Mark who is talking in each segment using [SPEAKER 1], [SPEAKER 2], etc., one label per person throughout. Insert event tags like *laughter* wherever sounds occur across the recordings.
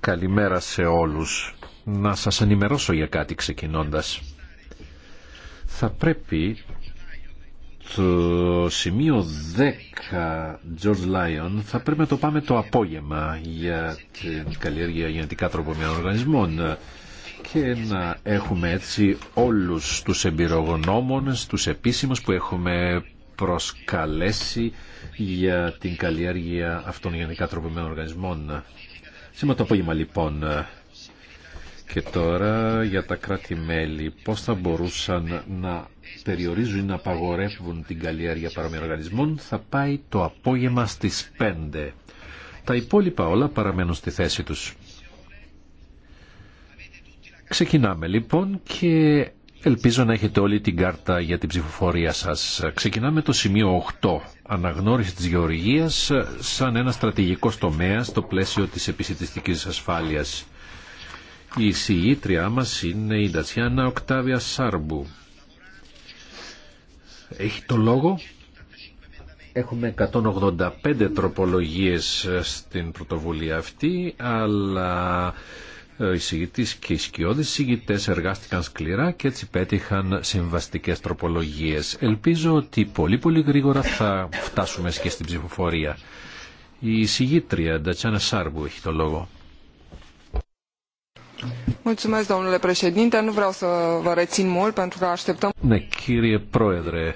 [SPEAKER 1] Καλημέρα σε όλους. Να σας ενημερώσω για κάτι ξεκινώντας. Θα πρέπει το σημείο 10 George Lyon θα πρέπει να το πάμε το απόγευμα για την καλλιέργεια γενετικά τροπομένων οργανισμών και να έχουμε έτσι όλους τους εμπειρογνώμονες, τους επίσημους που έχουμε προσκαλέσει για την καλλιέργεια αυτών γενικά τροπομένων οργανισμών. Σήμερα το απόγευμα λοιπόν ε, και τώρα για τα κράτη-μέλη πώς θα μπορούσαν να περιορίζουν ή να απαγορεύουν την καλλιέργεια παρόμοιων οργανισμών θα πάει το απόγευμα στις 5. Τα υπόλοιπα όλα παραμένουν στη θέση τους. Ξεκινάμε λοιπόν και Ελπίζω να έχετε όλη την κάρτα για την ψηφοφορία σας. Ξεκινάμε το σημείο 8. Αναγνώριση της γεωργίας σαν ένα στρατηγικό τομέα στο πλαίσιο της επισητιστικής ασφάλειας. Η συγήτριά μας είναι η Ντατσιάνα Οκτάβια Σάρμπου. Έχει το λόγο. Έχουμε 185 τροπολογίες στην πρωτοβουλία αυτή, αλλά ε, οι συγητή και οι σκιώδεις συγητέ εργάστηκαν σκληρά και έτσι πέτυχαν συμβαστικέ τροπολογίε. Ελπίζω ότι πολύ πολύ γρήγορα θα φτάσουμε και στην ψηφοφορία. Η εισηγήτρια Ντατσάνα Σάρμπου έχει το λόγο. Ναι κύριε Πρόεδρε,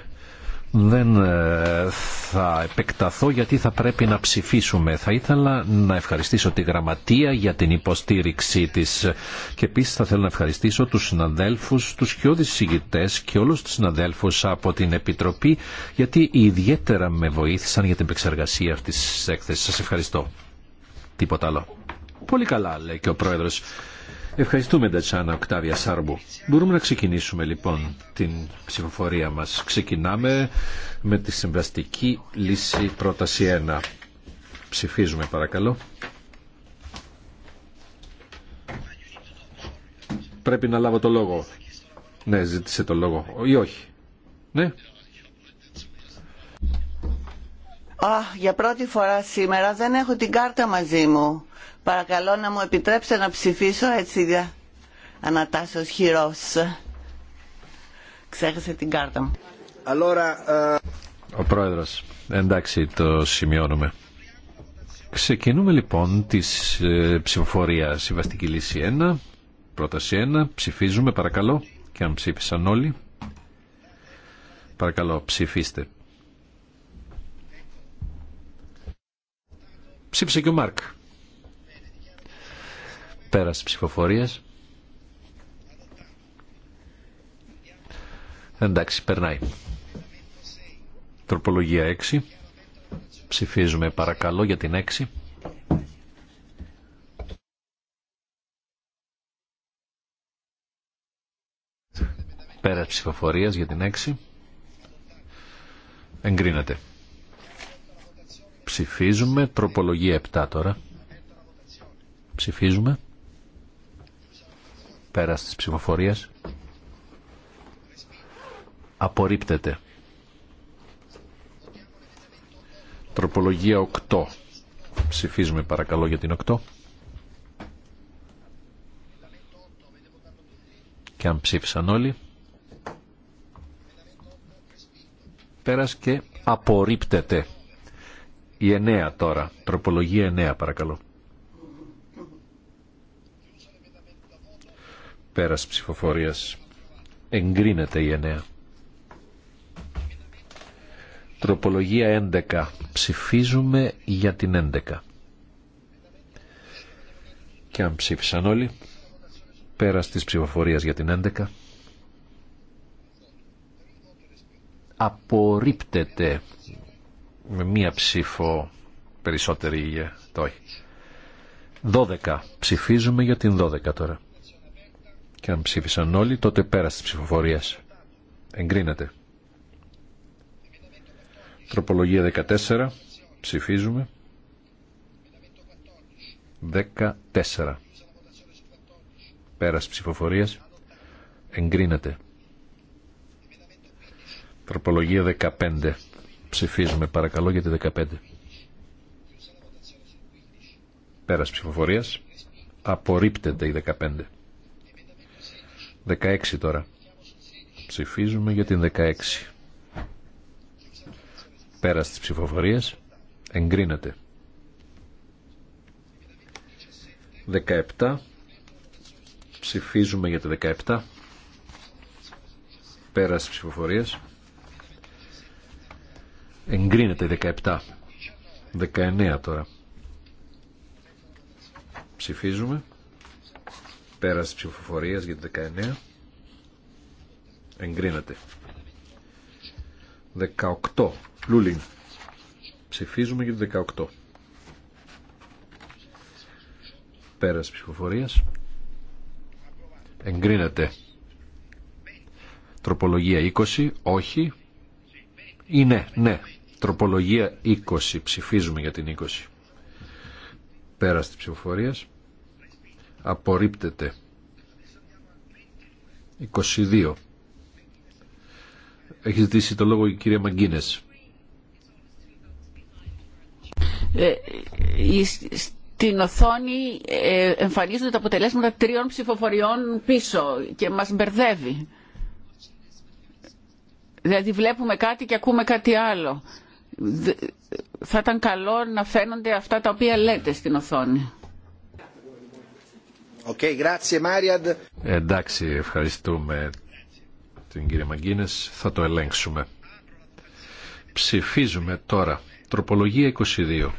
[SPEAKER 1] δεν ε, θα επεκταθώ γιατί θα πρέπει να ψηφίσουμε. Θα ήθελα να ευχαριστήσω τη Γραμματεία για την υποστήριξή της και επίσης θα θέλω να ευχαριστήσω τους συναδέλφους, τους χιώδης συγητές και όλους τους συναδέλφους από την Επιτροπή γιατί ιδιαίτερα με βοήθησαν για την επεξεργασία αυτής της έκθεσης. Σας ευχαριστώ. Τίποτα άλλο. Πολύ καλά λέει και ο Πρόεδρος. Ευχαριστούμε, Ντατσάνα Οκτάβια Σάρμπου. Μπορούμε να ξεκινήσουμε λοιπόν την ψηφοφορία μας. Ξεκινάμε με τη συμβαστική λύση πρόταση 1. Ψηφίζουμε παρακαλώ. Πρέπει να λάβω το λόγο. Ναι, ζήτησε το λόγο. Ή όχι. Ναι.
[SPEAKER 2] Α, για πρώτη φορά σήμερα δεν έχω την κάρτα μαζί μου. Παρακαλώ να μου επιτρέψετε να ψηφίσω έτσι για ανατάσσος χειρός. Ξέχασε την κάρτα μου.
[SPEAKER 1] Ε, ο πρόεδρος. Εντάξει, το σημειώνουμε. Ξεκινούμε λοιπόν τη ε, ψηφοφορία Συμβαστική Λύση 1, πρόταση 1. Ψηφίζουμε παρακαλώ και αν ψήφισαν όλοι. Παρακαλώ ψηφίστε. Ψήφισε και ο Μάρκ. Πέρας ψηφοφορίας. Εντάξει, περνάει. Τροπολογία 6. Ψηφίζουμε παρακαλώ για την 6. Πέρας ψηφοφορίας για την 6. Εγκρίνεται. Ψηφίζουμε. Τροπολογία 7 τώρα. Ψηφίζουμε πέρας της ψηφοφορίας απορρίπτεται. Τροπολογία 8. Ψηφίζουμε παρακαλώ για την 8. Και αν ψήφισαν όλοι. Πέρας και απορρίπτεται. Η 9 τώρα. Τροπολογία 9 παρακαλώ. Πέρας ψηφοφορίας. Εγκρίνεται η εννέα. Τροπολογία 11. Ψηφίζουμε για την 11. Και αν ψήφισαν όλοι, πέρας της ψηφοφορίας για την 11. Απορρίπτεται με μία ψήφο περισσότερη ε, το όχι. 12. Ψηφίζουμε για την 12 τώρα. Και αν ψήφισαν όλοι, τότε πέρασε τη ψηφοφορία. Εγκρίνεται. Τροπολογία 14. Ψηφίζουμε. 14. Πέρας ψηφοφορίας. Εγκρίνεται. Τροπολογία 15. Ψηφίζουμε παρακαλώ για τη 15. Πέρας ψηφοφορίας. Απορρίπτεται η 15. 16 τώρα. Ψηφίζουμε για την 16. Πέρα της ψηφοφορίας εγκρίνεται. 17. Ψηφίζουμε για το 17. Πέρα της ψηφοφορίας εγκρίνεται 17. 19 τώρα. Ψηφίζουμε. Πέρας ψηφοφορίας για το 19. Εγκρίνεται. 18. Λούλιν. Ψηφίζουμε για το 18. Πέρας ψηφοφορίας. Εγκρίνεται. Τροπολογία 20. Όχι. Ή ναι, ναι. Τροπολογία 20. Ψηφίζουμε για την 20. Πέρας της ψηφοφορίας απορρίπτεται 22 έχει ζητήσει το λόγο η κυρία Μαγκίνες
[SPEAKER 3] ε, στην οθόνη ε, εμφανίζονται τα αποτελέσματα τριών ψηφοφοριών πίσω και μας μπερδεύει. Δηλαδή βλέπουμε κάτι και ακούμε κάτι άλλο. Θα ήταν καλό να φαίνονται αυτά τα οποία λέτε στην οθόνη.
[SPEAKER 1] Εντάξει, ευχαριστούμε την κυρία Μαγκίνες. Θα το ελέγξουμε. Ψηφίζουμε τώρα. Τροπολογία 22.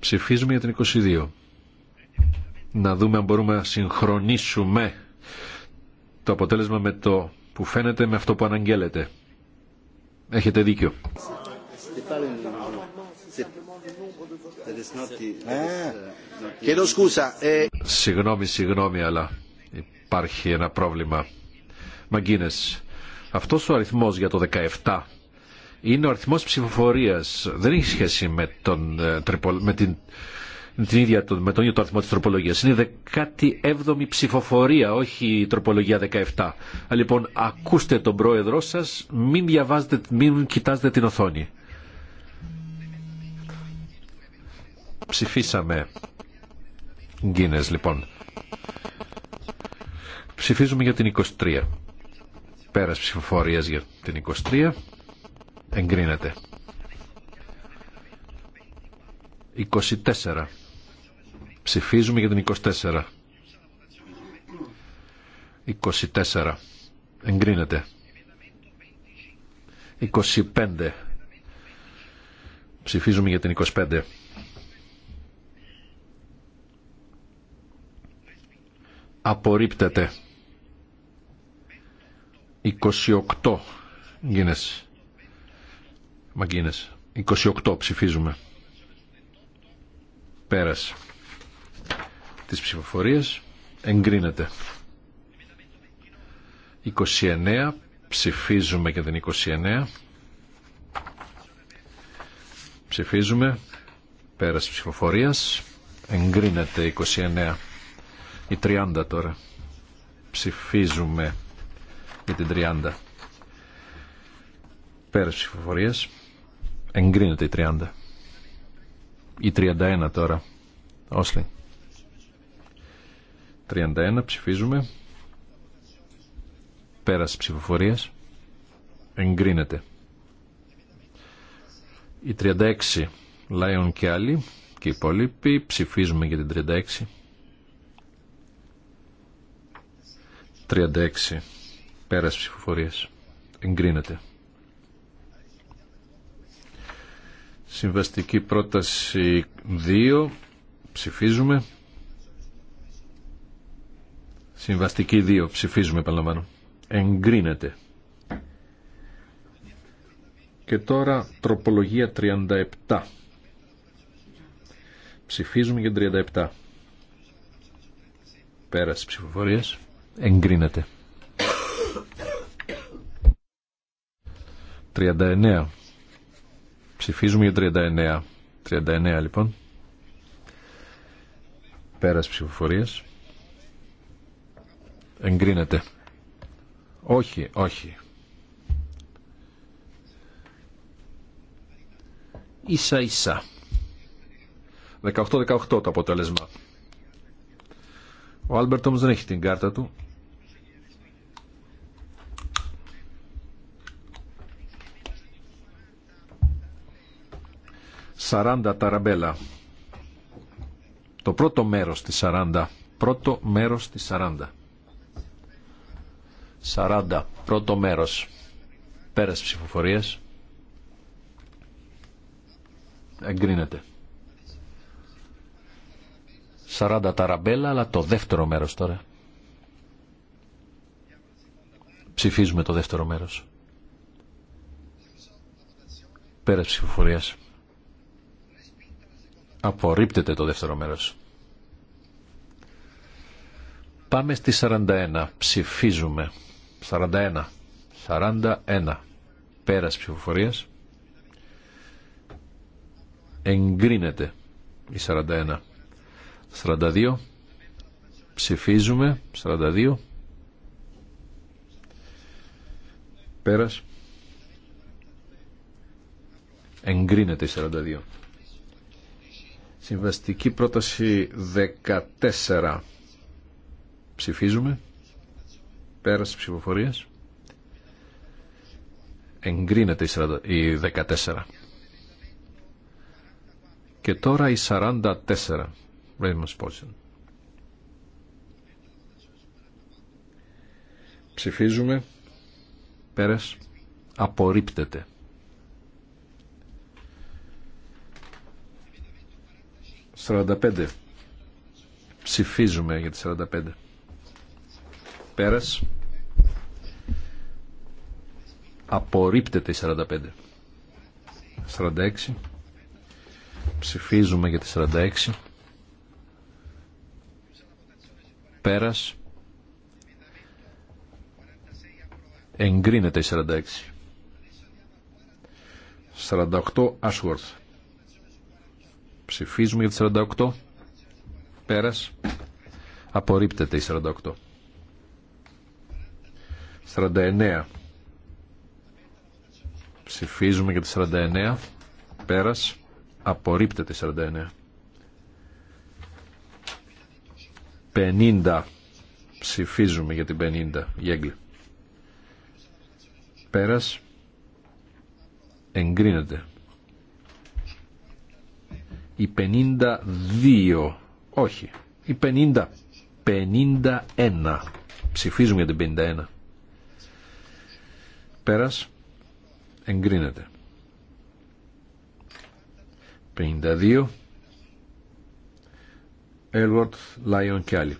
[SPEAKER 1] Ψηφίζουμε για την 22. Να δούμε αν μπορούμε να συγχρονίσουμε το αποτέλεσμα με το που φαίνεται με αυτό που αναγγέλλεται. Έχετε δίκιο. Συγγνώμη, συγγνώμη, αλλά υπάρχει ένα πρόβλημα. Μαγκίνες, αυτός ο αριθμός για το 17 είναι ο αριθμός ψηφοφορίας. Δεν έχει σχέση με, τον, ε, με την την ίδια, με τον ίδιο το αριθμό της τροπολογίας. Είναι 17η ψηφοφορία, όχι η τροπολογία 17. Λοιπόν, ακούστε τον πρόεδρό σας, μην μην κοιτάζετε την οθόνη. Ψηφίσαμε. Γκίνες λοιπόν. Ψηφίζουμε για την 23. Πέρας ψηφοφορίας για την 23. Εγκρίνεται. 24. Ψηφίζουμε για την 24. 24. Εγκρίνεται. 25. Ψηφίζουμε για την 25. απορρίπτεται. 28 Μα γινες. 28 ψηφίζουμε. Πέρας της ψηφοφορίας εγκρίνεται. 29 ψηφίζουμε και την 29. Ψηφίζουμε πέρας ψηφοφορίας εγκρίνεται 29. Η 30 τώρα. Ψηφίζουμε για την 30. Πέρα ψηφοφορίες. Εγκρίνεται η 30. Η 31 τώρα. Όσλιν. 31 ψηφίζουμε. Πέρας ψηφοφορία. Εγκρίνεται. Η 36 Λάιον και άλλοι και οι υπόλοιποι ψηφίζουμε για την 36. 36. Πέρας ψηφοφορίας. Εγκρίνεται. Συμβαστική πρόταση 2. Ψηφίζουμε. Συμβαστική 2. Ψηφίζουμε, επαναλαμβάνω. Εγκρίνεται. Και τώρα τροπολογία 37. Ψηφίζουμε για 37. Πέραση ψηφοφορίας. Εγκρίνεται. 39. Ψηφίζουμε για 39. 39 λοιπόν. Πέρας ψηφοφορίας. Εγκρίνεται. Όχι, όχι. Ίσα ίσα. 18-18 το αποτέλεσμα. Ο Άλμπερτ όμως δεν έχει την κάρτα του. 40 ταραμπέλα. Το πρώτο μέρος της 40. Πρώτο μέρος της 40. 40. Πρώτο μέρος. Πέρας ψηφοφορίας. Εγκρίνεται. 40 ταραμπέλα, αλλά το δεύτερο μέρος τώρα. Ψηφίζουμε το δεύτερο μέρος. Πέρας ψηφοφορίας. Απορρίπτεται το δεύτερο μέρος. Πάμε στη 41. Ψηφίζουμε. 41. 41. Πέρας ψηφοφορίας. Εγκρίνεται η 41. 42. Ψηφίζουμε. 42. Πέρας. Εγκρίνεται η 42. Συμβαστική πρόταση 14. Ψηφίζουμε. Πέραση ψηφοφορίας. Εγκρίνεται η 14. Και τώρα η 44. Ψηφίζουμε. Πέρασε. Απορρίπτεται. 45. Ψηφίζουμε για τη 45. Πέρας. Απορρίπτεται η 45. 46. Ψηφίζουμε για τη 46. Πέρας. Εγκρίνεται η 46. 48. Ashworth. Ψηφίζουμε για τη 48. Πέρας. Απορρίπτεται η 48. 49. Ψηφίζουμε για τη 49. Πέρας. Απορρίπτεται η 49. 50. Ψηφίζουμε για την 50. Γέγκλη. Πέρας. Εγκρίνεται. Η 52. Όχι. Η 50. 51. Ψηφίζουμε για την 51. Πέρας. Εγκρίνεται. 52. Έλβορτ, Λάιον και άλλοι.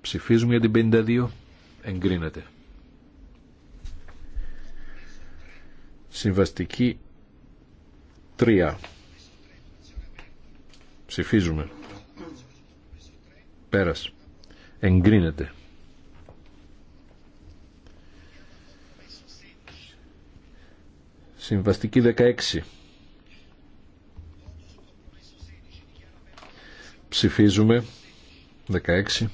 [SPEAKER 1] Ψηφίζουμε για την 52. Εγκρίνεται. Συμβαστική 3. Ψηφίζουμε. Πέρας. Εγκρίνεται. Συμβαστική 16. Ψηφίζουμε. 16.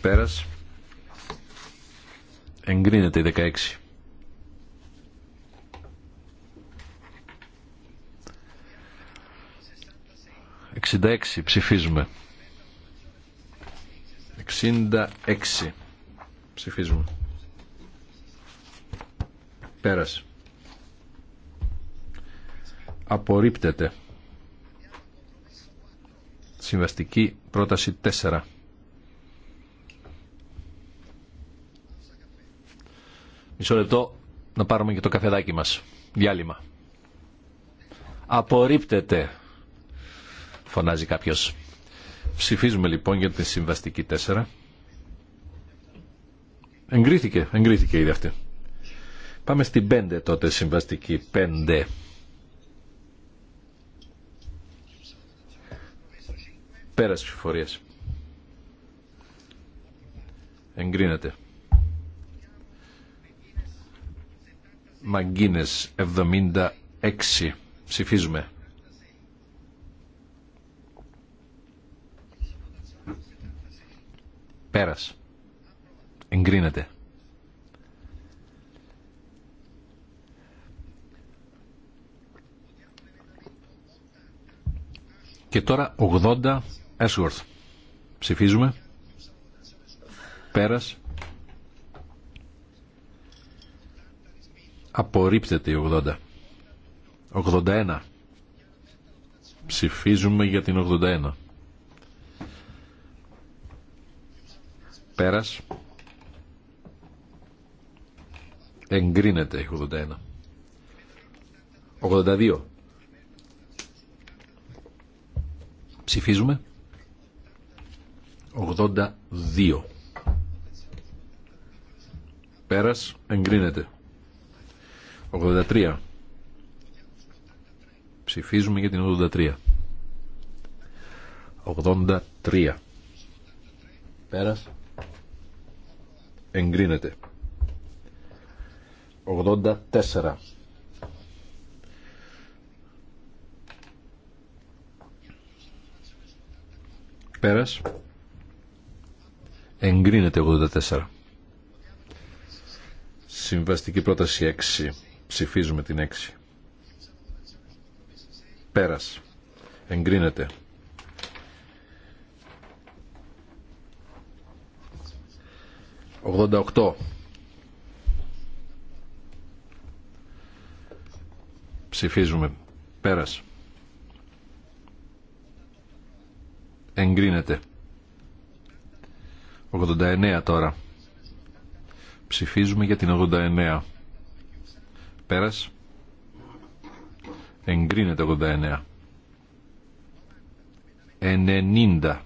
[SPEAKER 1] Πέρας. Εγκρίνεται η 16. 66 ψηφίζουμε. 66 ψηφίζουμε. Πέρασε. Απορρίπτεται. Συμβαστική πρόταση 4. Μισό λεπτό να πάρουμε και το καφεδάκι μας. Διάλειμμα. Απορρίπτεται φωνάζει κάποιο. Ψηφίζουμε λοιπόν για τη συμβαστική 4. Εγκρίθηκε, εγκρίθηκε ήδη αυτή. Πάμε στην 5 τότε, συμβαστική 5. Πέρασε ψηφορίες. Εγκρίνεται. Μαγκίνες 76. Ψηφίζουμε. Πέρας. Εγκρίνεται. Και τώρα 80 Ashworth. Ψηφίζουμε. Πέρας. Απορρίπτεται η 80. 81. Ψηφίζουμε για την 81. Πέρας. Εγκρίνεται 81. 82. Ψηφίζουμε. 82. Πέρας εγκρίνεται. 83. Ψηφίζουμε για την 83. 83. Πέρας εγκρίνεται 84 πέρας εγκρίνεται 84 συμβαστική πρόταση 6 ψηφίζουμε την 6 πέρας εγκρίνεται 88. Ψηφίζουμε. Πέρας. Εγκρίνεται. 89 τώρα. Ψηφίζουμε για την 89. Πέρας. Εγκρίνεται 89. 90.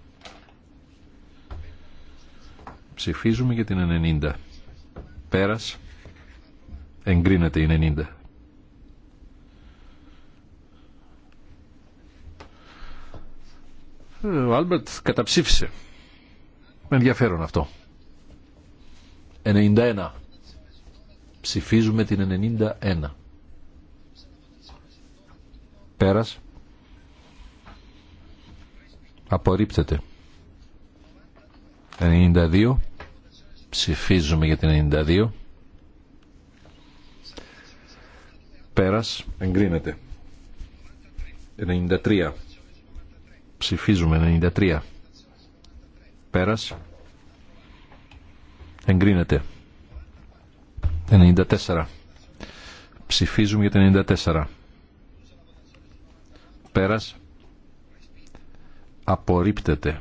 [SPEAKER 1] Ψηφίζουμε για την 90. Πέρας. Εγκρίνεται η 90. Ε, ο Άλμπερτ καταψήφισε. Με ενδιαφέρον αυτό. 91. Ψηφίζουμε την 91. Πέρας. Απορρίπτεται. 92. Ψηφίζουμε για την 92. Πέρας. Εγκρίνεται. 93. Ψηφίζουμε 93. Πέρας. Εγκρίνεται. 94. Ψηφίζουμε για την 94. Πέρας. Απορρίπτεται.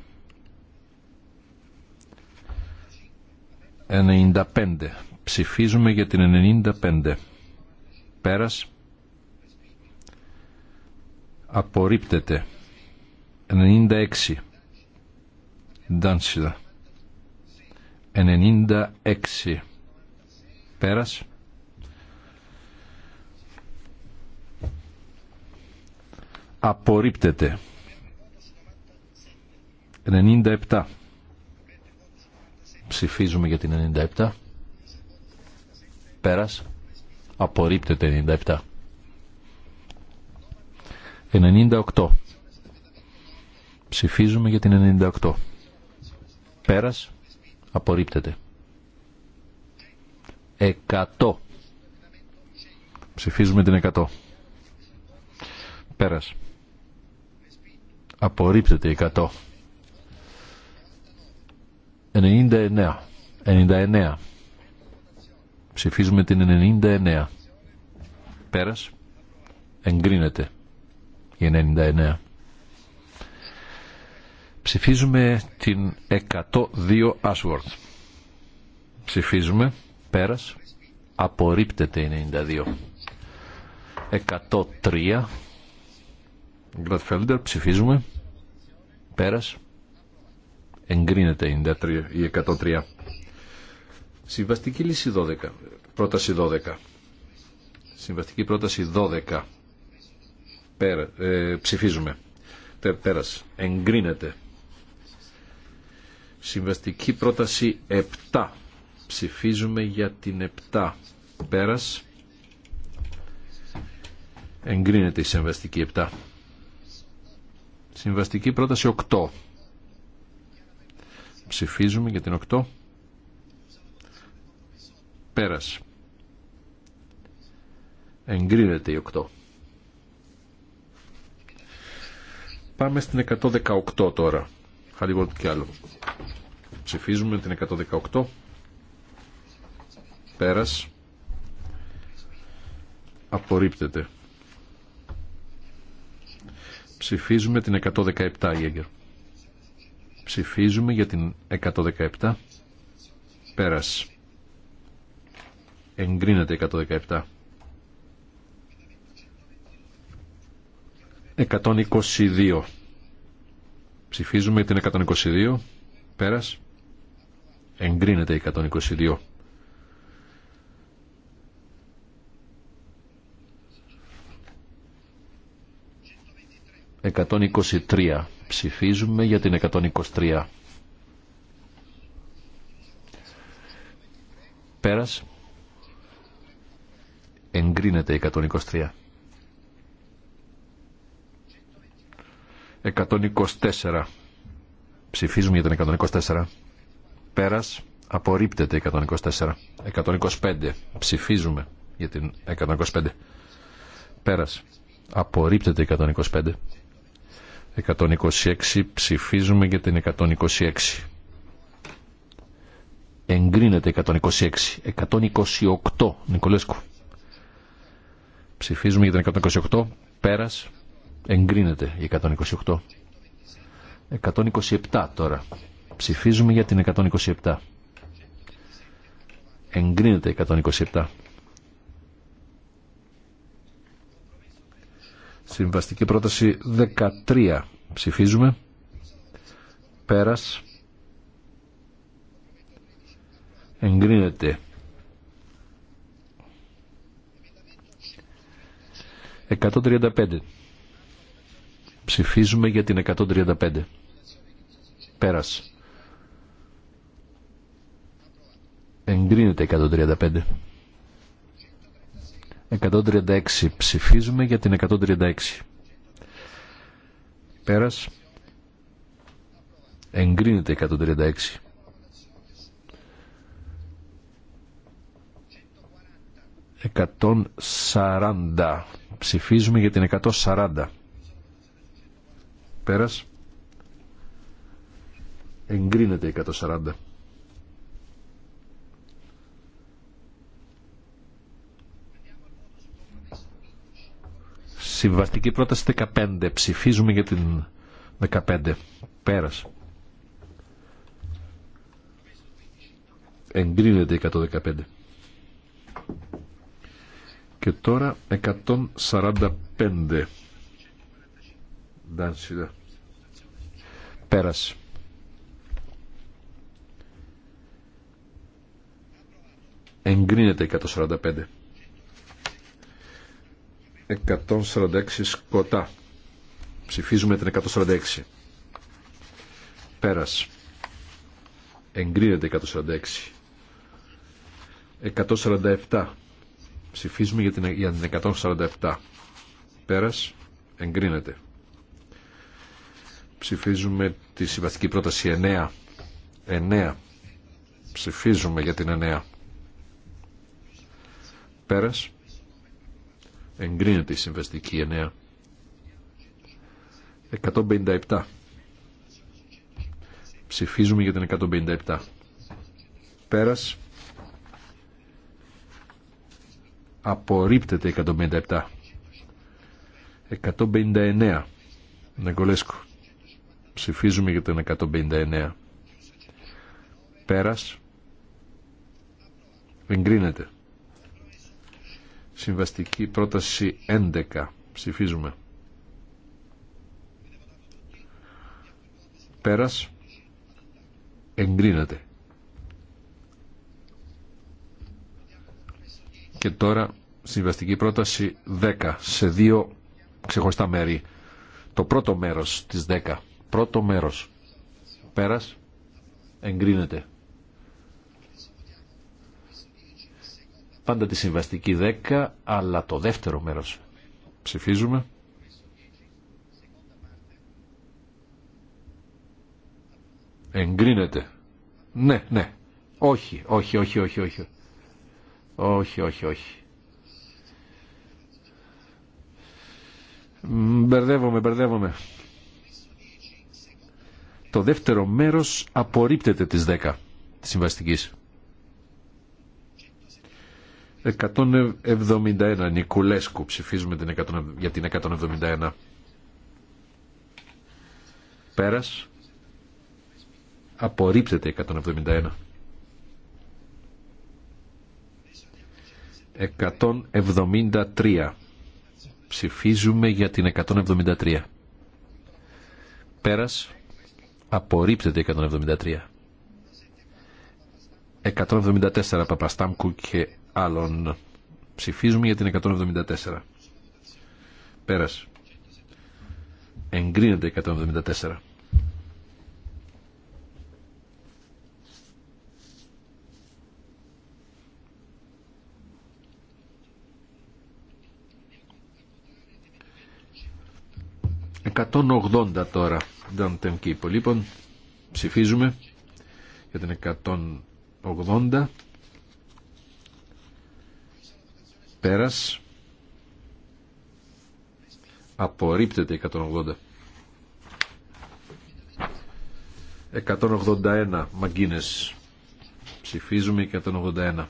[SPEAKER 1] 95. Ψηφίζουμε για την 95. Πέρας. Απορρίπτεται. 96. Ντάνσιδα. 96. Πέρας. Απορρίπτεται. 97. Ψηφίζουμε για την 97. Πέρας. Απορρίπτεται 97. 98. Ψηφίζουμε για την 98. Πέρας. Απορρίπτεται. 100. Ψηφίζουμε την 100. Πέρας. Απορρίπτεται η 100. 99. 99. Ψηφίζουμε την 99. Πέρας. Εγκρίνεται. Η 99. Ψηφίζουμε την 102 Ashworth. Ψηφίζουμε. Πέρας. Απορρίπτεται η 92. 103. Γκρατφέλντερ. Ψηφίζουμε. Πέρας. Εγκρίνεται η 103. Συμβαστική λύση 12. Πρόταση 12. Συμβαστική πρόταση 12. Πέρα, ε, ψηφίζουμε. Τε, πέρας. Εγκρίνεται. Συμβαστική πρόταση 7. Ψηφίζουμε για την 7. Πέρας. Εγκρίνεται η συμβαστική 7. Συμβαστική πρόταση 8. Ψηφίζουμε για την 8. πέρασε Εγκρίνεται η 8. Πάμε στην 118 τώρα. λίγο κι άλλο. Ψηφίζουμε την 118. πέρασε Απορρίπτεται. Ψηφίζουμε την 117 Γέγκερ. Ψηφίζουμε για την 117. Πέρας. Εγκρίνεται 117. 122. Ψηφίζουμε την 122. Πέρας. Εγκρίνεται η 122. 123. Ψηφίζουμε για την 123. Πέρας. Εγκρίνεται η 123. 124. Ψηφίζουμε για την 124. Πέρας. Απορρίπτεται η 124. 125. Ψηφίζουμε για την 125. Πέρας. Απορρίπτεται η 125. 126 ψηφίζουμε για την 126 εγκρίνεται 126 128 Νικολέσκου ψηφίζουμε για την 128 πέρας εγκρίνεται η 128 127 τώρα ψηφίζουμε για την 127 εγκρίνεται 127 Συμβαστική πρόταση 13. Ψηφίζουμε. Πέρας. Εγκρίνεται. 135. Ψηφίζουμε για την 135. Πέρας. Εγκρίνεται 135. 136. Ψηφίζουμε για την 136. Πέρας. Εγκρίνεται 136. 140. Ψηφίζουμε για την 140. Πέρας. Εγκρίνεται 140. Συμβαστική πρόταση 15. Ψηφίζουμε για την 15. Πέρασε. Εγκρίνεται 115. Και τώρα 145. Ντάνσιδα. Πέρας. Εγκρίνεται 145. 146 σκοτά. Ψηφίζουμε την 146. Πέρας. Εγκρίνεται 146. 147. Ψηφίζουμε για την, 147. Πέρας. Εγκρίνεται. Ψηφίζουμε τη συμβαστική πρόταση 9. 9. Ψηφίζουμε για την 9. Πέρας Εγκρίνεται η συμβαστική εννέα. 157. Ψηφίζουμε για την 157. Πέρας. Απορρίπτεται 157. 159. Νεγκολέσκο. Ψηφίζουμε για την 159. Πέρας. Εγκρίνεται. Συμβαστική πρόταση 11. Ψηφίζουμε. Πέρας. Εγκρίνεται. Και τώρα συμβαστική πρόταση 10 σε δύο ξεχωριστά μέρη. Το πρώτο μέρος της 10. Πρώτο μέρος. Πέρας. Εγκρίνεται. πάντα τη συμβαστική 10, αλλά το δεύτερο μέρος ψηφίζουμε. Εγκρίνεται. Ναι, ναι. Όχι, όχι, όχι, όχι, όχι. Όχι, όχι, όχι. Μπερδεύομαι, μπερδεύομαι. Το δεύτερο μέρος απορρίπτεται της 10 της συμβαστικής. 171 Νικουλέσκου ψηφίζουμε την 100, για την 171 πέρας απορρίπτεται 171 173 ψηφίζουμε για την 173 πέρας απορρίπτεται η 173 174 Παπαστάμκου και άλλων. Ψηφίζουμε για την 174. Πέρασε. Εγκρίνεται 174. 180 τώρα, Ντάντεμ Κύπο. Λοιπόν, ψηφίζουμε για την 180 Πέρας. Απορρίπτεται 180. 181 μαγκίνες. Ψηφίζουμε 181.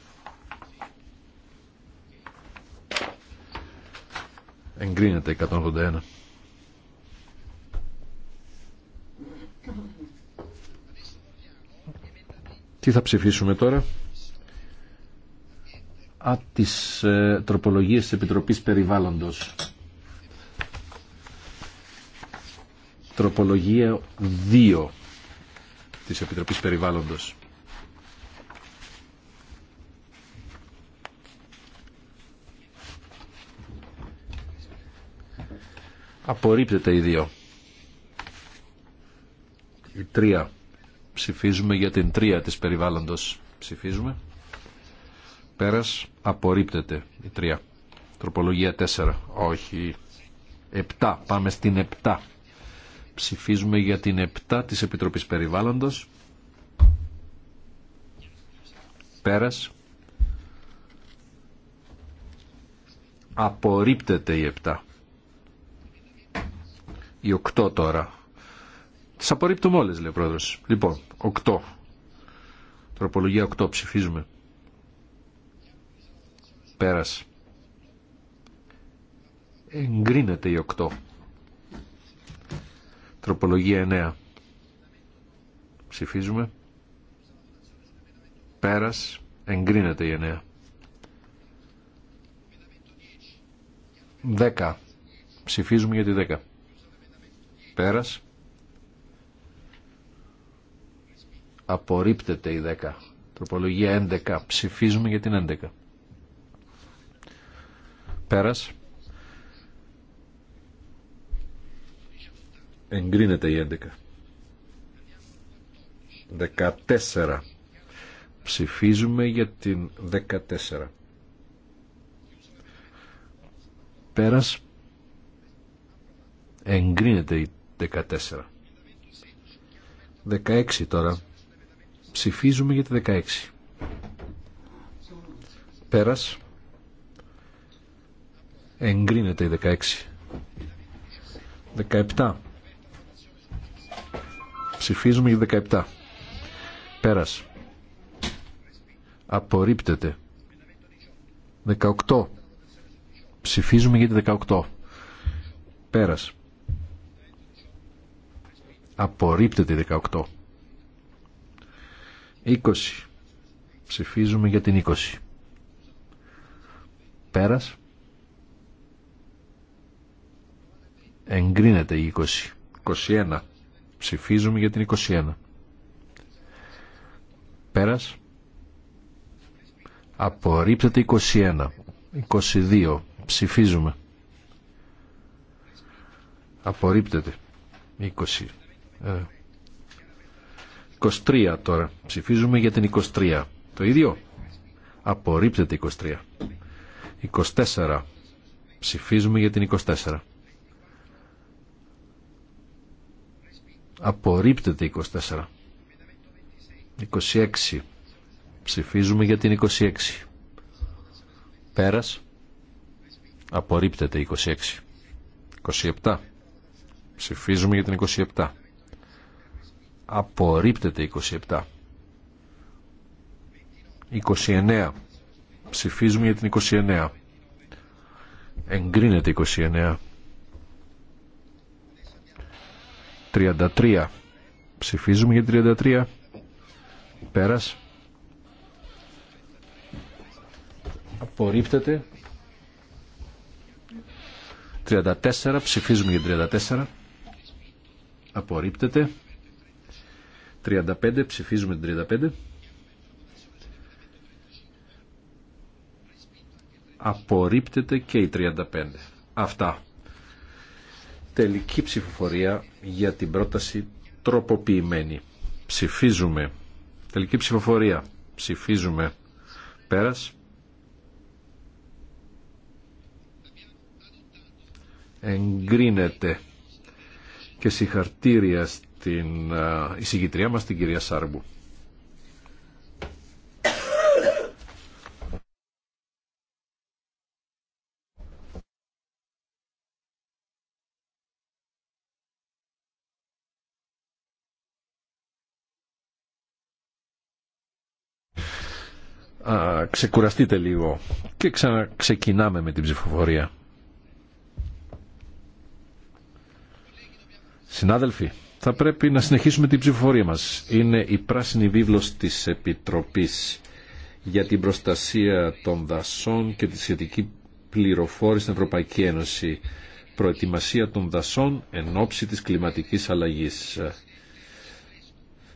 [SPEAKER 1] Εγκρίνεται 181. Τι θα ψηφίσουμε τώρα από τις ε, τροπολογίες της Επιτροπής Περιβάλλοντος. Τροπολογία 2 της Επιτροπής Περιβάλλοντος. Απορρίπτεται η δύο. Η τρία. Ψηφίζουμε για την τρία της περιβάλλοντος. Ψηφίζουμε πέρας απορρίπτεται η 3. Τροπολογία 4. Όχι. 7. Πάμε στην 7. Ψηφίζουμε για την 7 της Επιτροπής Περιβάλλοντος. Πέρας. Απορρίπτεται η 7. Η 8 τώρα. Τις απορρίπτουμε όλες λέει ο πρόεδρος. Λοιπόν, 8. Τροπολογία 8 ψηφίζουμε. Πέρας. Εγκρίνεται η 8. Τροπολογία 9. Ψηφίζουμε. Πέρας. Εγκρίνεται η 9. 10. Ψηφίζουμε για τη 10. Πέρας. Απορρίπτεται η 10. Τροπολογία 11. Ψηφίζουμε για την 11. Πέρας. Εγκρίνεται η 11. 14. Ψηφίζουμε για την 14. Πέρας. Εγκρίνεται η 14. 16 τώρα. Ψηφίζουμε για τη 16. Πέρας. Εγκρίνεται η 16. 17. Ψηφίζουμε για 17. Πέρας. Απορρίπτεται. 18. Ψηφίζουμε για τη 18. Πέρας. Απορρίπτεται η 18. 20. Ψηφίζουμε για την 20. Πέρας. Εγκρίνεται η 20. 21. Ψηφίζουμε για την 21. Πέρας. Απορρίπτεται 21. 22. Ψηφίζουμε. Απορρίπτεται. 20. 23 ε. τώρα. Ψηφίζουμε για την 23. Το ίδιο. Απορρίπτεται 23. 24. Ψηφίζουμε για την 24. Απορρίπτεται 24. 26. Ψηφίζουμε για την 26. Πέρας. Απορρίπτεται 26. 27. Ψηφίζουμε για την 27. Απορρίπτεται 27. 29. Ψηφίζουμε για την 29. Εγκρίνεται 29. 33. Ψηφίζουμε για 33. Πέρας. Απορρίπτεται. 34. Ψηφίζουμε για 34. Απορρίπτεται. 35. Ψηφίζουμε για 35. Απορρίπτεται και η 35. Αυτά. Τελική ψηφοφορία για την πρόταση τροποποιημένη. Ψηφίζουμε. Τελική ψηφοφορία. Ψηφίζουμε. Πέρας. Εγκρίνεται και συγχαρτήρια στην εισηγητριά μας την κυρία Σάρμπου. ξεκουραστείτε λίγο και ξαναξεκινάμε με την ψηφοφορία. Συνάδελφοι, θα πρέπει να συνεχίσουμε την ψηφοφορία μας. Είναι η πράσινη βίβλος της Επιτροπής για την προστασία των δασών και τη σχετική πληροφόρηση στην Ευρωπαϊκή Ένωση. Προετοιμασία των δασών εν ώψη της κλιματικής αλλαγής.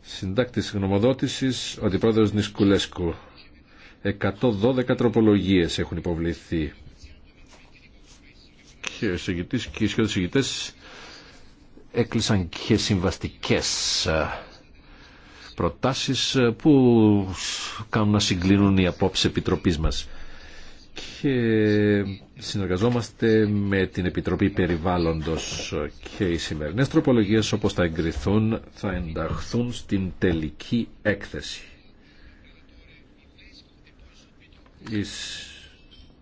[SPEAKER 1] Συντάκτης γνωμοδότησης, ο Αντιπρόεδρος Νισκουλέσκου. 112 τροπολογίες έχουν υποβληθεί. Και οι συγητές και οι συγητές έκλεισαν και συμβαστικές ε, προτάσεις ε, που κάνουν να συγκλίνουν οι απόψεις επιτροπής μας. Και συνεργαζόμαστε με την Επιτροπή Περιβάλλοντος και οι σημερινές τροπολογίες όπως θα εγκριθούν θα ενταχθούν στην τελική έκθεση.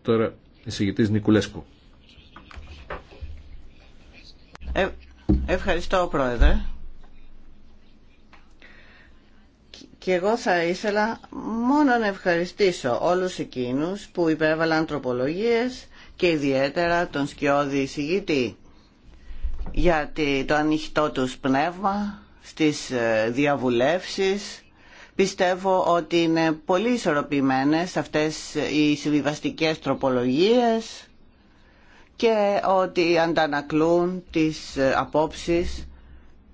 [SPEAKER 1] Τώρα εισηγητής Νικουλέσκου.
[SPEAKER 2] Ε, ευχαριστώ Πρόεδρε. Και εγώ θα ήθελα μόνο να ευχαριστήσω όλους εκείνους που υπέβαλαν τροπολογίες και ιδιαίτερα τον σκιώδη εισηγητή για το ανοιχτό τους πνεύμα στις ε, διαβουλεύσεις Πιστεύω ότι είναι πολύ ισορροπημένες αυτές οι συμβιβαστικές τροπολογίες και ότι αντανακλούν τις απόψεις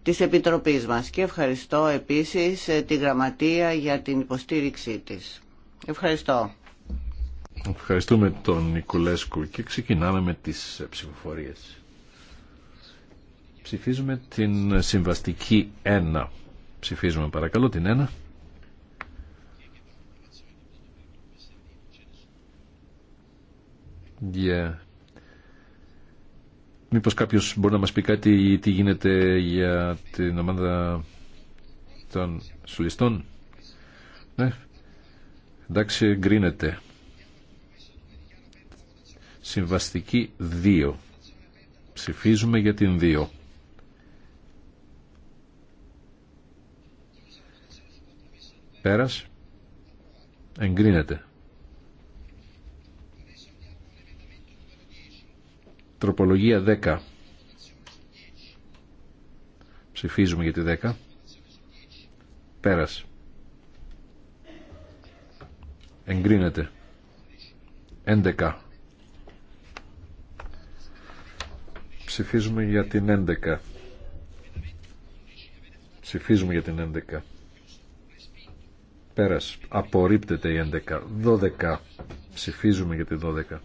[SPEAKER 2] της Επιτροπής μας. Και ευχαριστώ επίσης ε, τη Γραμματεία για την υποστήριξή της. Ευχαριστώ.
[SPEAKER 1] Ευχαριστούμε τον Νικουλέσκου και ξεκινάμε με τις ε, ψηφοφορίες. Ψηφίζουμε την συμβαστική 1. Ψηφίζουμε παρακαλώ την 1. για... Μήπως κάποιος μπορεί να μας πει κάτι τι γίνεται για την ομάδα των σουλιστών. Ναι. Εντάξει, εγκρίνεται. Συμβαστική 2. Ψηφίζουμε για την 2. Πέρας. Εγκρίνεται. Τροπολογία 10. Ψηφίζουμε για τη 10. Πέρας. Εγκρίνεται. 11. Ψηφίζουμε για την 11. Ψηφίζουμε για την 11. Πέρας. Απορρίπτεται η 11. 12. Ψηφίζουμε για τη 12.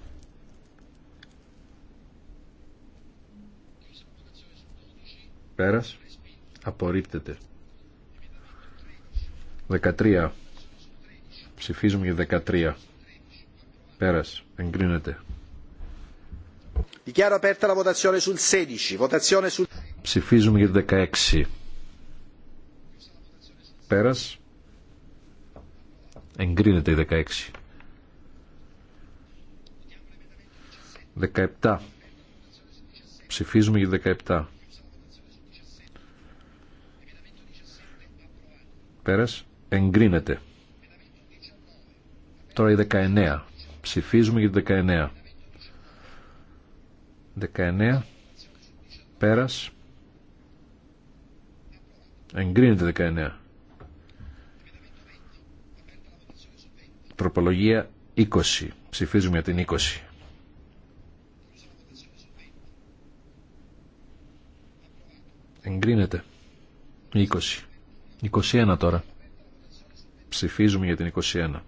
[SPEAKER 1] Πέρας. Απορρίπτεται. 13. Ψηφίζουμε για 13. Πέρας. Εγκρίνεται.
[SPEAKER 4] Dichiaro aperta la votazione sul 16. Votazione sul...
[SPEAKER 1] Ψηφίζουμε για 16. Πέρας. Εγκρίνεται η 16. 17. Ψηφίζουμε για 17. Πέρας. Εγκρίνεται. Τώρα η 19. Ψηφίζουμε για την 19. 19. Πέρας. Εγκρίνεται 19. Τροπολογία 20. Ψηφίζουμε για την 20. Εγκρίνεται. 20. 21 τώρα. Ψηφίζουμε για την 21.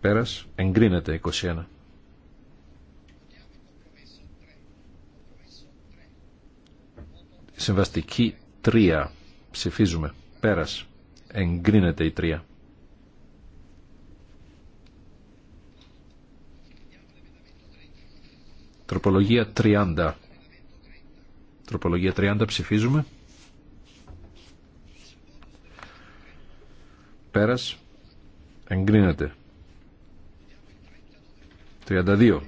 [SPEAKER 1] Πέρας, εγκρίνεται 21. Συμβαστική 3. Ψηφίζουμε. Πέρας. Εγκρίνεται η 3. Τροπολογία 30. Τροπολογία 30 ψηφίζουμε. Πέρας. Εγκρίνεται. 32.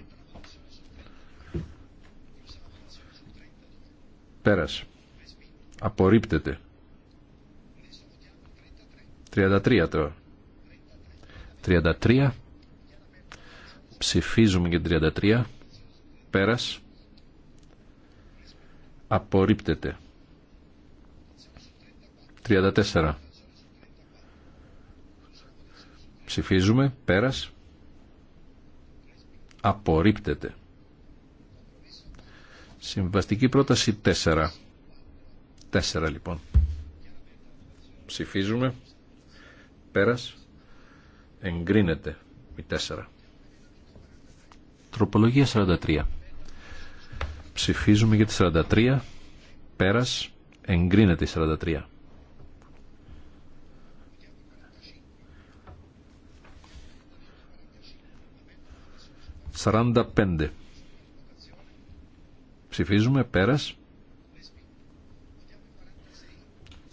[SPEAKER 1] Πέρας. Απορρίπτεται. 33 τώρα. 33. Ψηφίζουμε και 33. Πέρας απορρίπτεται. 34. Ψηφίζουμε, πέρας, απορρίπτεται. Συμβαστική πρόταση 4. 4 λοιπόν. Ψηφίζουμε, πέρας, εγκρίνεται η 4. Τροπολογία 43. Ψηφίζουμε για τη 43. Πέρας. Εγκρίνεται η 43. 45. Ψηφίζουμε πέρας.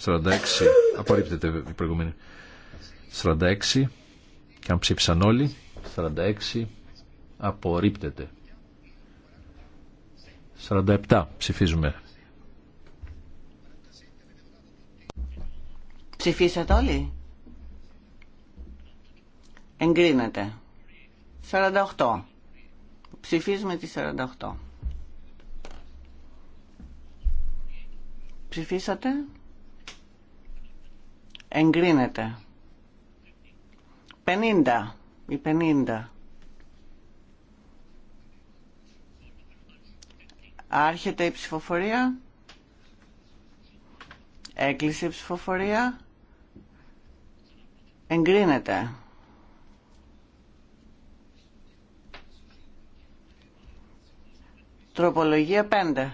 [SPEAKER 1] 46. Απορρίπτεται η προηγούμενη. 46. Και αν ψήφισαν όλοι. 46. Απορρίπτεται. 47 ψηφίζουμε.
[SPEAKER 2] Ψηφίσατε όλοι. Εγκρίνεται. 48. Ψηφίζουμε τη 48. Ψηφίσατε. Εγκρίνεται. 50. Η 50. Άρχεται η ψηφοφορία. Έκλεισε η ψηφοφορία. Εγκρίνεται. Τροπολογία 5.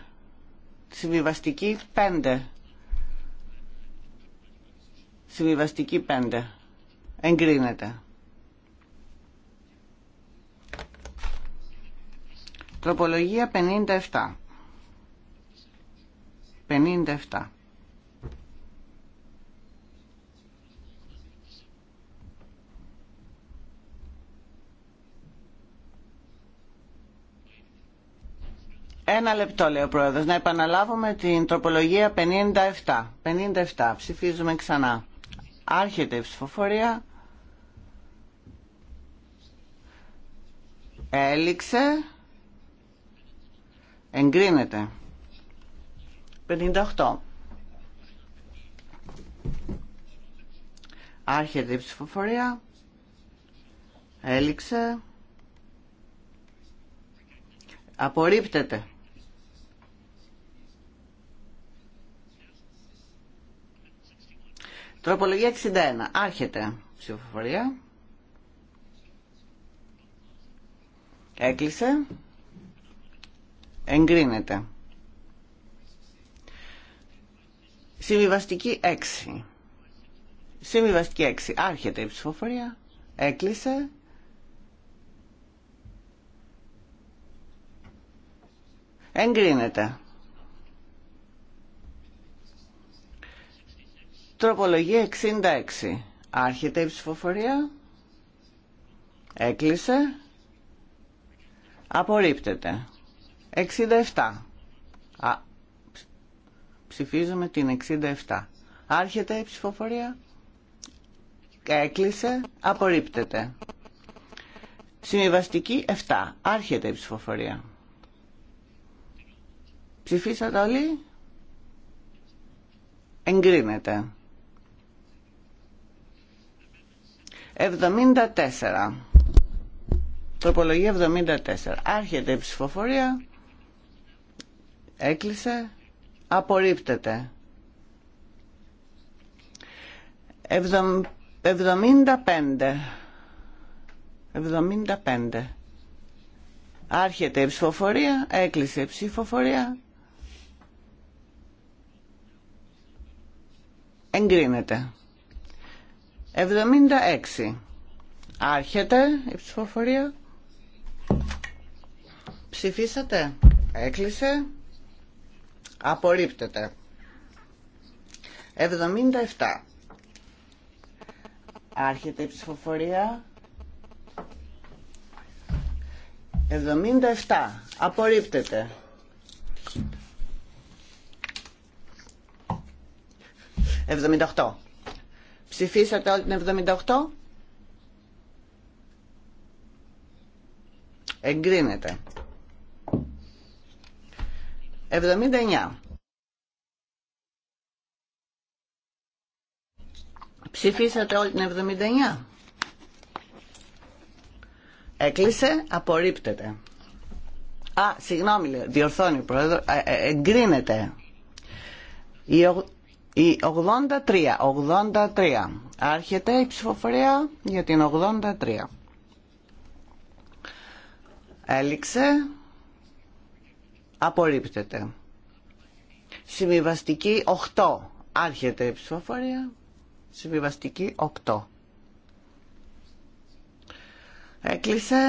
[SPEAKER 2] Συμβιβαστική 5. Συμβιβαστική 5. Εγκρίνεται. Τροπολογία 57. 57. Ένα λεπτό λέει ο πρόεδρος. Να επαναλάβουμε την τροπολογία 57. 57. Ψηφίζουμε ξανά. Άρχεται η ψηφοφορία. Έληξε. Εγκρίνεται. 58. Άρχεται η ψηφοφορία. Έληξε. Απορρίπτεται. Τροπολογία 61. Άρχεται ψηφοφορία. Έκλεισε. Εγκρίνεται. Συμβιβαστική 6. Συμβιβαστική 6. Άρχεται η ψηφοφορία. Έκλεισε. Εγκρίνεται. Τροπολογία 66. Άρχεται η ψηφοφορία. Έκλεισε. Απορρίπτεται. 67. Α, Ψηφίζουμε την 67. Άρχεται η ψηφοφορία. Έκλεισε. Απορρίπτεται. Συμβιβαστική 7. Άρχεται η ψηφοφορία. Ψηφίσατε όλοι. Εγκρίνεται. 74. Τροπολογία 74. Άρχεται η ψηφοφορία. Έκλεισε απορρίπτεται. 75 75 Άρχεται η ψηφοφορία, έκλεισε η ψηφοφορία, εγκρίνεται. 76 Άρχεται η ψηφοφορία. Ψηφίσατε. Έκλεισε. Απορρίπτεται. 77. Άρχεται η ψηφοφορία. 77. Απορρίπτεται. 78. Ψηφίσατε όλη την 78. Εγκρίνεται. 79. Ψηφίσατε όλη την 79. Έκλεισε, απορρίπτεται. Α, συγγνώμη, διορθώνει ο πρόεδρο, ε, ε, εγκρίνεται. Η 83, 83. Άρχεται η ψηφοφορία για την 83. Έληξε. Απορρίπτεται. Συμβιβαστική 8. Άρχεται η ψηφοφορία. Συμβιβαστική 8. Έκλεισε.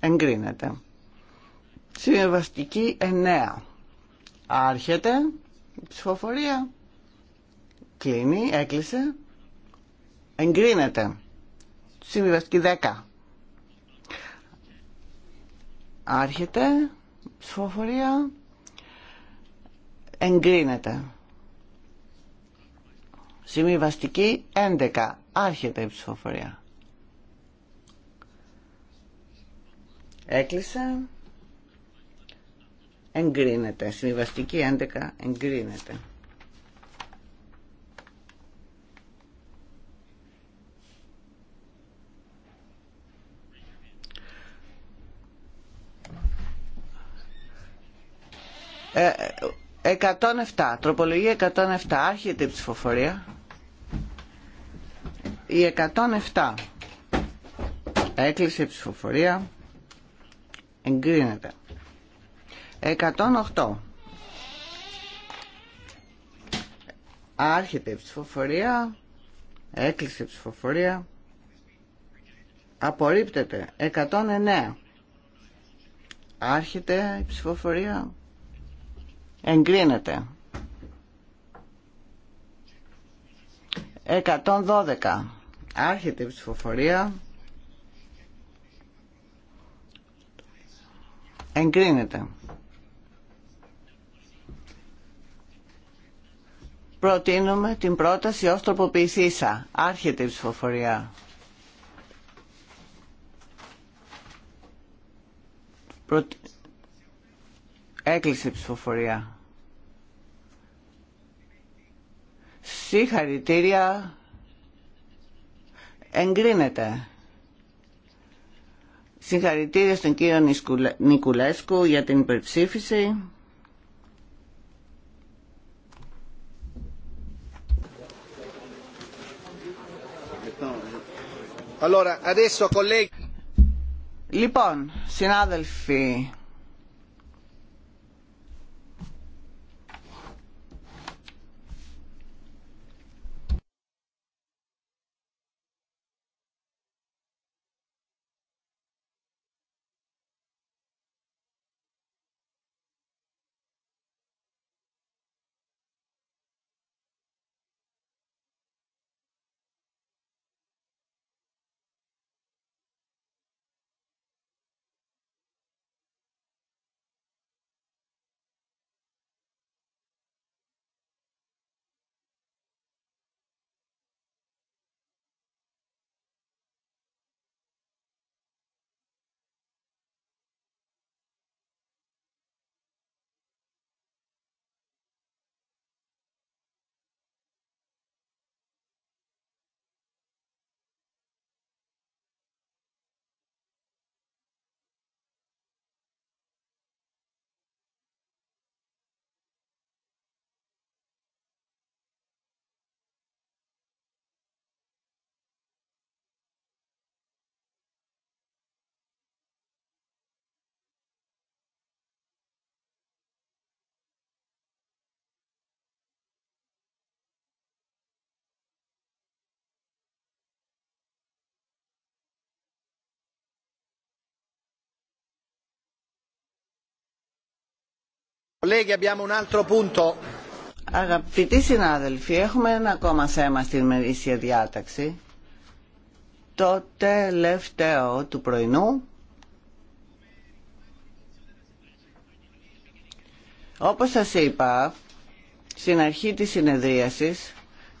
[SPEAKER 2] Εγκρίνεται. Συμβιβαστική 9. Άρχεται η ψηφοφορία. Κλείνει. Έκλεισε. Εγκρίνεται. Συμβιβαστική 10. Άρχεται ψηφοφορία. Εγκρίνεται. Σημειβαστική 11. Άρχεται η ψηφοφορία. Έκλεισε. Εγκρίνεται. Σημειβαστική 11. Εγκρίνεται. 107. Ε, ε, Τροπολογία 107. Άρχεται η ψηφοφορία. Η 107. Έκλεισε η ψηφοφορία. Εγκρίνεται. 108. Άρχεται η ψηφοφορία. Έκλεισε η ψηφοφορία. Απορρίπτεται. 109. Άρχεται η ψηφοφορία. Εγκρίνεται. 112. Άρχεται η ψηφοφορία. Εγκρίνεται. Προτείνουμε την πρόταση ως τροποποιησίσα. Άρχεται η ψηφοφορία. Έκλεισε η ψηφοφορία. Συγχαρητήρια. Εγκρίνεται. Συγχαρητήρια στον κύριο Νικουλέσκου για την υπερψήφιση. Λοιπόν, συνάδελφοι, Αγαπητοί συνάδελφοι, έχουμε ένα ακόμα θέμα στην μερίσια διάταξη. Το τελευταίο του πρωινού. Όπως σας είπα, στην αρχή της συνεδρίασης,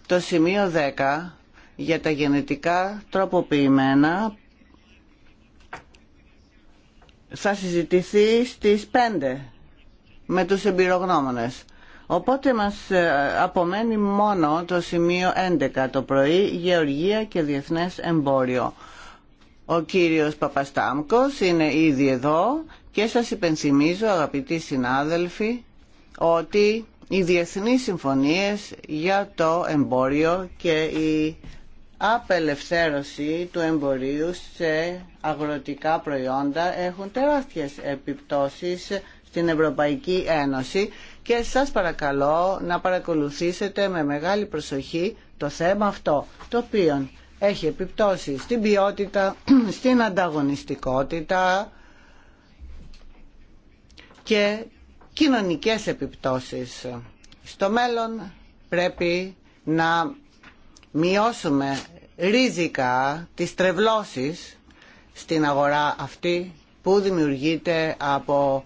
[SPEAKER 2] το σημείο 10 για τα γενετικά τροποποιημένα θα συζητηθεί στις 5 με τους εμπειρογνώμονες. Οπότε μας ε, απομένει μόνο το σημείο 11 το πρωί, γεωργία και διεθνές εμπόριο. Ο κύριος Παπαστάμκος είναι ήδη εδώ και σας υπενθυμίζω αγαπητοί συνάδελφοι ότι οι διεθνείς συμφωνίες για το εμπόριο και η απελευθέρωση του εμπορίου σε αγροτικά προϊόντα έχουν τεράστιες επιπτώσεις στην Ευρωπαϊκή Ένωση και σας παρακαλώ να παρακολουθήσετε με μεγάλη προσοχή το θέμα αυτό, το οποίο έχει επιπτώσει στην ποιότητα, *clears throat* στην ανταγωνιστικότητα και κοινωνικές επιπτώσεις. Στο μέλλον πρέπει να μειώσουμε ρίζικα τις τρευλώσεις στην αγορά αυτή που δημιουργείται από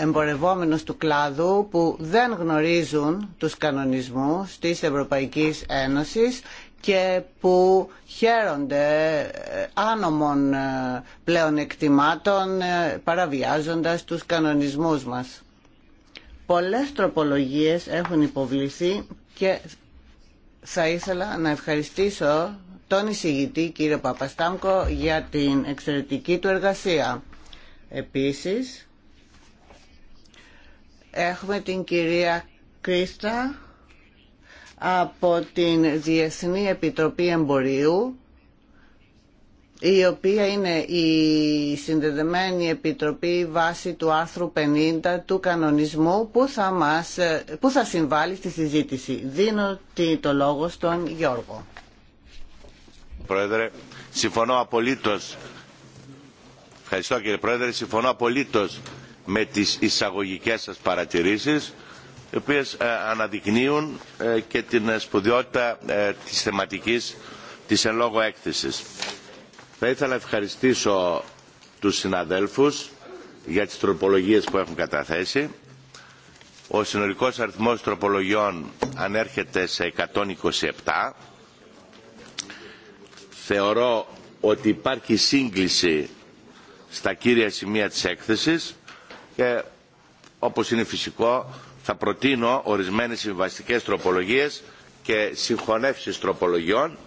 [SPEAKER 2] εμπορευόμενους του κλάδου που δεν γνωρίζουν τους κανονισμούς της Ευρωπαϊκής Ένωσης και που χαίρονται ε, άνομων ε, πλέον εκτιμάτων ε, παραβιάζοντας τους κανονισμούς μας. Πολλές τροπολογίες έχουν υποβληθεί και θα ήθελα να ευχαριστήσω τον εισηγητή κύριο Παπαστάμκο για την εξαιρετική του εργασία. Επίσης, Έχουμε την κυρία Κρίστα από την Διεθνή Επιτροπή Εμπορίου η οποία είναι η συνδεδεμένη επιτροπή βάσει του άρθρου 50 του κανονισμού που θα, μας, που θα συμβάλλει στη συζήτηση. Δίνω το λόγο στον Γιώργο.
[SPEAKER 5] Πρόεδρε, συμφωνώ απολύτως. Ευχαριστώ κύριε Πρόεδρε, συμφωνώ απολύτως με τις εισαγωγικές σας παρατηρήσεις οι οποίες ε, αναδεικνύουν ε, και την σπουδαιότητα ε, της θεματικής της εν λόγω έκθεσης. Θα ήθελα να ευχαριστήσω τους συναδέλφους για τις τροπολογίες που έχουν καταθέσει. Ο συνολικός αριθμός τροπολογιών ανέρχεται σε 127. Θεωρώ ότι υπάρχει σύγκληση στα κύρια σημεία της έκθεσης και όπως είναι φυσικό θα προτείνω ορισμένες συμβαστικές τροπολογίες και συγχωνεύσεις τροπολογιών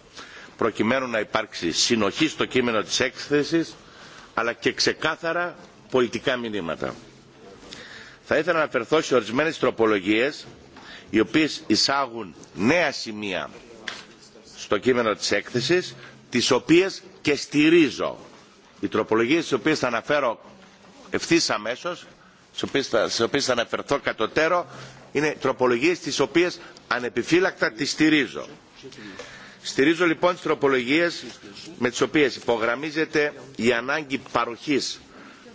[SPEAKER 5] προκειμένου να υπάρξει συνοχή στο κείμενο της έκθεσης αλλά και ξεκάθαρα πολιτικά μηνύματα. Θα ήθελα να αφαιρθώ σε ορισμένες τροπολογίες οι οποίες εισάγουν νέα σημεία στο κείμενο της έκθεσης τις οποίες και στηρίζω. Οι τροπολογίες τις οποίες θα αναφέρω ευθύ αμέσω στις οποίε θα αναφερθώ κατωτέρω είναι τροπολογίες τις οποίε ανεπιφύλακτα τις στηρίζω. Στηρίζω λοιπόν τι τροπολογίε με τι οποίε υπογραμμίζεται η ανάγκη παροχή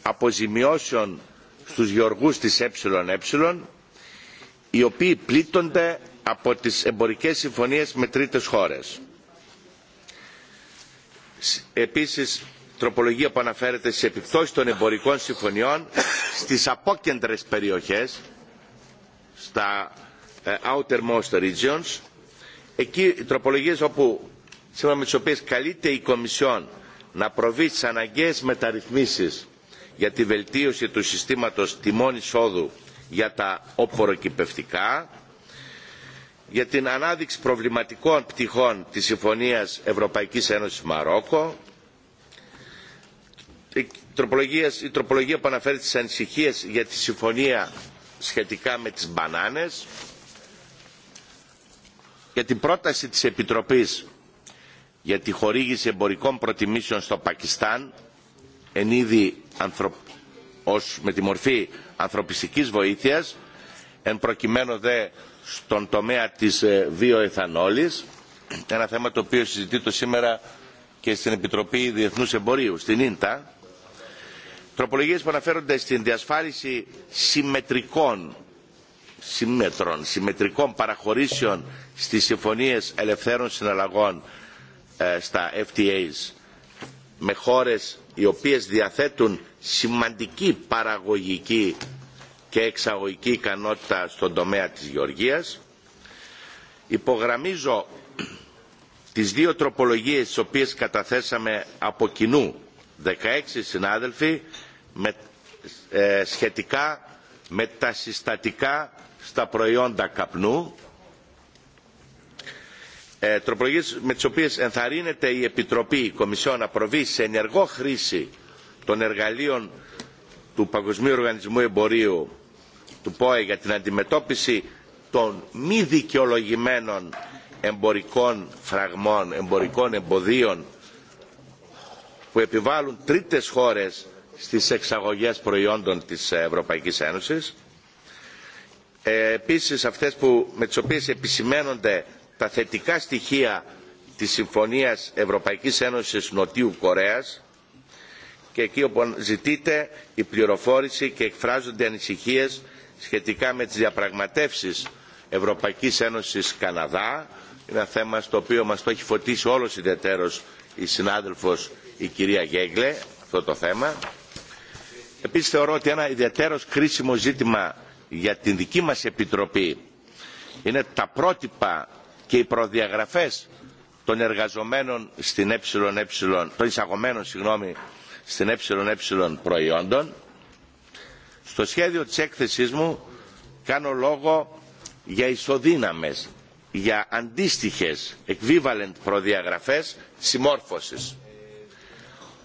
[SPEAKER 5] αποζημιώσεων στους γεωργού της ΕΕ οι οποίοι πλήττονται από τι εμπορικέ συμφωνίε με τρίτε χώρες. Επίσης τροπολογία που αναφέρεται στι επιπτώσει των εμπορικών συμφωνιών στις απόκεντρες περιοχές, στα ε, outermost regions, εκεί οι τροπολογίες όπου, σύμφωνα με τι οποίε καλείται η Κομισιόν να προβεί στις αναγκαίε μεταρρυθμίσει για τη βελτίωση του συστήματος τιμών εισόδου για τα οποροκυπευτικά, για την ανάδειξη προβληματικών πτυχών της Συμφωνίας Ευρωπαϊκής Ένωσης Μαρόκο, η τροπολογία που αναφέρει τις ανησυχίες για τη συμφωνία σχετικά με τις μπανάνες, για την πρόταση της Επιτροπής για τη χορήγηση εμπορικών προτιμήσεων στο Πακιστάν, εν είδη με τη μορφή ανθρωπιστικής βοήθειας, εν προκειμένου δε στον τομέα της ε, βιοεθανόλης, ένα θέμα το οποίο συζητείται σήμερα και στην Επιτροπή Διεθνούς Εμπορίου, στην Ίντα, τροπολογίες που αναφέρονται στην διασφάλιση συμμετρικών συμμετρών, συμμετρικών παραχωρήσεων στις συμφωνίες ελευθέρων συναλλαγών ε, στα FTAs με χώρες οι οποίες διαθέτουν σημαντική παραγωγική και εξαγωγική ικανότητα στον τομέα της γεωργίας. Υπογραμμίζω τις δύο τροπολογίες τις οποίες καταθέσαμε από κοινού 16 συνάδελφοι ε, σχετικά με τα συστατικά στα προϊόντα καπνού ε, τροπολογίες με τις οποίες ενθαρρύνεται η Επιτροπή η Κομισιόν να προβεί σε ενεργό χρήση των εργαλείων του Παγκοσμίου Οργανισμού Εμπορίου του ΠΟΕ για την αντιμετώπιση των μη δικαιολογημένων εμπορικών φραγμών, εμπορικών εμποδίων που επιβάλλουν τρίτες χώρες στις εξαγωγές προϊόντων της Ευρωπαϊκής Ένωσης. Ε, επίσης αυτές που, με τις οποίες επισημαίνονται τα θετικά στοιχεία της Συμφωνίας Ευρωπαϊκής Ένωσης Νοτιού Κορέας και εκεί όπου ζητείται η πληροφόρηση και εκφράζονται ανησυχίες σχετικά με τις διαπραγματεύσεις Ευρωπαϊκής Ένωσης Καναδά. ένα θέμα στο οποίο μας το έχει φωτίσει όλος ιδιαίτερος η συνάδελφος η κυρία Γέγλε αυτό το θέμα Επίσης θεωρώ ότι ένα ιδιαίτερος κρίσιμο ζήτημα για την δική μας Επιτροπή είναι τα πρότυπα και οι προδιαγραφές των εργαζομένων στην ΕΕ, των εισαγωμένων συγγνώμη, στην ΕΕ προϊόντων. Στο σχέδιο της έκθεσής μου κάνω λόγο για ισοδύναμες, για αντίστοιχες equivalent προδιαγραφές συμμόρφωσης.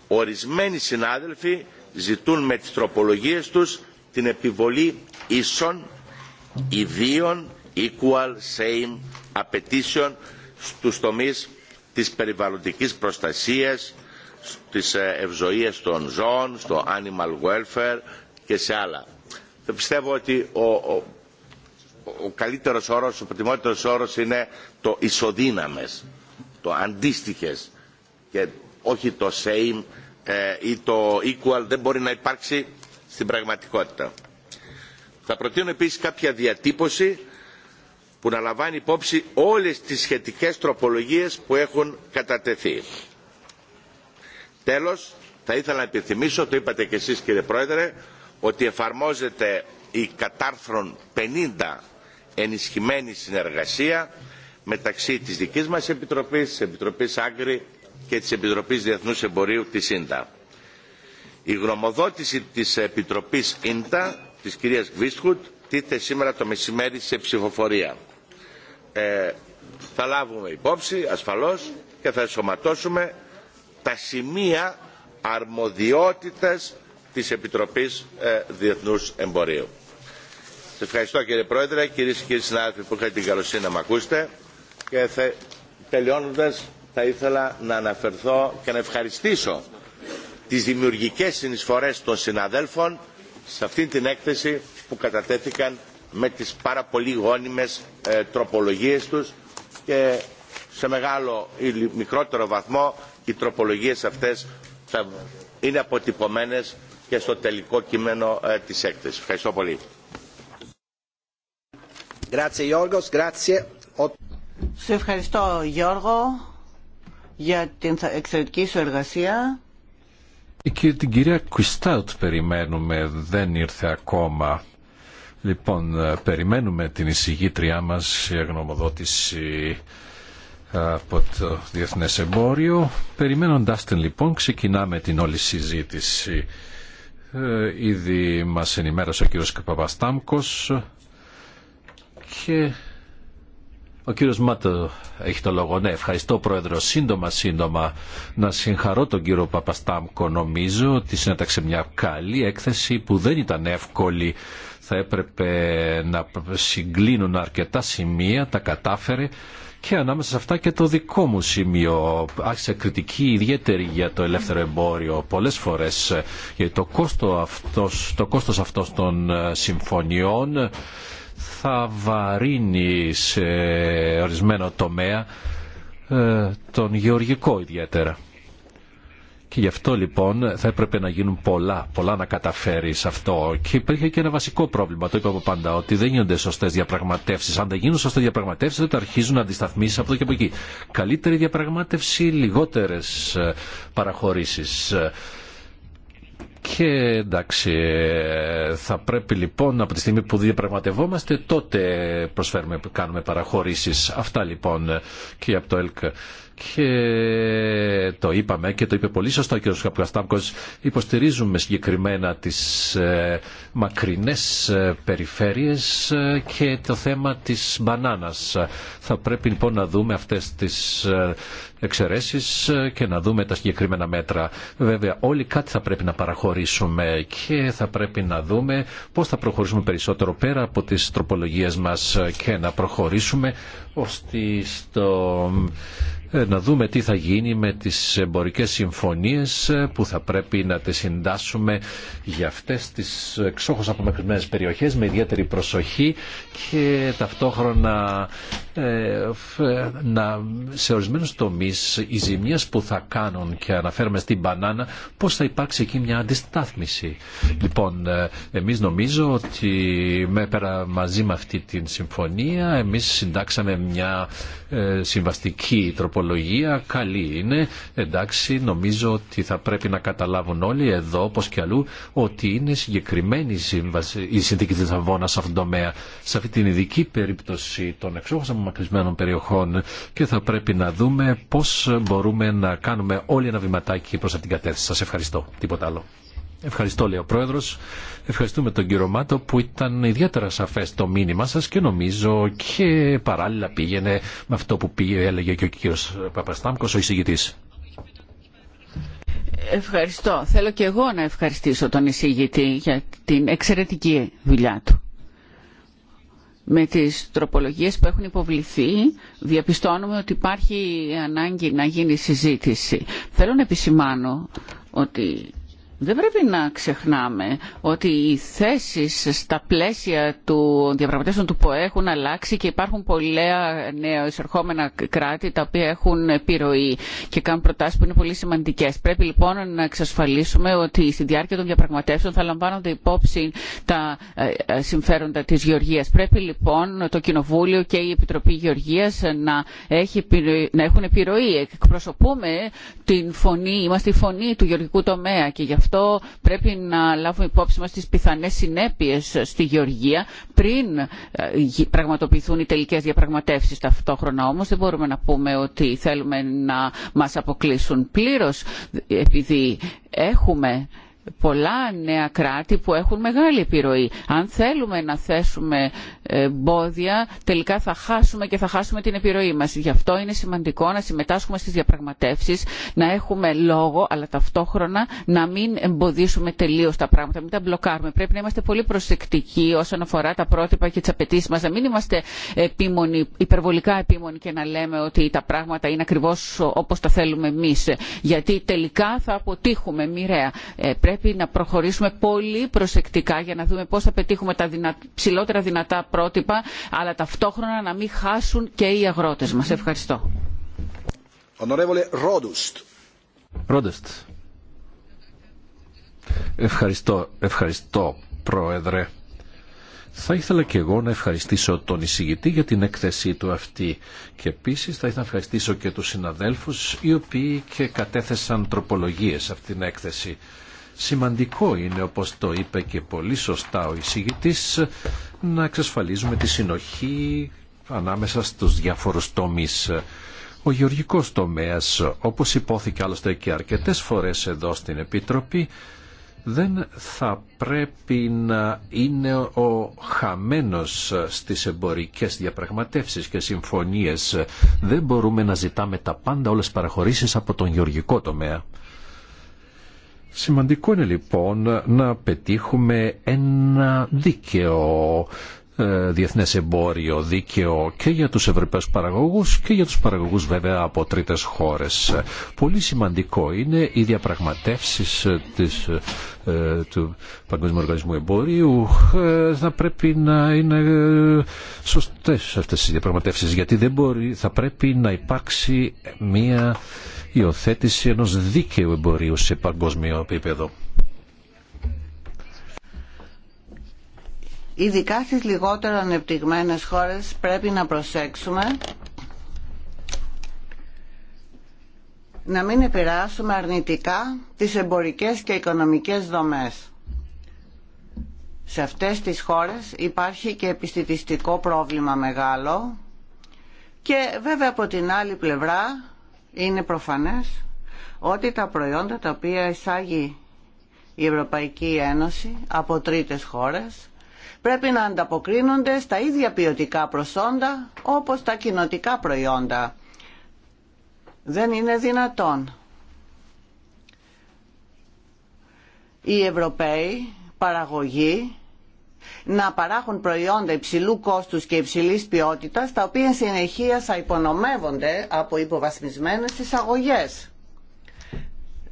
[SPEAKER 5] Ορισμένοι συνάδελφοι ζητούν με τις τροπολογίες τους την επιβολή ίσων, ιδίων, equal, same απαιτήσεων στους τομείς της περιβαλλοντικής προστασίας, της ε, ευζοίας των ζώων, στο animal welfare και σε άλλα. Ε, πιστεύω ότι ο, ο, ο καλύτερος όρος, ο προτιμότερος όρος είναι το ισοδύναμες, το αντίστοιχες και όχι το same ε, ή το equal δεν μπορεί να υπάρξει στην πραγματικότητα. Θα προτείνω επίσης κάποια διατύπωση που να λαμβάνει υπόψη όλες τις σχετικές τροπολογίες που έχουν κατατεθεί. Τέλος, θα ήθελα να επιθυμίσω, το είπατε και εσείς κύριε Πρόεδρε, ότι εφαρμόζεται η κατάρθρον 50 ενισχυμένη συνεργασία μεταξύ της δικής μας Επιτροπής, της Επιτροπής Άγκρη και της Επιτροπής Διεθνούς Εμπορίου της ΙΝΤΑ. Η γνωμοδότηση της Επιτροπής ΙΝΤΑ της κυρίας Γκβίστχουτ τίθε σήμερα το μεσημέρι σε ψηφοφορία. Ε, θα λάβουμε υπόψη ασφαλώς και θα εσωματώσουμε τα σημεία αρμοδιότητας της Επιτροπής ε, Διεθνούς Εμπορίου. Σας ευχαριστώ κύριε Πρόεδρε, κυρίες και κύριοι συνάδελφοι που είχατε την καλοσύνη να με ακούσετε και θα, τελειώνοντας θα ήθελα να αναφερθώ και να ευχαριστήσω τις δημιουργικές συνεισφορές των συναδέλφων σε αυτή την έκθεση που κατατέθηκαν με τις πάρα πολύ γόνιμες ε, τροπολογίες τους και σε μεγάλο ή μικρότερο βαθμό οι τροπολογίες αυτές θα είναι αποτυπωμένες και στο τελικό κείμενο ε, της έκθεσης. Ευχαριστώ πολύ.
[SPEAKER 2] Σε ευχαριστώ Γιώργο για την εξαιρετική σου εργασία.
[SPEAKER 1] Και την κυρία Κουιστάουτ περιμένουμε, δεν ήρθε ακόμα. Λοιπόν, ε, περιμένουμε την εισηγήτριά μας η γνωμοδότηση ε, από το Διεθνές Εμπόριο. Περιμένοντάς την λοιπόν, ξεκινάμε την όλη συζήτηση. Ε, ήδη μας ενημέρωσε ο κύριος και ο κύριος Μάτο έχει το λόγο. Ναι, ευχαριστώ Πρόεδρο. Σύντομα, σύντομα να συγχαρώ τον κύριο Παπαστάμκο. Νομίζω ότι συνέταξε μια καλή έκθεση που δεν ήταν εύκολη. Θα έπρεπε να συγκλίνουν αρκετά σημεία, τα κατάφερε και ανάμεσα σε αυτά και το δικό μου σημείο. Άρχισε κριτική ιδιαίτερη για το ελεύθερο εμπόριο πολλές φορές γιατί το, κόστο αυτός, το κόστος αυτός των ε, συμφωνιών θα βαρύνει σε ορισμένο τομέα ε, τον γεωργικό ιδιαίτερα. Και γι' αυτό λοιπόν θα έπρεπε να γίνουν πολλά, πολλά να καταφέρει σε αυτό. Και υπήρχε και ένα βασικό πρόβλημα, το είπα από πάντα, ότι δεν γίνονται σωστέ διαπραγματεύσει. Αν δεν γίνουν σωστέ διαπραγματεύσει, τότε αρχίζουν να αντισταθμίσει από εδώ και από εκεί. Καλύτερη διαπραγμάτευση, λιγότερε παραχωρήσει. Και εντάξει, ε, θα πρέπει λοιπόν από τη στιγμή που διαπραγματευόμαστε τότε προσφέρουμε, κάνουμε παραχωρήσεις. Αυτά λοιπόν και από το ΕΛΚ και το είπαμε και το είπε πολύ σωστά ο κ. Καπκαστάμκος, υποστηρίζουμε συγκεκριμένα τις ε, μακρινές ε, περιφέρειες ε, και το θέμα της μπανάνας. Θα πρέπει λοιπόν να δούμε αυτές τις εξαιρέσεις και να δούμε τα συγκεκριμένα μέτρα. Βέβαια όλοι κάτι θα πρέπει να παραχωρήσουμε και θα πρέπει να δούμε πώς θα προχωρήσουμε περισσότερο πέρα από τις τροπολογίες μας και να προχωρήσουμε ώστε στο ε, να δούμε τι θα γίνει με τις εμπορικές συμφωνίες ε, που θα πρέπει να τις συντάσσουμε για αυτές τις εξόχως απομακρυσμένες περιοχές με ιδιαίτερη προσοχή και ταυτόχρονα ε, να, σε ορισμένου τομεί οι ζημίε που θα κάνουν και αναφέρομαι στην μπανάνα, πώ θα υπάρξει εκεί μια αντιστάθμιση. Λοιπόν, ε, εμεί νομίζω ότι με, πέρα, μαζί με αυτή την συμφωνία εμεί συντάξαμε μια ε, συμβαστική τροπολογία. Καλή είναι. Εντάξει, νομίζω ότι θα πρέπει να καταλάβουν όλοι εδώ όπω και αλλού ότι είναι συγκεκριμένη η συνθήκη τη Αβώνα σε αυτόν τον τομέα. Σε αυτή την ειδική περίπτωση των εξόχων απομακρυσμένων περιοχών και θα πρέπει να δούμε πώς μπορούμε να κάνουμε όλοι ένα βηματάκι προς αυτήν την κατεύθυνση. Σας ευχαριστώ. Τίποτα άλλο. Ευχαριστώ, λέει ο πρόεδρο. Ευχαριστούμε τον κύριο Μάτο που ήταν ιδιαίτερα σαφέ το μήνυμά σα και νομίζω και παράλληλα πήγαινε με αυτό που πήγε, έλεγε και ο κύριο Παπαστάμκο, ο εισηγητή.
[SPEAKER 3] Ευχαριστώ. Θέλω και εγώ να ευχαριστήσω τον εισηγητή για την εξαιρετική δουλειά του με τις τροπολογίες που έχουν υποβληθεί διαπιστώνουμε ότι υπάρχει ανάγκη να γίνει συζήτηση. Θέλω να επισημάνω ότι δεν πρέπει να ξεχνάμε ότι οι θέσει στα πλαίσια των διαπραγματεύσεων του ΠΟΕ έχουν αλλάξει και υπάρχουν πολλά νέα εισερχόμενα κράτη τα οποία έχουν επιρροή και κάνουν προτάσει που είναι πολύ σημαντικέ. Πρέπει λοιπόν να εξασφαλίσουμε ότι στη διάρκεια των διαπραγματεύσεων θα λαμβάνονται υπόψη τα ε, ε, συμφέροντα τη Γεωργίας. Πρέπει λοιπόν το Κοινοβούλιο και η Επιτροπή Γεωργίας να, να έχουν επιρροή. Εκπροσωπούμε την φωνή, είμαστε η φωνή του γεωργικού τομέα και γι' αυτό αυτό πρέπει να λάβουμε υπόψη μας τις πιθανές συνέπειες στη Γεωργία πριν ε, πραγματοποιηθούν οι τελικές διαπραγματεύσεις. Ταυτόχρονα όμως δεν μπορούμε να πούμε ότι θέλουμε να μας αποκλείσουν πλήρως ε, επειδή έχουμε πολλά νέα κράτη που έχουν μεγάλη επιρροή. Αν θέλουμε να θέσουμε ε, εμπόδια, τελικά θα χάσουμε και θα χάσουμε την επιρροή μας. Γι' αυτό είναι σημαντικό να συμμετάσχουμε στις διαπραγματεύσεις, να έχουμε λόγο, αλλά ταυτόχρονα να μην εμποδίσουμε τελείως τα πράγματα, μην τα μπλοκάρουμε. Πρέπει να είμαστε πολύ προσεκτικοί όσον αφορά τα πρότυπα και τις απαιτήσει μας, να μην είμαστε επίμονοι, υπερβολικά επίμονοι και να λέμε ότι τα πράγματα είναι ακριβώς όπως τα θέλουμε εμείς. Γιατί τελικά θα αποτύχουμε μοιραία. Ε, πρέπει να προχωρήσουμε πολύ προσεκτικά για να δούμε πώς θα πετύχουμε τα ψηλότερα δυνατά πρότυπα αλλά ταυτόχρονα να μην χάσουν και οι αγρότες μας. Ευχαριστώ.
[SPEAKER 1] Ευχαριστώ, ευχαριστώ πρόεδρε. Θα ήθελα και εγώ να ευχαριστήσω τον εισηγητή για την έκθεσή του αυτή και επίσης θα ήθελα να ευχαριστήσω και τους συναδέλφους οι οποίοι και κατέθεσαν τροπολογίες αυτήν την έκθεση. Σημαντικό είναι, όπως το είπε και πολύ σωστά ο εισηγητής, να εξασφαλίζουμε τη συνοχή ανάμεσα στους διάφορους τομείς. Ο γεωργικός τομέας, όπως υπόθηκε άλλωστε και αρκετές φορές εδώ στην Επιτροπή, δεν θα πρέπει να είναι ο χαμένος στις εμπορικές διαπραγματεύσεις και συμφωνίες. Δεν μπορούμε να ζητάμε τα πάντα όλες τις παραχωρήσεις από τον γεωργικό τομέα. Σημαντικό είναι λοιπόν να πετύχουμε ένα δίκαιο ε, διεθνές εμπόριο δίκαιο και για τους ευρωπαίους παραγωγούς και για τους παραγωγούς βέβαια από τρίτες χώρες. Πολύ σημαντικό είναι οι διαπραγματεύσεις της, ε, του Παγκόσμιου Οργανισμού Εμπορίου ε, θα πρέπει να είναι σωστές αυτές οι διαπραγματεύσεις γιατί δεν μπορεί, θα πρέπει να υπάρξει μία υιοθέτηση ενός δίκαιου εμπορίου σε παγκόσμιο επίπεδο.
[SPEAKER 2] Ειδικά στις λιγότερο ανεπτυγμένες χώρες πρέπει να προσέξουμε να μην επηρεάσουμε αρνητικά τις εμπορικές και οικονομικές δομές. Σε αυτές τις χώρες υπάρχει και επιστημιστικό πρόβλημα μεγάλο και βέβαια από την άλλη πλευρά είναι προφανές ότι τα προϊόντα τα οποία εισάγει η Ευρωπαϊκή Ένωση από τρίτες χώρες πρέπει να ανταποκρίνονται στα ίδια ποιοτικά προσόντα όπως τα κοινοτικά προϊόντα. Δεν είναι δυνατόν. Οι Ευρωπαίοι παραγωγοί να παράχουν προϊόντα υψηλού κόστους και υψηλής ποιότητας, τα οποία συνεχεία θα υπονομεύονται από υποβασμισμένες εισαγωγές.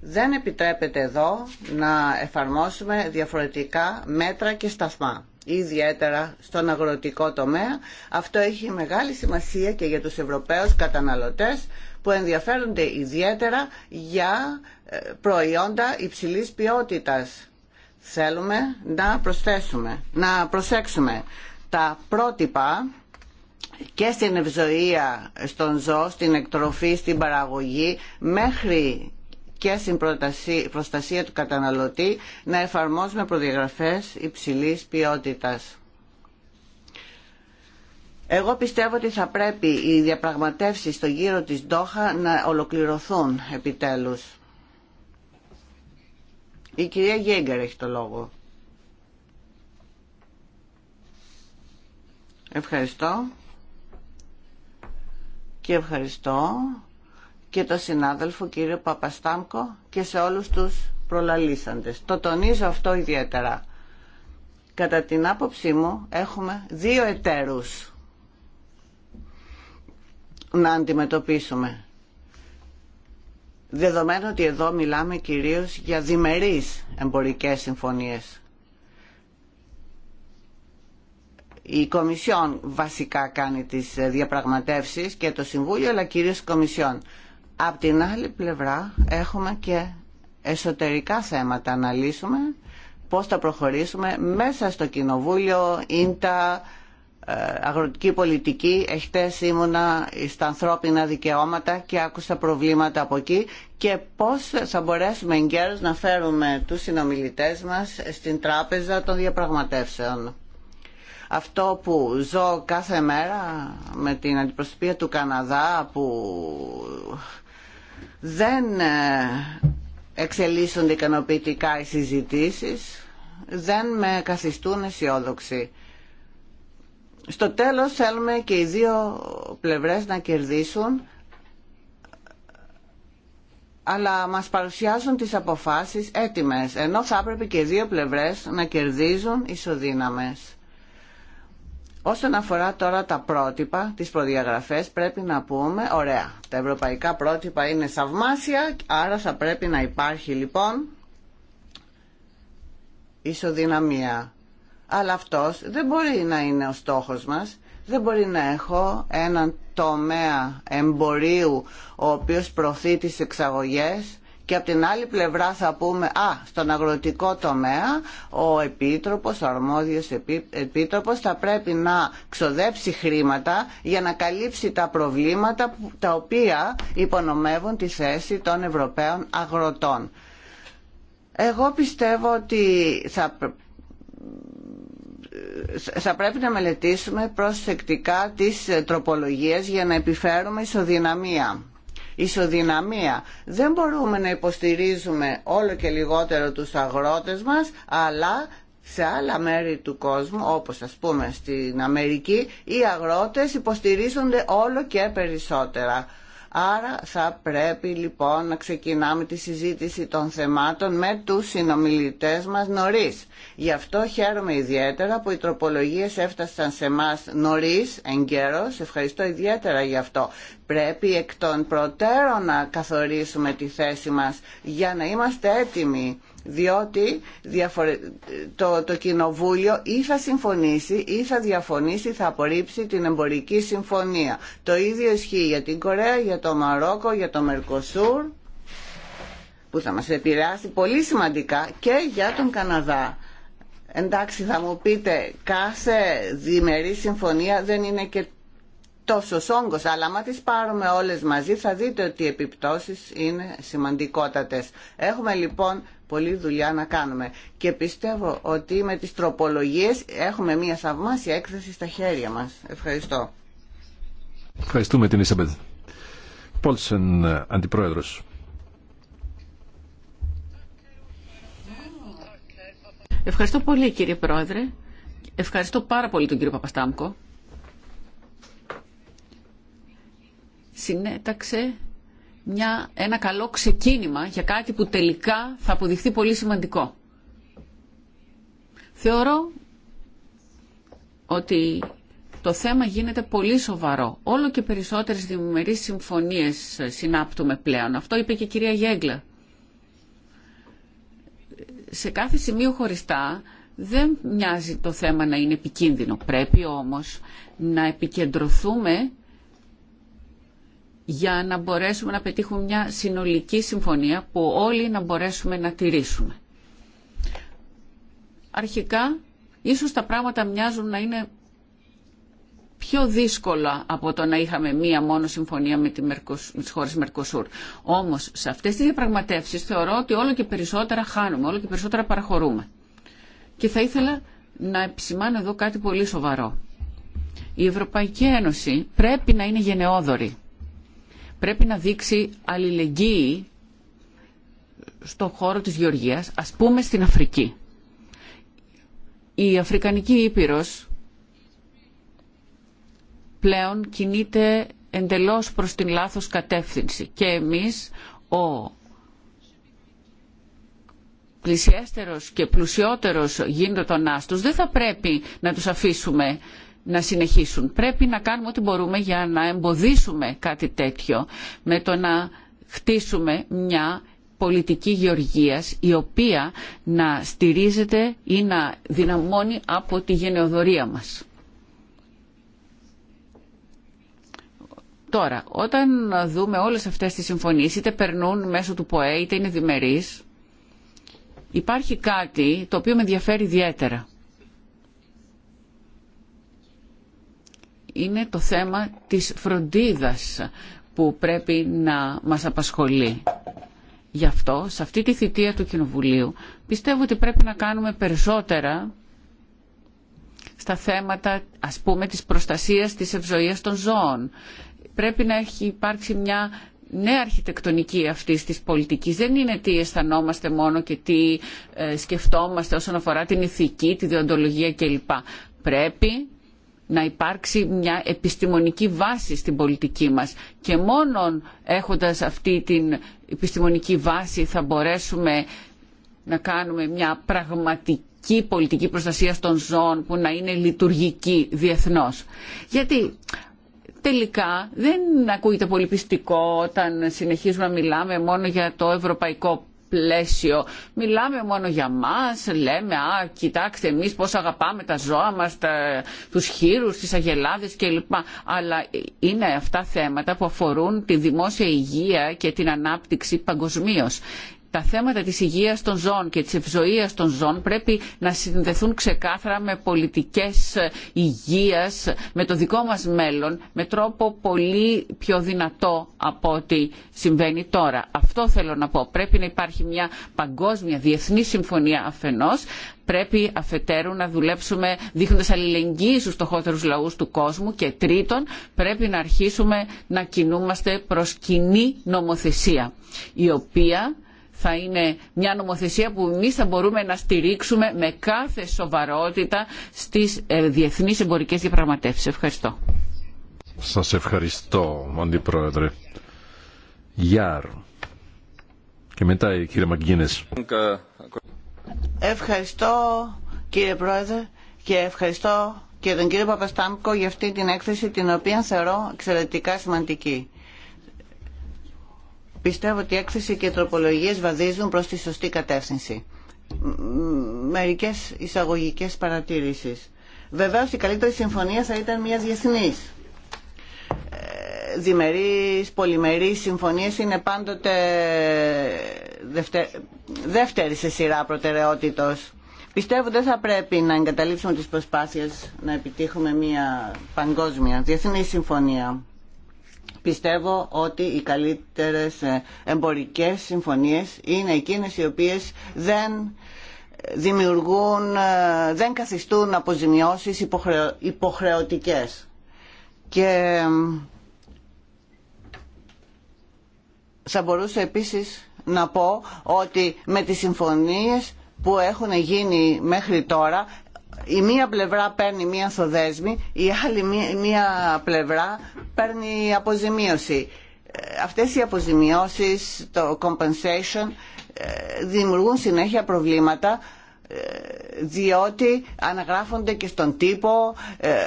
[SPEAKER 2] Δεν επιτρέπεται εδώ να εφαρμόσουμε διαφορετικά μέτρα και σταθμά ιδιαίτερα στον αγροτικό τομέα. Αυτό έχει μεγάλη σημασία και για τους Ευρωπαίους καταναλωτές που ενδιαφέρονται ιδιαίτερα για ε, προϊόντα υψηλής ποιότητας θέλουμε να προσθέσουμε, να προσέξουμε τα πρότυπα και στην ευζοία στον ζώο, στην εκτροφή, στην παραγωγή, μέχρι και στην προστασία του καταναλωτή να εφαρμόζουμε προδιαγραφές υψηλής ποιότητας. Εγώ πιστεύω ότι θα πρέπει οι διαπραγματεύσεις στο γύρο της Ντόχα να ολοκληρωθούν επιτέλους. Η κυρία Γέγκαρ έχει το λόγο. Ευχαριστώ. Και ευχαριστώ και το συνάδελφο κύριο Παπαστάμκο και σε όλους τους προλαλήσαντες. Το τονίζω αυτό ιδιαίτερα. Κατά την άποψή μου έχουμε δύο εταίρους να αντιμετωπίσουμε. Δεδομένου ότι εδώ μιλάμε κυρίως για διμερείς εμπορικές συμφωνίες. Η Κομισιόν βασικά κάνει τις διαπραγματεύσεις και το Συμβούλιο, αλλά κυρίως η Κομισιόν. Απ' την άλλη πλευρά έχουμε και εσωτερικά θέματα να λύσουμε, πώς θα προχωρήσουμε μέσα στο Κοινοβούλιο, ίντα, ε, αγροτική πολιτική. Εχθές ήμουνα στα ανθρώπινα δικαιώματα και άκουσα προβλήματα από εκεί και πώς θα μπορέσουμε εγκαίρως να φέρουμε τους συνομιλητές μας στην τράπεζα των διαπραγματεύσεων. Αυτό που ζω κάθε μέρα με την αντιπροσωπεία του Καναδά που δεν ε, εξελίσσονται ικανοποιητικά οι συζητήσεις, δεν με καθιστούν αισιόδοξοι στο τέλος θέλουμε και οι δύο πλευρές να κερδίσουν αλλά μας παρουσιάζουν τις αποφάσεις έτοιμες, ενώ θα έπρεπε και οι δύο πλευρές να κερδίζουν ισοδύναμες. Όσον αφορά τώρα τα πρότυπα, τις προδιαγραφές, πρέπει να πούμε, ωραία, τα ευρωπαϊκά πρότυπα είναι σαυμάσια, άρα θα πρέπει να υπάρχει λοιπόν ισοδυναμία αλλά αυτός δεν μπορεί να είναι ο στόχος μας. Δεν μπορεί να έχω έναν τομέα εμπορίου ο οποίος προωθεί τις εξαγωγές και από την άλλη πλευρά θα πούμε «Α, στον αγροτικό τομέα ο επίτροπος, ο αρμόδιος επίτροπος θα πρέπει να ξοδέψει χρήματα για να καλύψει τα προβλήματα τα οποία υπονομεύουν τη θέση των Ευρωπαίων αγροτών». Εγώ πιστεύω ότι θα θα πρέπει να μελετήσουμε προσεκτικά τις τροπολογίες για να επιφέρουμε ισοδυναμία. Ισοδυναμία. Δεν μπορούμε να υποστηρίζουμε όλο και λιγότερο τους αγρότες μας, αλλά σε άλλα μέρη του κόσμου, όπως ας πούμε στην Αμερική, οι αγρότες υποστηρίζονται όλο και περισσότερα. Άρα θα πρέπει λοιπόν να ξεκινάμε τη συζήτηση των θεμάτων με τους συνομιλητές μας νωρίς. Γι' αυτό χαίρομαι ιδιαίτερα που οι τροπολογίες έφτασαν σε εμά νωρίς, εγκαίρως. Ευχαριστώ ιδιαίτερα γι' αυτό. Πρέπει εκ των προτέρων να καθορίσουμε τη θέση μας για να είμαστε έτοιμοι διότι το, το Κοινοβούλιο ή θα συμφωνήσει ή θα διαφωνήσει, θα απορρίψει την εμπορική συμφωνία. Το ίδιο ισχύει για την Κορέα, για το Μαρόκο, για το Μερκοσούρ, που θα μας επηρεάσει πολύ σημαντικά και για τον Καναδά. Εντάξει θα μου πείτε κάθε διμερή συμφωνία δεν είναι και τόσο όγκο, αλλά άμα τι πάρουμε όλες μαζί θα δείτε ότι οι επιπτώσεις είναι σημαντικότατες. Έχουμε λοιπόν πολλή δουλειά να κάνουμε και πιστεύω ότι με τις τροπολογίες έχουμε μια θαυμάσια έκθεση στα χέρια μας. Ευχαριστώ.
[SPEAKER 1] Ευχαριστούμε την Ισαμπέδ. Πόλσεν, Αντιπρόεδρος.
[SPEAKER 3] Ευχαριστώ πολύ κύριε Πρόεδρε. Ευχαριστώ πάρα πολύ τον κύριο Παπαστάμκο συνέταξε μια, ένα καλό ξεκίνημα για κάτι που τελικά θα αποδειχθεί πολύ σημαντικό. Θεωρώ ότι το θέμα γίνεται πολύ σοβαρό. Όλο και περισσότερες διμερείς συμφωνίες συνάπτουμε πλέον. Αυτό είπε και η κυρία Γέγκλα. Σε κάθε σημείο χωριστά δεν μοιάζει το θέμα να είναι επικίνδυνο. Πρέπει όμως να επικεντρωθούμε για να μπορέσουμε να πετύχουμε μια συνολική συμφωνία που όλοι να μπορέσουμε να τηρήσουμε. Αρχικά, ίσως τα πράγματα μοιάζουν να είναι πιο δύσκολα από το να είχαμε μία μόνο συμφωνία με, τη Μερκοσ... με τις χώρες Μερκοσούρ. Όμως, σε αυτές τις διαπραγματεύσεις θεωρώ ότι όλο και περισσότερα χάνουμε, όλο και περισσότερα παραχωρούμε. Και θα ήθελα να επισημάνω εδώ κάτι πολύ σοβαρό. Η Ευρωπαϊκή Ένωση πρέπει να είναι γενναιόδορη πρέπει να δείξει αλληλεγγύη στον χώρο της γεωργίας, ας πούμε στην Αφρική. Η Αφρικανική Ήπειρος πλέον κινείται εντελώς προς την λάθος κατεύθυνση και εμείς ο πλησιέστερος και πλουσιότερος τον τους δεν θα πρέπει να τους αφήσουμε να συνεχίσουν. Πρέπει να κάνουμε ό,τι μπορούμε για να εμποδίσουμε κάτι τέτοιο με το να χτίσουμε μια πολιτική γεωργίας η οποία να στηρίζεται ή να δυναμώνει από τη γενεοδορία μας. Τώρα, όταν δούμε όλες αυτές τις συμφωνίες, είτε περνούν μέσω του ΠΟΕ, είτε είναι διμερείς, υπάρχει κάτι το οποίο με ενδιαφέρει ιδιαίτερα. είναι το θέμα της φροντίδας που πρέπει να μας απασχολεί. Γι' αυτό, σε αυτή τη θητεία του Κοινοβουλίου, πιστεύω ότι πρέπει να κάνουμε περισσότερα στα θέματα, ας πούμε, της προστασίας της ευζοίας των ζώων. Πρέπει να έχει υπάρξει μια νέα αρχιτεκτονική αυτή τη πολιτική. Δεν είναι τι αισθανόμαστε μόνο και τι ε, σκεφτόμαστε όσον αφορά την ηθική, τη διοντολογία κλπ. Πρέπει να υπάρξει μια επιστημονική βάση στην πολιτική μας και μόνον έχοντας αυτή την επιστημονική βάση θα μπορέσουμε να κάνουμε μια πραγματική πολιτική προστασία των ζώων που να είναι λειτουργική διεθνώς. Γιατί τελικά δεν ακούγεται πολύ πιστικό όταν συνεχίζουμε να μιλάμε μόνο για το ευρωπαϊκό πλαίσιο. Μιλάμε μόνο για μα. λέμε «Α, κοιτάξτε εμεί πώ αγαπάμε τα ζώα μα, του τους τι αγελάδε κλπ». Αλλά είναι αυτά θέματα που αφορούν τη δημόσια υγεία και την ανάπτυξη παγκοσμίω τα θέματα της υγείας των ζώων και της ευζοίας των ζώων πρέπει να συνδεθούν ξεκάθαρα με πολιτικές υγείας, με το δικό μας μέλλον, με τρόπο πολύ πιο δυνατό από ό,τι συμβαίνει τώρα. Αυτό θέλω να πω. Πρέπει να υπάρχει μια παγκόσμια διεθνή συμφωνία αφενός, πρέπει αφετέρου να δουλέψουμε δείχνοντας αλληλεγγύη στους στοχότερους λαούς του κόσμου και τρίτον πρέπει να αρχίσουμε να κινούμαστε προς κοινή νομοθεσία η οποία θα είναι μια νομοθεσία που εμεί θα μπορούμε να στηρίξουμε με κάθε σοβαρότητα στις ε, διεθνείς εμπορικές διαπραγματεύσεις. Ευχαριστώ.
[SPEAKER 1] Σας ευχαριστώ, Αντιπρόεδρε. Γιάρ. Και μετά η κυρία Μαγκίνες.
[SPEAKER 2] Ευχαριστώ, κύριε Πρόεδρε, και ευχαριστώ και τον κύριο Παπαστάμκο για αυτή την έκθεση την οποία θεωρώ εξαιρετικά σημαντική. Πιστεύω ότι η έκθεση και οι τροπολογίες βαδίζουν προς τη σωστή κατεύθυνση. Μερικές εισαγωγικέ παρατήρησεις. Βεβαίω, η καλύτερη συμφωνία θα ήταν μια διεθνή ε, Διμερείς, πολυμερεί συμφωνίε είναι πάντοτε δεύτερη σε σειρά προτεραιότητο. Πιστεύω δεν θα πρέπει να εγκαταλείψουμε τις προσπάθειες να επιτύχουμε μια παγκόσμια διεθνή συμφωνία. Πιστεύω ότι οι καλύτερες ε, εμπορικές συμφωνίες είναι εκείνες οι οποίες δεν δημιουργούν, ε, δεν καθιστούν αποζημιώσεις υποχρεωτικές. Και θα μπορούσα επίσης να πω ότι με τις συμφωνίες που έχουν γίνει μέχρι τώρα η μία πλευρά παίρνει μία θοδέσμη η άλλη μία πλευρά παίρνει αποζημίωση. Ε, αυτές οι αποζημιώσεις, το compensation, ε, δημιουργούν συνέχεια προβλήματα ε, διότι αναγράφονται και στον τύπο,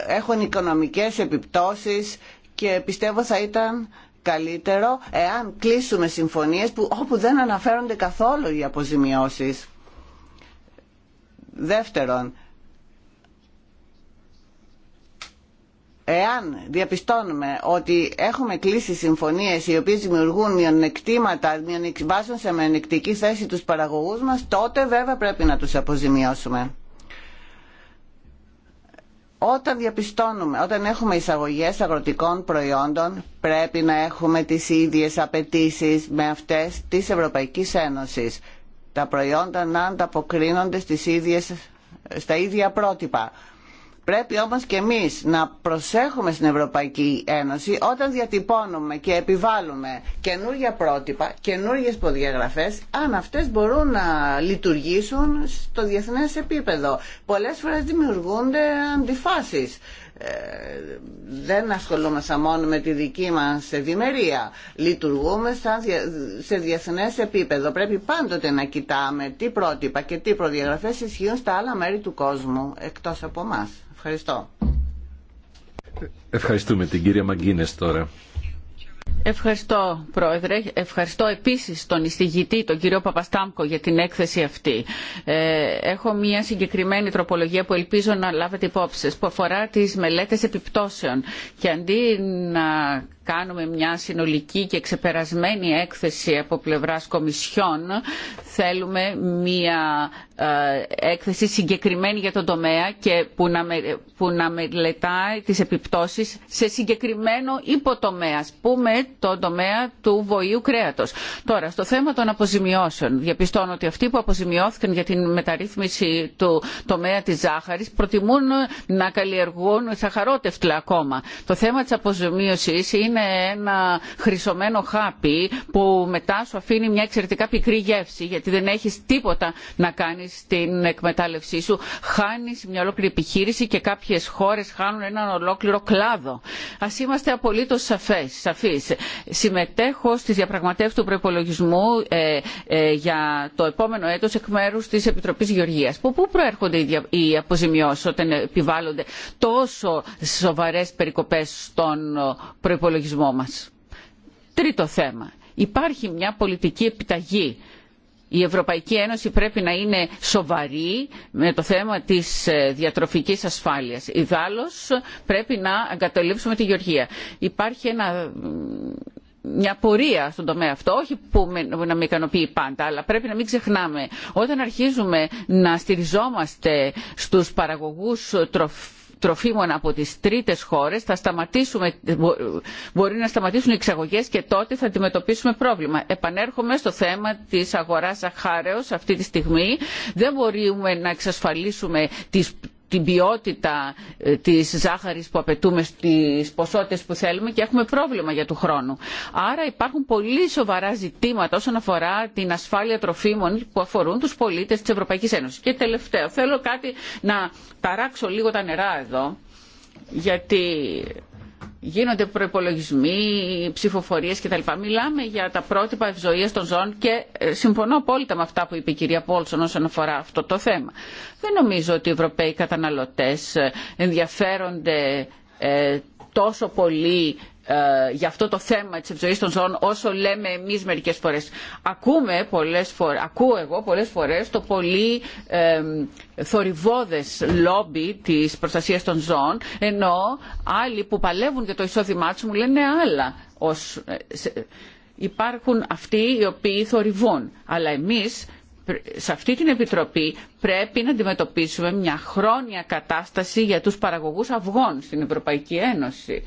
[SPEAKER 2] έχουν οικονομικές επιπτώσεις και πιστεύω θα ήταν καλύτερο εάν κλείσουμε συμφωνίες που, όπου δεν αναφέρονται καθόλου οι αποζημιώσεις. Δεύτερον, εάν διαπιστώνουμε ότι έχουμε κλείσει συμφωνίες οι οποίες δημιουργούν μειονεκτήματα, βάζουν σε μειονεκτική θέση τους παραγωγούς μας, τότε βέβαια πρέπει να τους αποζημιώσουμε. Όταν διαπιστώνουμε, όταν έχουμε εισαγωγές αγροτικών προϊόντων, πρέπει να έχουμε τις ίδιες απαιτήσει με αυτές της Ευρωπαϊκής Ένωσης. Τα προϊόντα να ανταποκρίνονται στις στα ίδια πρότυπα Πρέπει όμως και εμείς να προσέχουμε στην Ευρωπαϊκή Ένωση όταν διατυπώνουμε και επιβάλλουμε καινούργια πρότυπα, καινούργιες προδιαγραφές, αν αυτές μπορούν να λειτουργήσουν στο διεθνές επίπεδο. Πολλές φορές δημιουργούνται αντιφάσεις. Ε, δεν ασχολούμαστε μόνο με τη δική μας ευημερία. Λειτουργούμε σε διεθνές επίπεδο. Πρέπει πάντοτε να κοιτάμε τι πρότυπα και τι προδιαγραφές ισχύουν στα άλλα μέρη του κόσμου, εκτός από εμά. Ευχαριστώ.
[SPEAKER 1] Ευχαριστούμε την κυρία Μαγκίνες τώρα.
[SPEAKER 3] Ευχαριστώ Πρόεδρε. Ευχαριστώ επίσης τον εισηγητή, τον κύριο Παπαστάμκο για την έκθεση αυτή. Ε, έχω μια συγκεκριμένη τροπολογία που ελπίζω να λάβετε υπόψη που αφορά τις μελέτες επιπτώσεων και αντί να κάνουμε μια συνολική και ξεπερασμένη έκθεση από πλευράς κομισιών, Θέλουμε μια ε, έκθεση συγκεκριμένη για τον τομέα και που να, μελετάει τις επιπτώσεις σε συγκεκριμένο υποτομέα, ας πούμε το τομέα του βοήου κρέατος. Τώρα, στο θέμα των αποζημιώσεων, διαπιστώνω ότι αυτοί που αποζημιώθηκαν για την μεταρρύθμιση του τομέα της ζάχαρης προτιμούν να καλλιεργούν σαχαρότευτλα ακόμα. Το θέμα της αποζημίωσης είναι ένα χρυσωμένο χάπι που μετά σου αφήνει μια εξαιρετικά πικρή γεύση γιατί δεν έχει τίποτα να κάνεις στην εκμετάλλευσή σου. χάνει μια ολόκληρη επιχείρηση και κάποιες χώρες χάνουν έναν ολόκληρο κλάδο. Ας είμαστε απολύτως σαφές, σαφείς. Συμμετέχω στις διαπραγματεύσεις του προπολογισμού ε, ε, για το επόμενο έτος εκ μέρους της Επιτροπής Γεωργίας. Που πού προέρχονται οι, δια, οι αποζημιώσεις όταν επιβάλλονται τόσο σοβαρές περικοπές στον προπολογισμό μας. Τρίτο θέμα. Υπάρχει μια πολιτική επιταγή. Η Ευρωπαϊκή Ένωση πρέπει να είναι σοβαρή με το θέμα της ε, διατροφικής ασφάλειας. Ιδάλλως πρέπει να εγκαταλείψουμε τη γεωργία. Υπάρχει μια πορεία στον τομέα αυτό, όχι που να με ικανοποιεί πάντα, αλλά πρέπει να μην ξεχνάμε. Όταν αρχίζουμε να στηριζόμαστε στους παραγωγούς τροφίμων, τροφίμων από τις τρίτες χώρες θα σταματήσουμε, μπορεί να σταματήσουν οι εξαγωγές και τότε θα αντιμετωπίσουμε πρόβλημα. Επανέρχομαι στο θέμα της αγοράς αχάρεως αυτή τη στιγμή. Δεν μπορούμε να εξασφαλίσουμε τις, την ποιότητα ε, της ζάχαρης που απαιτούμε στις ποσότητες που θέλουμε και έχουμε πρόβλημα για του χρόνου. Άρα υπάρχουν πολύ σοβαρά ζητήματα όσον αφορά την ασφάλεια τροφίμων που αφορούν τους πολίτες της Ευρωπαϊκής Ένωσης. Και τελευταίο, θέλω κάτι να ταράξω λίγο τα νερά εδώ, γιατί γίνονται προπολογισμοί, ψηφοφορίες κτλ. Μιλάμε για τα πρότυπα ευζοία των ζώων και ε, συμφωνώ απόλυτα με αυτά που είπε η κυρία Πόλσον όσον αφορά αυτό το θέμα. Δεν νομίζω ότι οι Ευρωπαίοι καταναλωτές ε, ενδιαφέρονται ε, τόσο πολύ ε, για αυτό το θέμα της ευζοής των ζώων όσο λέμε εμείς μερικές φορές. Ακούμε πολλές φορές, ακούω εγώ πολλές φορές το πολύ ε, θορυβόδες λόμπι της προστασίας των ζώων ενώ άλλοι που παλεύουν για το εισόδημά τους μου λένε άλλα ως, ε, υπάρχουν αυτοί οι οποίοι θορυβούν αλλά εμείς σε αυτή την Επιτροπή πρέπει να αντιμετωπίσουμε μια χρόνια κατάσταση για τους παραγωγούς αυγών στην Ευρωπαϊκή Ένωση.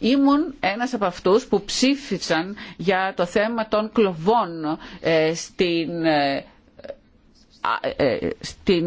[SPEAKER 3] Ήμουν ένας από αυτούς που ψήφισαν για το θέμα των κλοβών ε, στην, ε, ε, στην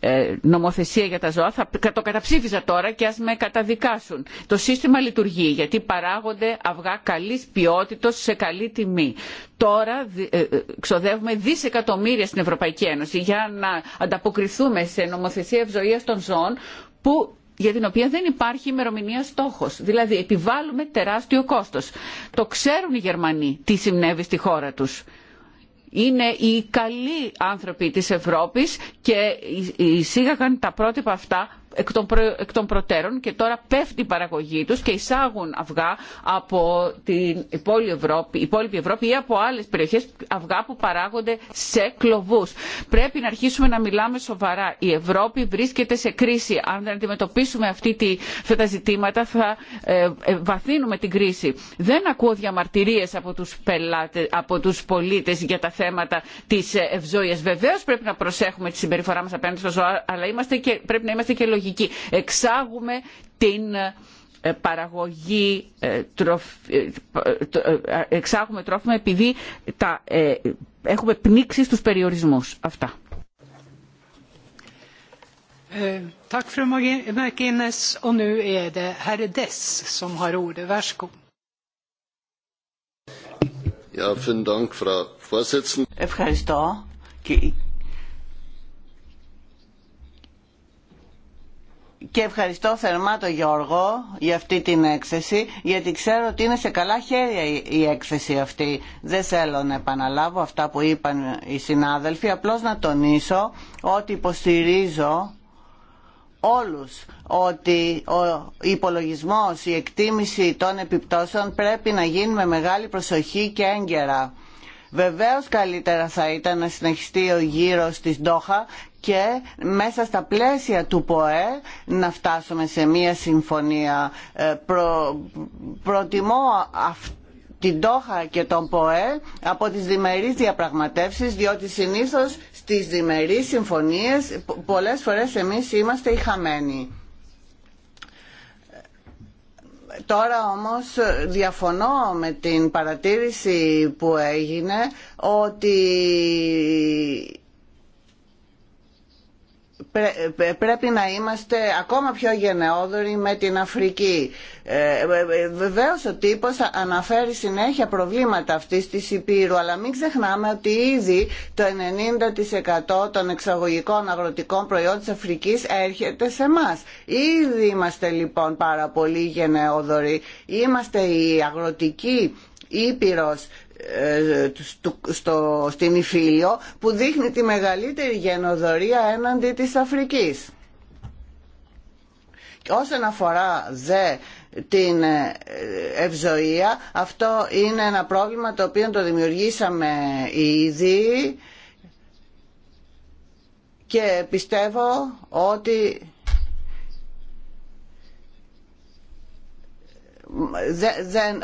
[SPEAKER 3] ε, νομοθεσία για τα ζώα θα το καταψήφιζα τώρα και ας με καταδικάσουν. Το σύστημα λειτουργεί γιατί παράγονται αυγά καλής ποιότητος σε καλή τιμή. Τώρα ε, ε, ξοδεύουμε δισεκατομμύρια στην Ευρωπαϊκή Ένωση για να ανταποκριθούμε σε νομοθεσία ευζοίας των ζώων που για την οποία δεν υπάρχει ημερομηνία στόχος. Δηλαδή επιβάλλουμε τεράστιο κόστος. Το ξέρουν οι Γερμανοί τι συνέβη στη χώρα τους είναι οι καλοί άνθρωποι της Ευρώπης και εισήγαγαν τα πρότυπα αυτά εκ των προτέρων και τώρα πέφτει η παραγωγή τους και εισάγουν αυγά από την υπόλοιπη Ευρώπη, υπόλοιπη Ευρώπη ή από άλλες περιοχές αυγά Η Ευρώπη βρίσκεται σε κρίση. Αν δεν αντιμετωπίσουμε αυτή αυτά τα ζητήματα θα ε, ε, βαθύνουμε την κρίση. Δεν ακούω διαμαρτυρίες από τους, πολίτες για τα θέματα της ε, ευζώειας. Βεβαίως πρέπει να προσέχουμε τη συμπεριφορά μας απέναντι στο ζώα, αλλά πρέπει να είμαστε και λογικοί Εξάγουμε την ε, παραγωγή ε, ε, εξάγουμε τρόφιμα επειδή τα, έχουμε πνίξει στους περιορισμούς. Αυτά.
[SPEAKER 2] Ευχαριστώ και ευχαριστώ θερμά τον Γιώργο για αυτή την έκθεση, γιατί ξέρω ότι είναι σε καλά χέρια η έκθεση αυτή. Δεν θέλω να επαναλάβω αυτά που είπαν οι συνάδελφοι, απλώς να τονίσω ότι υποστηρίζω όλους ότι ο υπολογισμός, η εκτίμηση των επιπτώσεων πρέπει να γίνει με μεγάλη προσοχή και έγκαιρα. Βεβαίως καλύτερα θα ήταν να συνεχιστεί ο γύρος της Ντόχα και μέσα στα πλαίσια του ΠΟΕ να φτάσουμε σε μία συμφωνία. Ε, προ, προτιμώ την Τόχα και τον ΠΟΕ από τις διμερείς διαπραγματεύσεις διότι συνήθως στις διμερείς συμφωνίες πολλές φορές εμείς είμαστε οι χαμένοι. Τώρα όμως διαφωνώ με την παρατήρηση που έγινε ότι πρέπει να είμαστε ακόμα πιο γενναιόδοροι με την Αφρική. Ε, ε, Βεβαίω ο τύπος αναφέρει συνέχεια προβλήματα αυτής της Υπήρου, αλλά μην ξεχνάμε ότι ήδη το 90% των εξαγωγικών αγροτικών προϊόντων της Αφρικής έρχεται σε εμά. Ήδη είμαστε λοιπόν πάρα πολύ γενναιόδοροι. Είμαστε η αγροτική Ήπειρος ε, ε, στο, στο, στην Ιφίλιο που δείχνει τη μεγαλύτερη γενοδορία έναντι της Αφρικής. Όσον αφορά δε την ε, ευζοία, αυτό είναι ένα πρόβλημα το οποίο το δημιουργήσαμε ήδη και πιστεύω ότι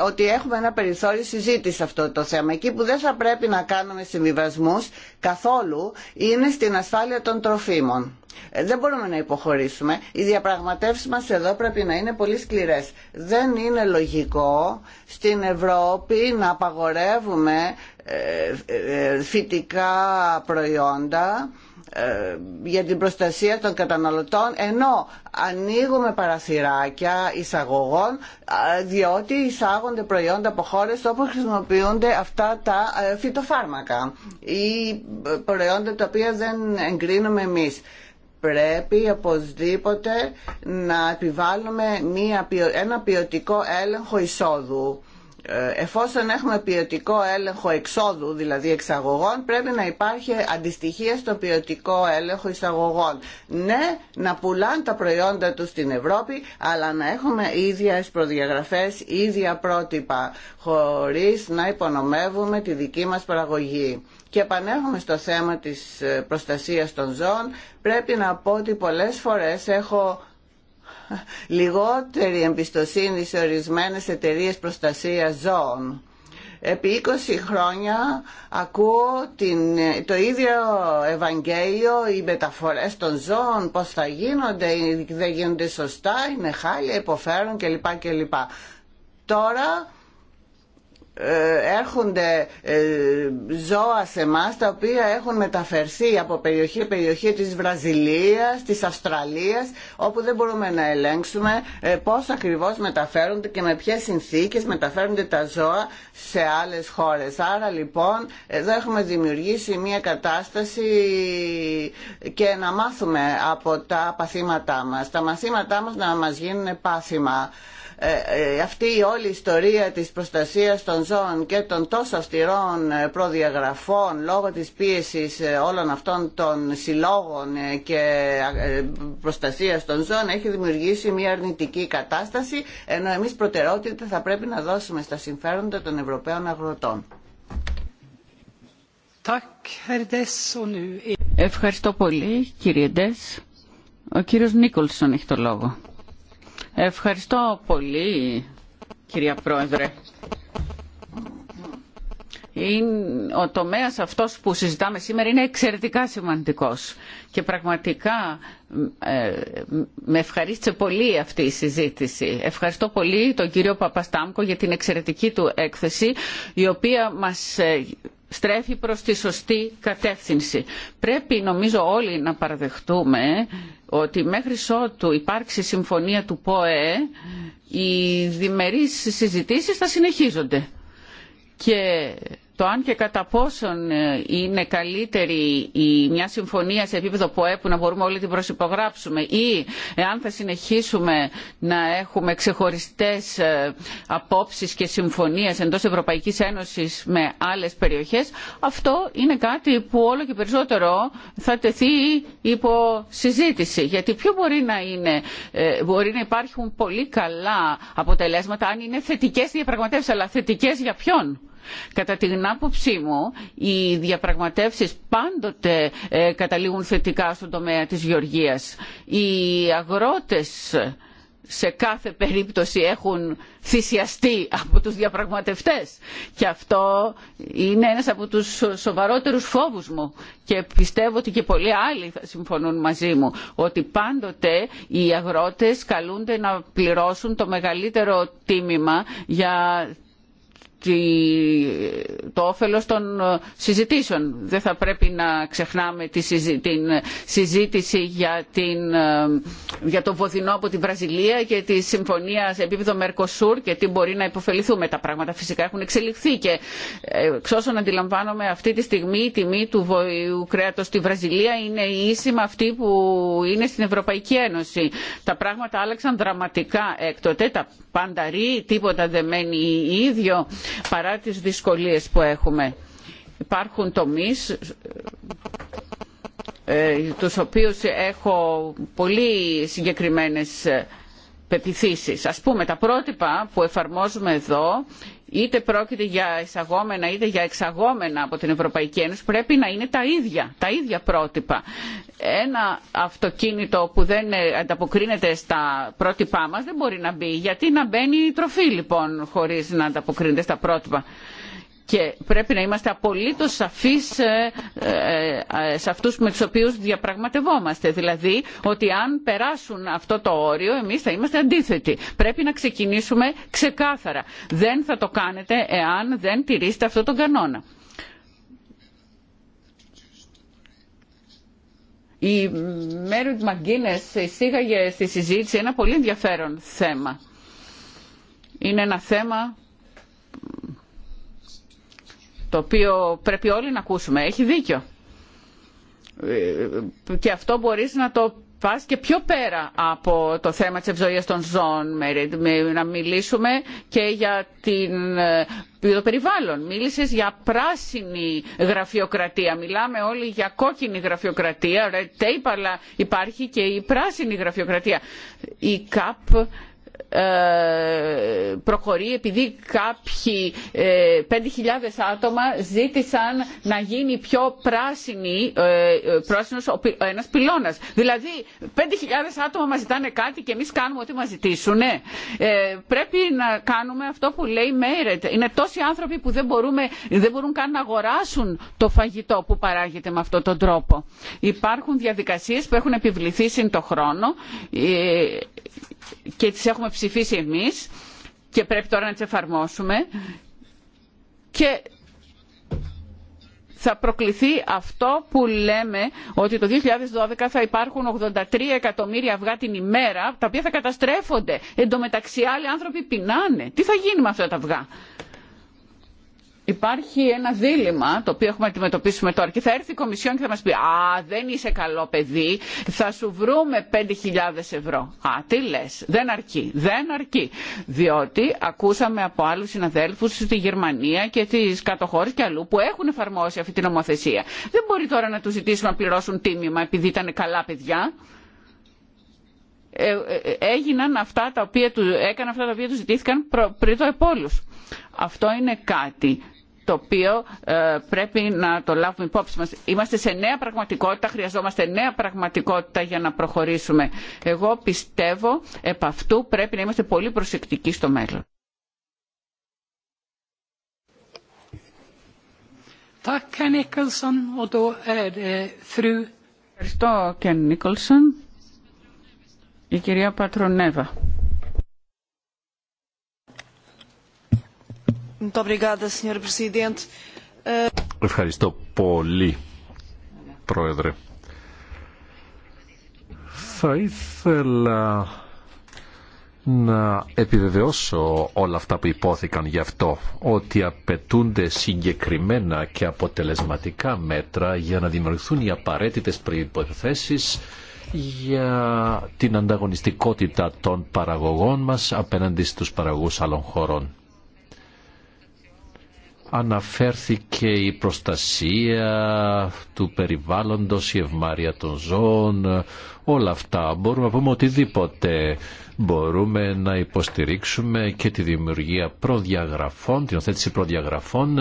[SPEAKER 2] ότι έχουμε ένα περιθώριο συζήτηση σε αυτό το θέμα. Εκεί που δεν θα πρέπει να κάνουμε συμβιβασμού καθόλου είναι στην ασφάλεια των τροφίμων. Ε, δεν μπορούμε να υποχωρήσουμε. Οι διαπραγματεύσει μα εδώ πρέπει να είναι πολύ σκληρέ. Δεν είναι λογικό στην Ευρώπη να απαγορεύουμε ε, ε, φυτικά προϊόντα ε, για την προστασία των καταναλωτών ενώ ανοίγουμε παραθυράκια εισαγωγών ε, διότι εισάγονται προϊόντα από χώρες όπου χρησιμοποιούνται αυτά τα ε, φυτοφάρμακα ή προϊόντα τα οποία δεν εγκρίνουμε εμείς πρέπει οπωσδήποτε να επιβάλλουμε ένα ποιοτικό έλεγχο εισόδου ε, εφόσον έχουμε ποιοτικό έλεγχο εξόδου, δηλαδή εξαγωγών, πρέπει να υπάρχει αντιστοιχία στο ποιοτικό έλεγχο εισαγωγών. Ναι, να πουλάνε τα προϊόντα τους στην Ευρώπη, αλλά να έχουμε ίδιες προδιαγραφές, ίδια πρότυπα, χωρίς να υπονομεύουμε τη δική μας παραγωγή. Και επανέρχομαι στο θέμα της ε, προστασίας των ζώων. Πρέπει να πω ότι πολλές φορές έχω λιγότερη εμπιστοσύνη σε ορισμένες εταιρείες προστασίας ζώων. Επί 20 χρόνια ακούω την, το ίδιο Ευαγγέλιο, οι μεταφορές των ζώων, πώς θα γίνονται, δεν γίνονται σωστά, είναι χάλια, υποφέρουν κλπ. κλπ. Τώρα ε, έρχονται ε, ζώα σε εμά τα οποία έχουν μεταφερθεί από περιοχή περιοχή της Βραζιλίας, της Αυστραλίας όπου δεν μπορούμε να ελέγξουμε ε, πώς ακριβώς μεταφέρονται και με ποιες συνθήκες μεταφέρονται τα ζώα σε άλλες χώρες. Άρα λοιπόν εδώ έχουμε δημιουργήσει μια κατάσταση και να μάθουμε από τα παθήματά μας. Τα μαθήματά μας να μας γίνουν πάθημα. αυτή η όλη ιστορία της προστασίας των ζώων και των τόσο αυστηρών ε, προδιαγραφών λόγω της πίεσης ε, όλων αυτών των συλλόγων ε, και προστασίας των ζώων έχει δημιουργήσει μια αρνητική κατάσταση ενώ εμείς προτεραιότητα θα πρέπει να δώσουμε στα συμφέροντα των Ευρωπαίων αγροτών.
[SPEAKER 3] Ευχαριστώ πολύ κύριε Ντες. Ο κύριος Νίκολσον έχει το λόγο. Ευχαριστώ πολύ κυρία Πρόεδρε ο τομέας αυτός που συζητάμε σήμερα είναι εξαιρετικά σημαντικός και πραγματικά ε, με ευχαρίστησε πολύ αυτή η συζήτηση. Ευχαριστώ πολύ τον κύριο Παπαστάμκο για την εξαιρετική του έκθεση η οποία μας ε, στρέφει προς τη σωστή κατεύθυνση. Πρέπει νομίζω όλοι να παραδεχτούμε ότι μέχρι ότου υπάρξει συμφωνία του ΠΟΕ οι διμερείς συζητήσεις θα συνεχίζονται. Και το αν και κατά πόσον ε, είναι καλύτερη η μια συμφωνία σε επίπεδο ΠΟΕ που να μπορούμε όλοι την προσυπογράψουμε ή αν θα συνεχίσουμε να έχουμε ξεχωριστές ε, απόψεις και συμφωνίες εντός Ευρωπαϊκής Ένωσης με άλλες περιοχές, αυτό είναι κάτι που όλο και περισσότερο θα τεθεί υπό συζήτηση. Γιατί ποιο μπορεί να είναι, ε, μπορεί να υπάρχουν πολύ καλά αποτελέσματα αν είναι θετικές διαπραγματεύσεις, αλλά θετικές για ποιον. Κατά την άποψή μου, οι διαπραγματεύσεις πάντοτε ε, καταλήγουν θετικά στον τομέα της γεωργίας. Οι αγρότες σε κάθε περίπτωση έχουν θυσιαστεί από τους διαπραγματευτές και αυτό είναι ένας από τους σοβαρότερους φόβους μου και πιστεύω ότι και πολλοί άλλοι θα συμφωνούν μαζί μου ότι πάντοτε οι αγρότες καλούνται να πληρώσουν το μεγαλύτερο τίμημα για το όφελος των συζητήσεων. Δεν θα πρέπει να ξεχνάμε τη συζήτηση για, την, ε, για το βοδινό από την Βραζιλία και τη συμφωνία σε επίπεδο Μερκοσούρ και τι μπορεί να υποφεληθούμε. Τα πράγματα φυσικά έχουν εξελιχθεί και ε, εξ όσων αντιλαμβάνομαι αυτή τη στιγμή η τιμή του βοηού κρέατος στη Βραζιλία είναι η ίση με αυτή που είναι στην Ευρωπαϊκή Ένωση. Τα πράγματα άλλαξαν δραματικά έκτοτε, τα πάντα ρί, τίποτα δεν μένει ίδιο παρά τις δυσκολίες που έχουμε. Υπάρχουν τομείς ε, τους οποίους έχω πολύ συγκεκριμένες πεπιθήσεις. Ας πούμε τα πρότυπα που εφαρμόζουμε εδώ είτε πρόκειται για εισαγόμενα είτε για εξαγόμενα από την Ευρωπαϊκή Ένωση πρέπει να είναι τα ίδια, τα ίδια πρότυπα. Ένα αυτοκίνητο που δεν ε, ανταποκρίνεται στα πρότυπά μας δεν μπορεί να μπει. Γιατί να μπαίνει η τροφή λοιπόν χωρίς να ανταποκρίνεται στα πρότυπα και πρέπει να είμαστε απολύτως σαφείς ε, ε, ε, σε αυτούς με τους οποίους διαπραγματευόμαστε. Δηλαδή ότι αν περάσουν αυτό το όριο εμείς θα είμαστε αντίθετοι. Πρέπει να ξεκινήσουμε ξεκάθαρα. Δεν θα το κάνετε εάν δεν τηρήσετε αυτό τον κανόνα. Η Μέρουντ Μαγκίνες εισήγαγε στη συζήτηση ένα πολύ ενδιαφέρον θέμα. Είναι ένα θέμα το οποίο πρέπει όλοι να ακούσουμε. Έχει δίκιο. Ε, και αυτό μπορείς να το πας και πιο πέρα από το θέμα της ευζοίας των ζώων, να μιλήσουμε και για την ε, το περιβάλλον. Μίλησες για πράσινη γραφειοκρατία. Μιλάμε όλοι για κόκκινη γραφειοκρατία, red tape, αλλά υπάρχει και η πράσινη γραφειοκρατία. Η ΚΑΠ ε, προχωρεί επειδή κάποιοι 5.000 ε, άτομα ζήτησαν να γίνει πιο πράσινη, ε, πράσινος ένας πυλώνας. Δηλαδή 5.000 άτομα μας ζητάνε κάτι και εμείς κάνουμε ό,τι μας ζητήσουν. πρέπει να κάνουμε αυτό που λέει Μέιρετ. Είναι τόσοι άνθρωποι που δεν, μπορούμε, δεν μπορούν καν να αγοράσουν το φαγητό που παράγεται με αυτόν τον τρόπο. Υπάρχουν διαδικασίες που έχουν επιβληθεί συν το χρόνο και τις έχουμε ψηφίσει εμείς και πρέπει τώρα να τις εφαρμόσουμε και θα προκληθεί αυτό που λέμε ότι το 2012 θα υπάρχουν 83 εκατομμύρια αυγά την ημέρα τα οποία θα καταστρέφονται. Εν τω μεταξύ άλλοι άνθρωποι πεινάνε. Τι θα γίνει με αυτά τα αυγά. Υπάρχει ένα δίλημα το οποίο έχουμε αντιμετωπίσει αντιμετωπίσουμε τώρα και θα έρθει η Κομισιόν και θα μας πει «Α, δεν είσαι καλό παιδί, θα σου βρούμε 5.000 ευρώ». Α, τι λες, δεν αρκεί, δεν αρκεί. Διότι ακούσαμε από άλλους συναδέλφους στη Γερμανία και τις κατοχώρες και αλλού που έχουν εφαρμόσει αυτή την νομοθεσία. Δεν μπορεί τώρα να τους ζητήσουμε να πληρώσουν τίμημα επειδή ήταν καλά παιδιά ε, ε, έγιναν αυτά τα οποία του, έκαναν αυτά τα οποία του ζητήθηκαν πριν το επόλους. Αυτό είναι κάτι το οποίο ε, πρέπει να το λάβουμε υπόψη μας. Είμαστε σε νέα πραγματικότητα, χρειαζόμαστε νέα πραγματικότητα για να προχωρήσουμε. Εγώ πιστεύω επ' αυτού πρέπει να είμαστε πολύ προσεκτικοί στο μέλλον. Ευχαριστώ, Κεν Νίκολσον. Η κυρία Πατρονέβα.
[SPEAKER 1] Ευχαριστώ πολύ, Πρόεδρε. Θα ήθελα να επιβεβαιώσω όλα αυτά που υπόθηκαν γι' αυτό, ότι απαιτούνται συγκεκριμένα και αποτελεσματικά μέτρα για να δημιουργηθούν οι απαραίτητες προϋποθέσεις για την ανταγωνιστικότητα των παραγωγών μας απέναντι στους παραγωγούς άλλων χωρών αναφέρθηκε η προστασία του περιβάλλοντος, η ευμάρεια των ζώων, όλα αυτά. Μπορούμε να πούμε οτιδήποτε. Μπορούμε να υποστηρίξουμε και τη δημιουργία προδιαγραφών, την οθέτηση προδιαγραφών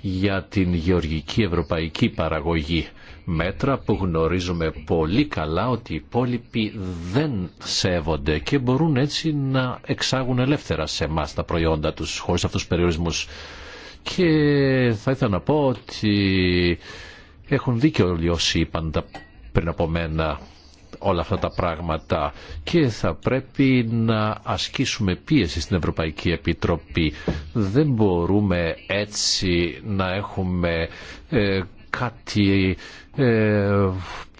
[SPEAKER 1] για την γεωργική ευρωπαϊκή παραγωγή. Μέτρα που γνωρίζουμε πολύ καλά ότι οι υπόλοιποι δεν σέβονται και μπορούν έτσι να εξάγουν ελεύθερα σε εμά τα προϊόντα τους χωρίς αυτούς τους περιορισμούς και θα ήθελα να πω ότι έχουν δίκιο όλοι όσοι είπαν πριν από μένα όλα αυτά τα πράγματα και θα πρέπει να ασκήσουμε πίεση στην Ευρωπαϊκή Επιτροπή. Δεν μπορούμε έτσι να έχουμε ε, κάτι ε,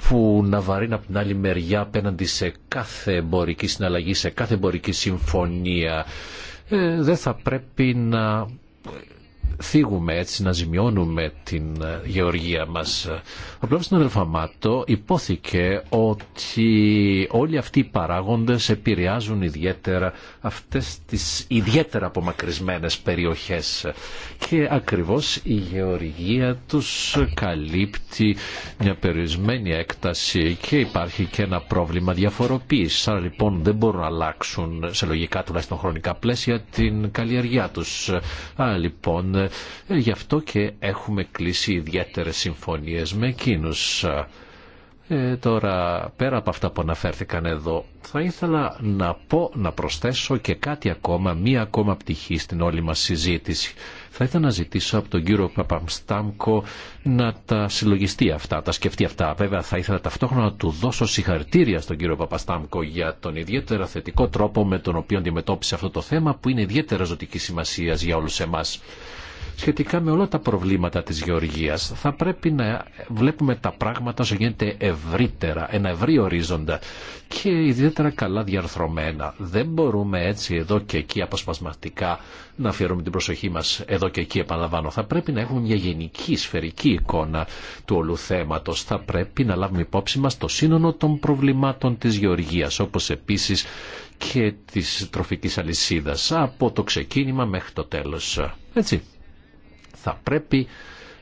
[SPEAKER 1] που να βαρύνει από την άλλη μεριά απέναντι σε κάθε εμπορική συναλλαγή, σε κάθε εμπορική συμφωνία. Ε, δεν θα πρέπει να θίγουμε έτσι, να ζημιώνουμε την ε, γεωργία μας. Ο πλέον στην υπόθηκε ότι όλοι αυτοί οι παράγοντες επηρεάζουν ιδιαίτερα αυτές τις ιδιαίτερα απομακρυσμένες περιοχές και ακριβώς η γεωργία τους καλύπτει μια περιορισμένη έκταση και υπάρχει και ένα πρόβλημα διαφοροποίησης. Άρα λοιπόν δεν μπορούν να αλλάξουν σε λογικά τουλάχιστον χρονικά πλαίσια την καλλιεργιά τους. Άρα λοιπόν ε, γι' αυτό και έχουμε κλείσει ιδιαίτερες συμφωνίες με εκείνους. Ε, τώρα, πέρα από αυτά που αναφέρθηκαν εδώ, θα ήθελα να πω, να προσθέσω και κάτι ακόμα, μία ακόμα πτυχή στην όλη μας συζήτηση. Θα ήθελα να ζητήσω από τον κύριο Παπαμστάμκο να τα συλλογιστεί αυτά, τα σκεφτεί αυτά. Βέβαια, θα ήθελα ταυτόχρονα να του δώσω συγχαρητήρια στον κύριο Παπαστάμκο για τον ιδιαίτερα θετικό τρόπο με τον οποίο αντιμετώπισε αυτό το θέμα που είναι ιδιαίτερα ζωτική σημασία για όλου εμά σχετικά με όλα τα προβλήματα της γεωργίας. Θα πρέπει να βλέπουμε τα πράγματα όσο γίνεται ευρύτερα, ένα ευρύ ορίζοντα και ιδιαίτερα καλά διαρθρωμένα. Δεν μπορούμε έτσι εδώ και εκεί αποσπασματικά να αφιερούμε την προσοχή μας εδώ και εκεί επαναλαμβάνω. Θα πρέπει να έχουμε μια γενική σφαιρική εικόνα του όλου θέματος. Θα πρέπει να λάβουμε υπόψη μας το σύνολο των προβλημάτων της γεωργίας όπως επίσης και της τροφικής αλυσίδας από το ξεκίνημα μέχρι το τέλος. Έτσι. Θα πρέπει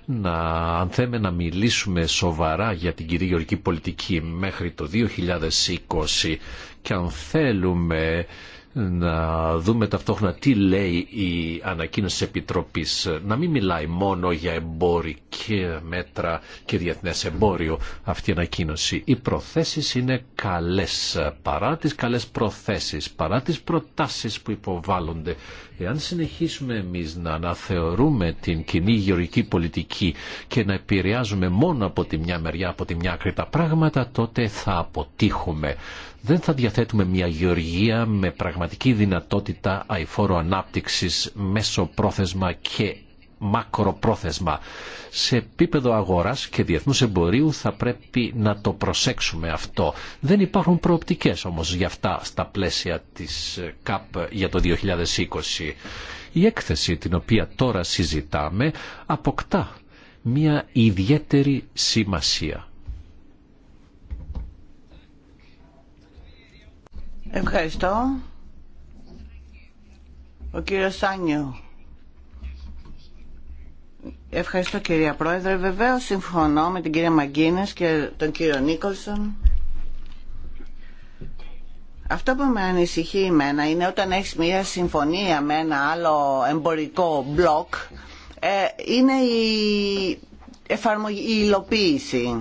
[SPEAKER 1] να, αν να μιλήσουμε σοβαρά για την κυρία πολιτική μέχρι το 2020 και αν θέλουμε να δούμε ταυτόχρονα τι λέει η ανακοίνωση της Επιτροπής. Να μην μιλάει μόνο για εμπορικά μέτρα και διεθνές εμπόριο αυτή η ανακοίνωση. Οι προθέσεις είναι καλές, παρά τις καλές προθέσεις, παρά τις προτάσεις που υποβάλλονται. Εάν συνεχίσουμε εμείς να αναθεωρούμε την κοινή γεωργική πολιτική και να επηρεάζουμε μόνο από τη μια μεριά, από τη μια άκρη τα πράγματα, τότε θα αποτύχουμε δεν θα διαθέτουμε μια γεωργία με πραγματική δυνατότητα αηφόρου ανάπτυξης μέσω πρόθεσμα και μακροπρόθεσμα. Σε επίπεδο αγοράς και διεθνούς εμπορίου θα πρέπει να το προσέξουμε αυτό. Δεν υπάρχουν προοπτικές όμως για αυτά στα πλαίσια της ΚΑΠ για το 2020. Η έκθεση την οποία τώρα συζητάμε αποκτά μια ιδιαίτερη σημασία.
[SPEAKER 2] Ευχαριστώ. Ο κύριος Σάνιο. Ευχαριστώ κυρία Πρόεδρε. Βεβαίω συμφωνώ με την κυρία Μαγκίνες και τον κύριο Νίκολσον. Αυτό που με ανησυχεί εμένα είναι όταν έχει μια συμφωνία με ένα άλλο εμπορικό μπλοκ, ε, είναι η, εφαρμογή, η υλοποίηση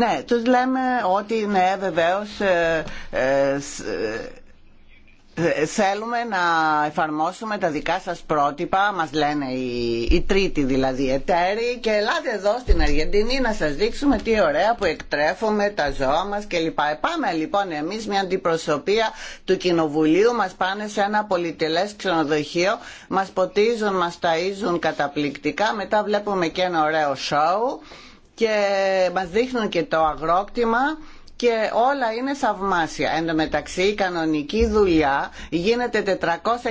[SPEAKER 2] ναι, τους λέμε ότι ναι βεβαίως ε, ε, ε, θέλουμε να εφαρμόσουμε τα δικά σας πρότυπα, μας λένε οι, οι τρίτοι δηλαδή εταίροι και ελάτε εδώ στην Αργεντινή να σας δείξουμε τι ωραία που εκτρέφουμε τα ζώα μας κλπ. Ε, πάμε λοιπόν εμείς μια αντιπροσωπεία του Κοινοβουλίου, μας πάνε σε ένα πολυτελές ξενοδοχείο, μας ποτίζουν, μας ταΐζουν καταπληκτικά, μετά βλέπουμε και ένα ωραίο σοου και μας δείχνουν και το αγρόκτημα και όλα είναι θαυμάσια. Εν τω μεταξύ η κανονική δουλειά γίνεται 400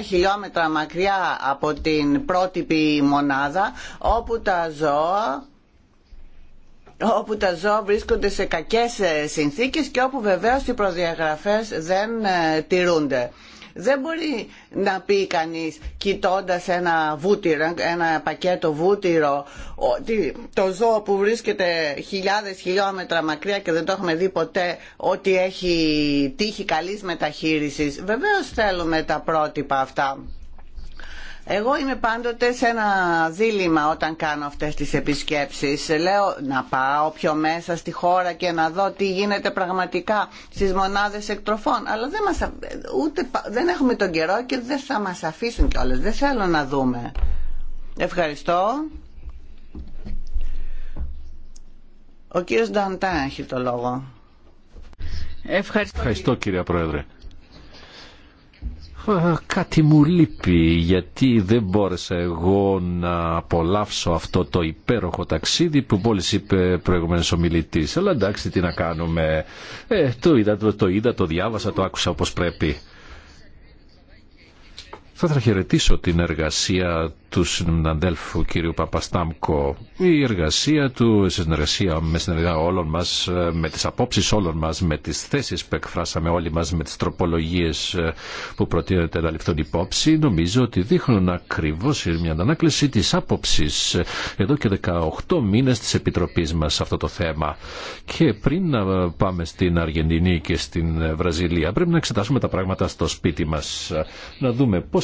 [SPEAKER 2] χιλιόμετρα μακριά από την πρότυπη μονάδα όπου τα ζώα όπου τα ζώα βρίσκονται σε κακές συνθήκες και όπου βεβαίως οι προδιαγραφές δεν ε, τηρούνται. Δεν μπορεί να πει κανείς κοιτώντας ένα βούτυρο, ένα πακέτο βούτυρο ότι το ζώο που βρίσκεται χιλιάδες χιλιόμετρα μακριά και δεν το έχουμε δει ποτέ ότι έχει τύχη καλής μεταχείρισης. Βεβαίως θέλουμε τα πρότυπα αυτά εγώ είμαι πάντοτε σε ένα δίλημα όταν κάνω αυτές τις επισκέψεις. Λέω να πάω πιο μέσα στη χώρα και να δω τι γίνεται πραγματικά στις μονάδες εκτροφών. Αλλά δεν, μας, ούτε, δεν έχουμε τον καιρό και δεν θα μας αφήσουν κιόλα. Δεν θέλω να δούμε. Ευχαριστώ. Ο κύριος Νταντά έχει το λόγο.
[SPEAKER 1] Ευχαριστώ, Ευχαριστώ κύριε Πρόεδρε. Κάτι μου λείπει γιατί δεν μπόρεσα εγώ να απολαύσω αυτό το υπέροχο ταξίδι που μόλι είπε προηγουμένως ο μιλητής. Αλλά εντάξει τι να κάνουμε. Ε, το είδα, το, το είδα, το διάβασα, το άκουσα όπως πρέπει. Θα θα χαιρετήσω την εργασία του συναντέλφου κύριου Παπαστάμκο. Η εργασία του, η συνεργασία με συνεργά όλων μα με τι απόψει όλων μα, με τι θέσει που εκφράσαμε όλοι μα με τι τροπολογίε ε, που προτείνεται να ληφθούν υπόψη, νομίζω ότι δείχνουν ακριβώ μια ανάκληση τη άποψη ε, εδώ και 18 μήνε τη επιτροπή μα σε αυτό το θέμα. Και πριν να πάμε στην Αργεντινή και στην Βραζιλία, πρέπει να εξετάσουμε τα πράγματα στο σπίτι μα να δούμε πώ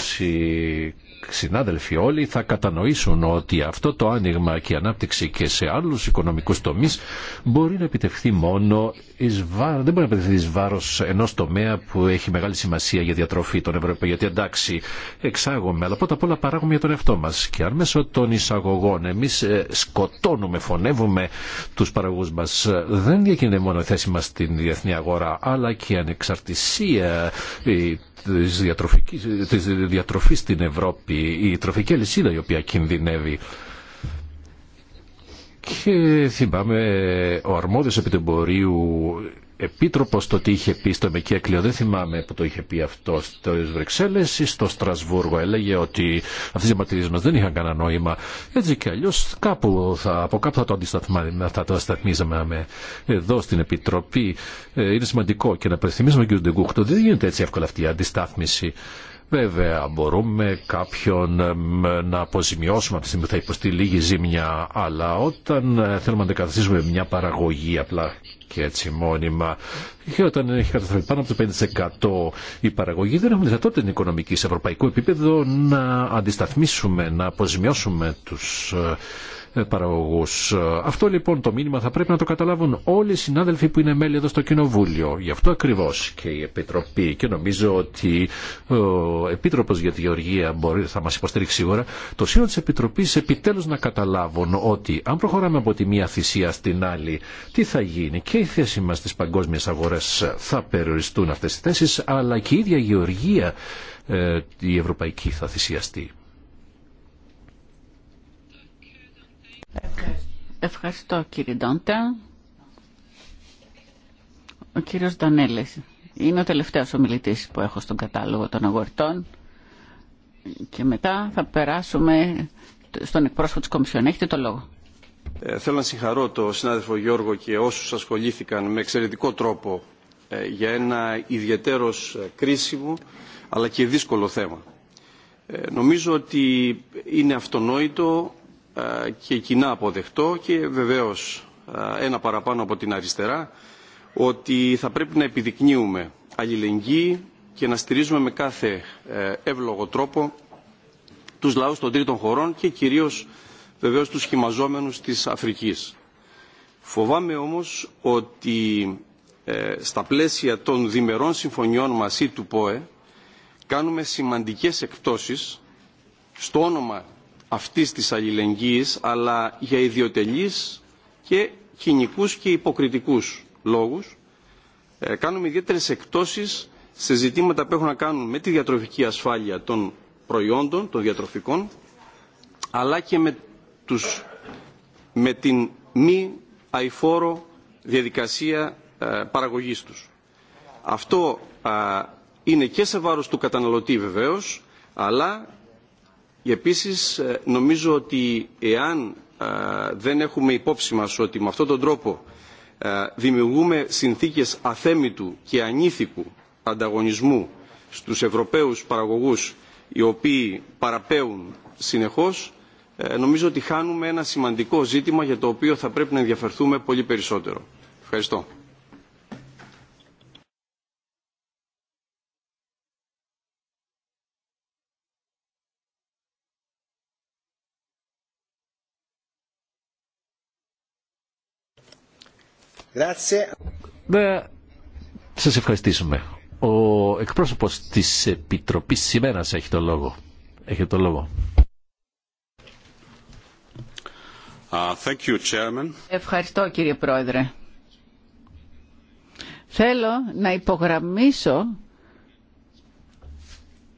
[SPEAKER 1] συνάδελφοι όλοι θα κατανοήσουν ότι αυτό το άνοιγμα και η ανάπτυξη και σε άλλους οικονομικούς τομείς μπορεί να επιτευχθεί μόνο εις δεν μπορεί να επιτευχθεί εις βάρος ενός τομέα που έχει μεγάλη σημασία για διατροφή των Ευρωπαίων γιατί εντάξει εξάγουμε αλλά πρώτα απ' όλα παράγουμε για τον εαυτό μας και αν μέσω των εισαγωγών εμείς ε, σκοτώνουμε, φωνεύουμε τους παραγωγούς μας δεν διακινεται μόνο η θέση μας στην διεθνή αγορά αλλά και η ανεξαρτησία της της διατροφής στην Ευρώπη, η τροφική αλυσίδα η οποία κινδυνεύει. Και θυμάμαι ο αρμόδιος επιτεμπορίου Επίτροπο το τι είχε πει στο Μεκέκλειο, δεν θυμάμαι που το είχε πει αυτό στο Βρυξέλλε ή στο Στρασβούργο. Έλεγε ότι αυτέ οι διαμαρτυρίε μα δεν είχαν κανένα νόημα. Έτσι κι αλλιώ κάπου θα, από κάπου θα το αντισταθμίζαμε εδώ στην Επιτροπή. Ε, είναι σημαντικό και να υπενθυμίσουμε κ. Ντεγκούχτο, δεν γίνεται έτσι εύκολα αυτή η αντιστάθμιση. Βέβαια, μπορούμε κάποιον να αποζημιώσουμε από τη στιγμή που θα υποστεί λίγη ζήμια, αλλά όταν ε, θέλουμε να αντικαταστήσουμε μια παραγωγή απλά και έτσι μόνιμα. Και όταν έχει καταστραφεί πάνω από το 5% η παραγωγή, δεν έχουμε δυνατότητα οικονομική σε ευρωπαϊκό επίπεδο να αντισταθμίσουμε, να αποζημιώσουμε τους ε, ε, παραγωγούς. Αυτό λοιπόν το μήνυμα θα πρέπει να το καταλάβουν όλοι οι συνάδελφοι που είναι μέλη εδώ στο Κοινοβούλιο. Γι' αυτό ακριβώ και η Επιτροπή και νομίζω ότι ε, ο επίτροπο για τη Γεωργία μπορεί, θα μα υποστηρίξει σίγουρα το σύνολο τη Επιτροπή επιτέλου να καταλάβουν ότι αν προχωράμε από τη μία θυσία στην άλλη τι θα γίνει και η θέση μα στις παγκόσμιε αγορέ θα περιοριστούν αυτέ τι θέσει, αλλά και η ίδια η Γεωργία ε, η Ευρωπαϊκή θα θυσιαστεί.
[SPEAKER 3] Ευχαριστώ, κύριε Ντόντα. Ο κύριος Ντανέλη. είναι ο τελευταίος ομιλητής που έχω στον κατάλογο των αγορητών και μετά θα περάσουμε στον εκπρόσωπο της Κομισιόν. Έχετε το λόγο.
[SPEAKER 4] Ε, θέλω να συγχαρώ τον συνάδελφο Γιώργο και όσους ασχολήθηκαν με εξαιρετικό τρόπο ε, για ένα ιδιαίτερος ε, κρίσιμο αλλά και δύσκολο θέμα. Ε, νομίζω ότι είναι αυτονόητο ε, και κοινά αποδεκτό και βεβαίως ε, ένα παραπάνω από την αριστερά ότι θα πρέπει να επιδεικνύουμε αλληλεγγύη και να στηρίζουμε με κάθε ε, εύλογο τρόπο τους λαούς των τρίτων χωρών και κυρίως βεβαίως τους χυμαζόμενους της Αφρικής. Φοβάμαι όμως ότι στα πλαίσια των διμερών συμφωνιών μας ή του ΠΟΕ κάνουμε σημαντικές εκπτώσεις στο όνομα αυτής της αλληλεγγύης αλλά για ιδιωτελείς και κοινικούς και υποκριτικούς λόγους ε, κάνουμε ιδιαίτερες εκτόσεις σε ζητήματα που έχουν να κάνουν με τη διατροφική ασφάλεια των προϊόντων, των διατροφικών αλλά και με, την μη αηφόρο διαδικασία ε, παραγωγής τους. Αυτό είναι και σε βάρος του καταναλωτή βεβαίως αλλά Επίσης ε, νομίζω ότι εάν ε, δεν έχουμε υπόψη μας ότι με αυτόν τον τρόπο ε, δημιουργούμε συνθήκες αθέμητου και ανήθικου ανταγωνισμού στους Ευρωπαίους παραγωγούς οι οποίοι παραπέουν συνεχώς νομίζω ότι χάνουμε ένα σημαντικό ζήτημα για το οποίο θα πρέπει να ενδιαφερθούμε πολύ περισσότερο. Ευχαριστώ.
[SPEAKER 2] Να
[SPEAKER 1] σας ευχαριστήσουμε. Ο εκπρόσωπο τη Επιτροπή σήμερα έχει το λόγο. το λόγο. Uh,
[SPEAKER 3] Ευχαριστώ κύριε Πρόεδρε. Θέλω να υπογραμμίσω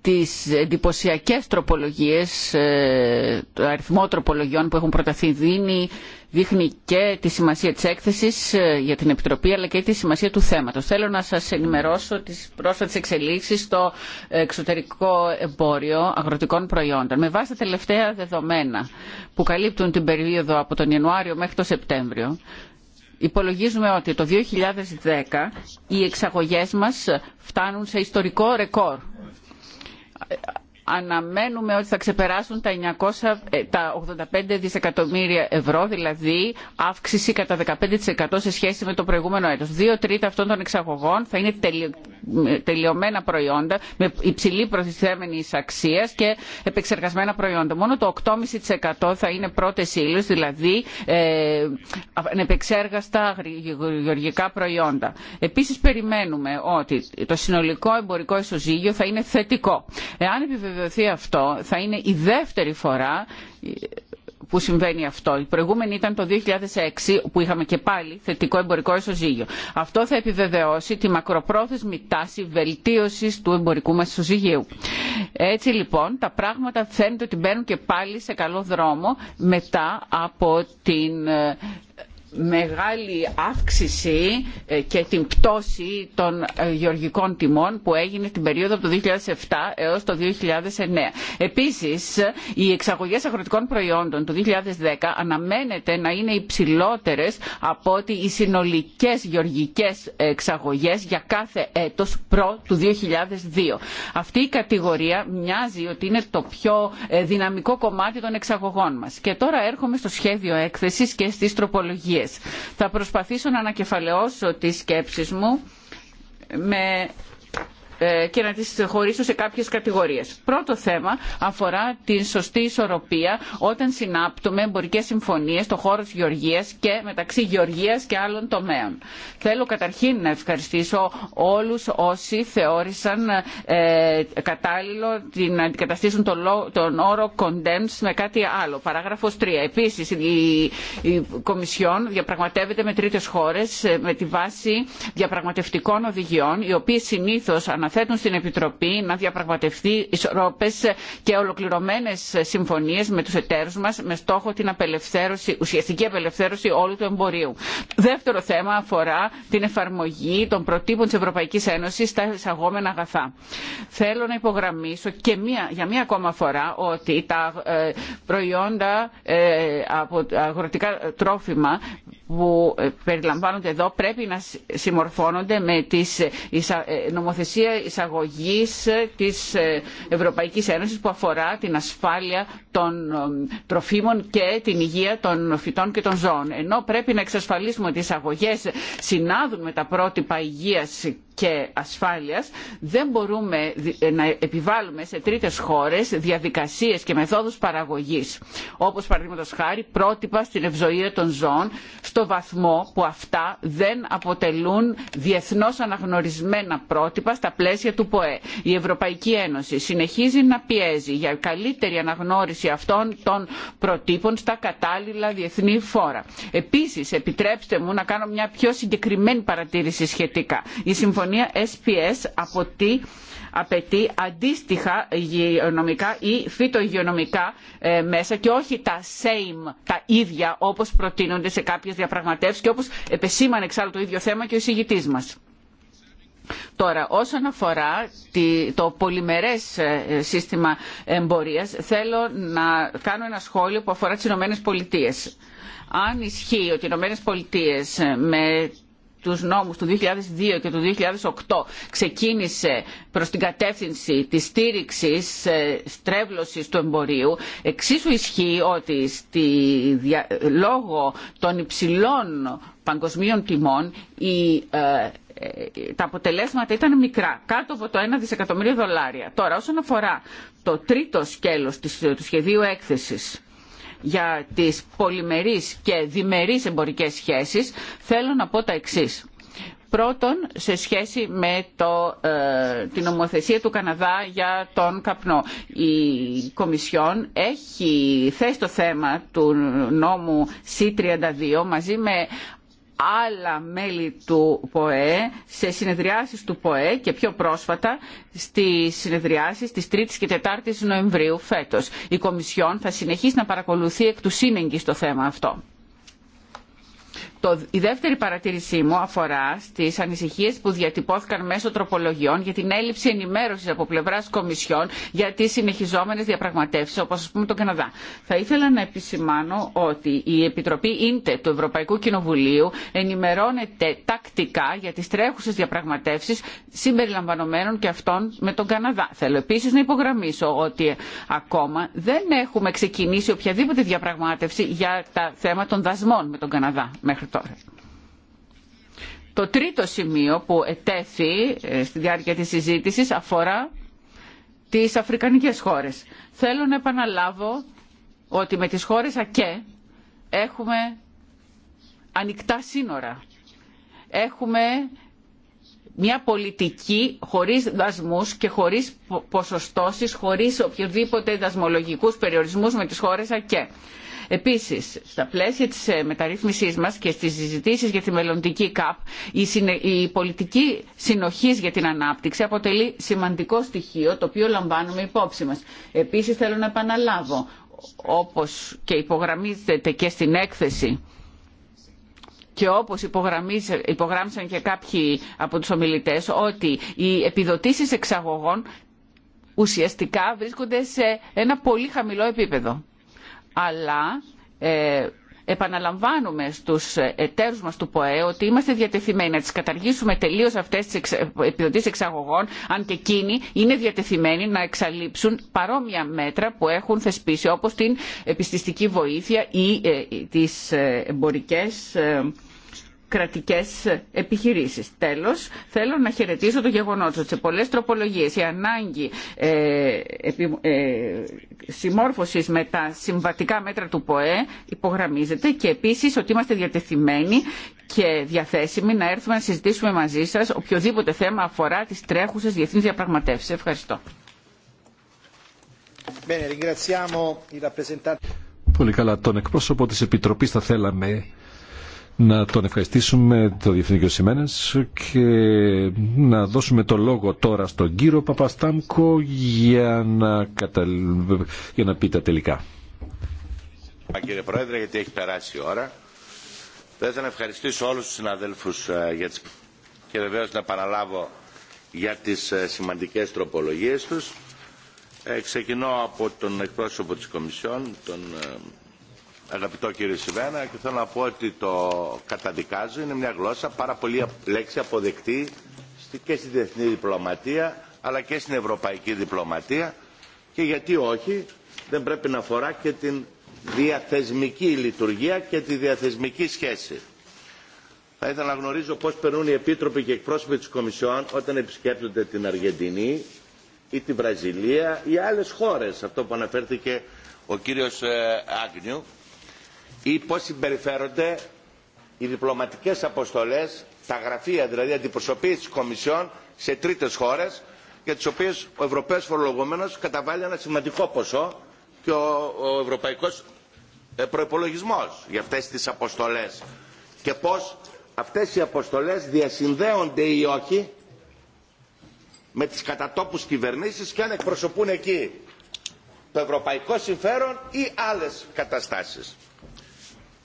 [SPEAKER 3] τις εντυπωσιακέ τροπολογίες, ε, το αριθμό τροπολογιών που έχουν προταθεί δίνει, δείχνει και τη σημασία της έκθεσης ε, για την Επιτροπή αλλά και τη σημασία του θέματος. Θέλω να σας ενημερώσω τις πρόσφατες εξελίξεις στο εξωτερικό εμπόριο αγροτικών προϊόντων. Με βάση τα τελευταία δεδομένα που καλύπτουν την περίοδο από τον Ιανουάριο μέχρι τον Σεπτέμβριο, υπολογίζουμε ότι το 2010 οι εξαγωγές μας φτάνουν σε ιστορικό ρεκόρ αναμένουμε ότι θα ξεπεράσουν τα, ε, τα 85 δισεκατομμύρια ευρώ, δηλαδή αύξηση κατά 15% σε σχέση με το προηγούμενο έτος. Δύο τρίτα αυτών των εξαγωγών θα είναι ε, τελειωμένα προϊόντα με υψηλή προστιθέμενη αξία και επεξεργασμένα προϊόντα. Μόνο το 8,5% θα είναι πρώτε ύλε, δηλαδή ε, γεωργικά προϊόντα. Επίση, περιμένουμε ότι το συνολικό εμπορικό ισοζύγιο θα είναι θετικό επιβεβαιωθεί αυτό. Θα είναι η δεύτερη φορά που συμβαίνει αυτό. Η προηγούμενη ήταν το 2006 που είχαμε και πάλι θετικό εμπορικό ισοζύγιο. Αυτό θα επιβεβαιώσει τη μακροπρόθεσμη τάση βελτίωσης του εμπορικού μας ισοζυγίου. Έτσι λοιπόν τα πράγματα φαίνεται ότι μπαίνουν και πάλι σε καλό δρόμο μετά από την ε, μεγάλη αύξηση ε, και την πτώση των ε, γεωργικών τιμών που έγινε την περίοδο από το 2007 έως το 2009. Επίσης, οι εξαγωγές αγροτικών προϊόντων το 2010 αναμένεται να είναι υψηλότερες από ότι οι συνολικές γεωργικές εξαγωγές για κάθε έτος προ του 2002. Αυτή η κατηγορία μοιάζει ότι είναι το πιο ε, δυναμικό κομμάτι των εξαγωγών μας. Και τώρα έρχομαι στο σχέδιο έκθεσης και στις τροπολογίες θα προσπαθήσω να ανακεφαλαιώσω τις σκέψεις μου με ε, και να τις χωρίσω σε κάποιες κατηγορίες. Πρώτο θέμα αφορά την σωστή ισορροπία όταν συνάπτουμε εμπορικές συμφωνίες στο χώρο της γεωργίας και μεταξύ γεωργίας και άλλων τομέων. Θέλω καταρχήν να ευχαριστήσω όλους όσοι θεώρησαν ε, κατάλληλο να αντικαταστήσουν τον, όρο condemns με κάτι άλλο. Παράγραφος 3. Επίσης η, η Κομισιόν διαπραγματεύεται με τρίτες χώρες ε, με τη βάση διαπραγματευτικών οδηγιών οι συνήθως θέτουν στην Επιτροπή να διαπραγματευτεί ισορρόπες και ολοκληρωμένες συμφωνίες με τους εταίρους μας με στόχο την απελευθέρωση, ουσιαστική απελευθέρωση όλου του εμπορίου. Δεύτερο θέμα αφορά την εφαρμογή των προτύπων της Ευρωπαϊκής Ένωσης στα εισαγόμενα αγαθά. Θέλω να υπογραμμίσω και για μία ακόμα φορά ότι τα ε, προϊόντα ε, από αγροτικά τρόφιμα που ε, περιλαμβάνονται εδώ πρέπει να συμμορφώνονται με τη ε, ε, νομοθεσία εισαγωγής της Ευρωπαϊκής Ένωσης που αφορά την ασφάλεια των τροφίμων και την υγεία των φυτών και των ζώων. Ενώ πρέπει να εξασφαλίσουμε ότι οι εισαγωγές συνάδουν με τα πρότυπα υγείας και ασφάλειας δεν μπορούμε ε, να επιβάλλουμε σε τρίτες χώρες διαδικασίες και μεθόδους παραγωγής όπως παραδείγματος χάρη πρότυπα στην ευζοία των ζώων στο βαθμό που αυτά δεν αποτελούν διεθνώς αναγνωρισμένα πρότυπα στα πλαίσια του ποε. η ευρωπαϊκή ένωση συνεχίζει να πιέζει για καλύτερη αναγνώριση αυτών των προτύπων στα κατάλληλα διεθνή φόρα. επίσης επιτρέψτε μου να κάνω μια πιο συγκεκριμένη παρατήρηση σχετικά. η συμφωνία μια SPS τι απαιτεί αντίστοιχα υγειονομικά ή φυτοϊγειονομικά ε, μέσα και όχι τα same, τα ίδια όπως προτείνονται σε κάποιες διαπραγματεύσεις και όπως επεσήμανε εξάλλου το ίδιο θέμα και ο εισηγητής μας. Τώρα, όσον αφορά το πολυμερές ε, σύστημα εμπορίας, θέλω να κάνω ένα σχόλιο που αφορά τις Ηνωμένες Πολιτείες. Αν ισχύει ότι οι Ηνωμένες Πολιτείες ε, με τους νόμους του 2002 και του 2008 ξεκίνησε προς την κατεύθυνση της στήριξης ε, στρέβλωσης του εμπορίου εξίσου ισχύει ότι στη, λόγω των υψηλών παγκοσμίων τιμών η, ε, ε, τα αποτελέσματα ήταν μικρά, κάτω από το 1 δισεκατομμύριο δολάρια. Τώρα όσον αφορά το τρίτο σκέλος του σχεδίου έκθεσης για τις πολυμερείς και διμερείς εμπορικές σχέσεις, θέλω να πω τα εξής. Πρώτον, σε σχέση με το, ε, την νομοθεσία του Καναδά για τον καπνό. Η Κομισιόν έχει θέσει το θέμα του νόμου C32 μαζί με άλλα μέλη του ΠΟΕ σε συνεδριάσεις του ΠΟΕ και πιο πρόσφατα στις συνεδριάσεις της 3ης και 4ης Νοεμβρίου φέτος. Η Κομισιόν θα συνεχίσει να παρακολουθεί εκ του σύνεγγυ στο θέμα αυτό η δεύτερη παρατήρησή μου αφορά στις ανησυχίε που διατυπώθηκαν μέσω τροπολογιών για την έλλειψη ενημέρωση από πλευρά Κομισιόν για τι συνεχιζόμενες διαπραγματεύσει, όπω α πούμε τον Καναδά. Θα ήθελα να επισημάνω ότι η Επιτροπή ΙΝΤΕ του Ευρωπαϊκού Κοινοβουλίου ενημερώνεται τακτικά για τι τρέχουσε διαπραγματεύσει συμπεριλαμβανομένων και αυτών με τον Καναδά. Θέλω επίση να υπογραμμίσω ότι ακόμα δεν έχουμε ξεκινήσει οποιαδήποτε διαπραγμάτευση για τα θέματα των δασμών με τον Καναδά το τρίτο σημείο που ετέθη ε, στη διάρκεια της συζήτησης αφορά τις αφρικανικές χώρες. Θέλω να επαναλάβω ότι με τις χώρες ΑΚΕ έχουμε ανοιχτά σύνορα. Έχουμε μια πολιτική χωρίς δασμούς και χωρίς ποσοστώσεις, χωρίς οποιοδήποτε δασμολογικούς περιορισμούς με τις χώρες ΑΚΕ. Επίσης, στα πλαίσια της ε, μεταρρύθμισής μας και στις συζητήσεις για τη μελλοντική ΚΑΠ, η πολιτική συνοχής για την ανάπτυξη αποτελεί σημαντικό στοιχείο το οποίο λαμβάνουμε υπόψη μας. Επίσης, θέλω να επαναλάβω, όπως και υπογραμμίζεται και στην έκθεση, και όπως υπογράμμισαν και κάποιοι από τους ομιλητές, ότι οι επιδοτήσεις εξαγωγών ουσιαστικά βρίσκονται σε ένα πολύ χαμηλό επίπεδο αλλά ε, επαναλαμβάνουμε στους εταίρους μας του ποε ότι είμαστε διατεθειμένοι να τις καταργήσουμε τελείως αυτές τις επιδοτήσεις εξαγωγών αν και εκείνοι είναι διατεθειμένοι να εξαλείψουν παρόμοια μέτρα που έχουν θεσπίσει όπως την επιστηστική βοήθεια ή ε, τις ε, εμπορικές κρατικές επιχειρήσεις. Τέλος, θέλω να χαιρετήσω το γεγονός ότι σε πολλές τροπολογίες η ανάγκη ε, ε, συμμόρφωσης με τα συμβατικά μέτρα του ΠΟΕ υπογραμμίζεται και επίσης ότι είμαστε διατεθειμένοι και διαθέσιμοι να έρθουμε να συζητήσουμε μαζί σας οποιοδήποτε θέμα αφορά τις τρέχουσες διεθνείς διαπραγματεύσεις. Ευχαριστώ.
[SPEAKER 1] Πολύ καλά. Τον εκπρόσωπο της Επιτροπής θα θέλαμε να τον ευχαριστήσουμε το Διευθυντή κύριο και να δώσουμε το λόγο τώρα στον κύριο Παπαστάμκο για να, κατα... να πει τα τελικά.
[SPEAKER 5] Κύριε Πρόεδρε, γιατί έχει περάσει η ώρα. Θα να ευχαριστήσω όλους τους συναδέλφους ε, για τις... και βεβαίω να παραλάβω για τις ε, σημαντικές τροπολογίες τους. Ε, ξεκινώ από τον εκπρόσωπο της Κομισιόν, τον αγαπητό κύριε Σιβένα και θέλω να πω ότι το καταδικάζω είναι μια γλώσσα πάρα πολύ λέξη αποδεκτή και στη διεθνή διπλωματία αλλά και στην ευρωπαϊκή διπλωματία και γιατί όχι δεν πρέπει να αφορά και την διαθεσμική λειτουργία και τη διαθεσμική σχέση. Θα ήθελα να γνωρίζω πώς περνούν οι επίτροποι και εκπρόσωποι της Κομισιόν όταν επισκέπτονται την Αργεντινή ή την Βραζιλία ή άλλες χώρες, αυτό που αναφέρθηκε ο κύριος ε, Άγνιου ή πώς συμπεριφέρονται οι διπλωματικές αποστολές, τα γραφεία δηλαδή αντιπροσωπείες της Κομισιόν σε τρίτες χώρες για τις οποίες ο Ευρωπαίος φορολογούμενος καταβάλει ένα σημαντικό ποσό και ο, ο ευρωπαϊκός ε, για αυτές τις αποστολές και πώς αυτές οι αποστολές διασυνδέονται ή όχι με τις κατατόπους κυβερνήσεις και αν εκπροσωπούν εκεί το ευρωπαϊκό συμφέρον ή άλλες καταστάσεις.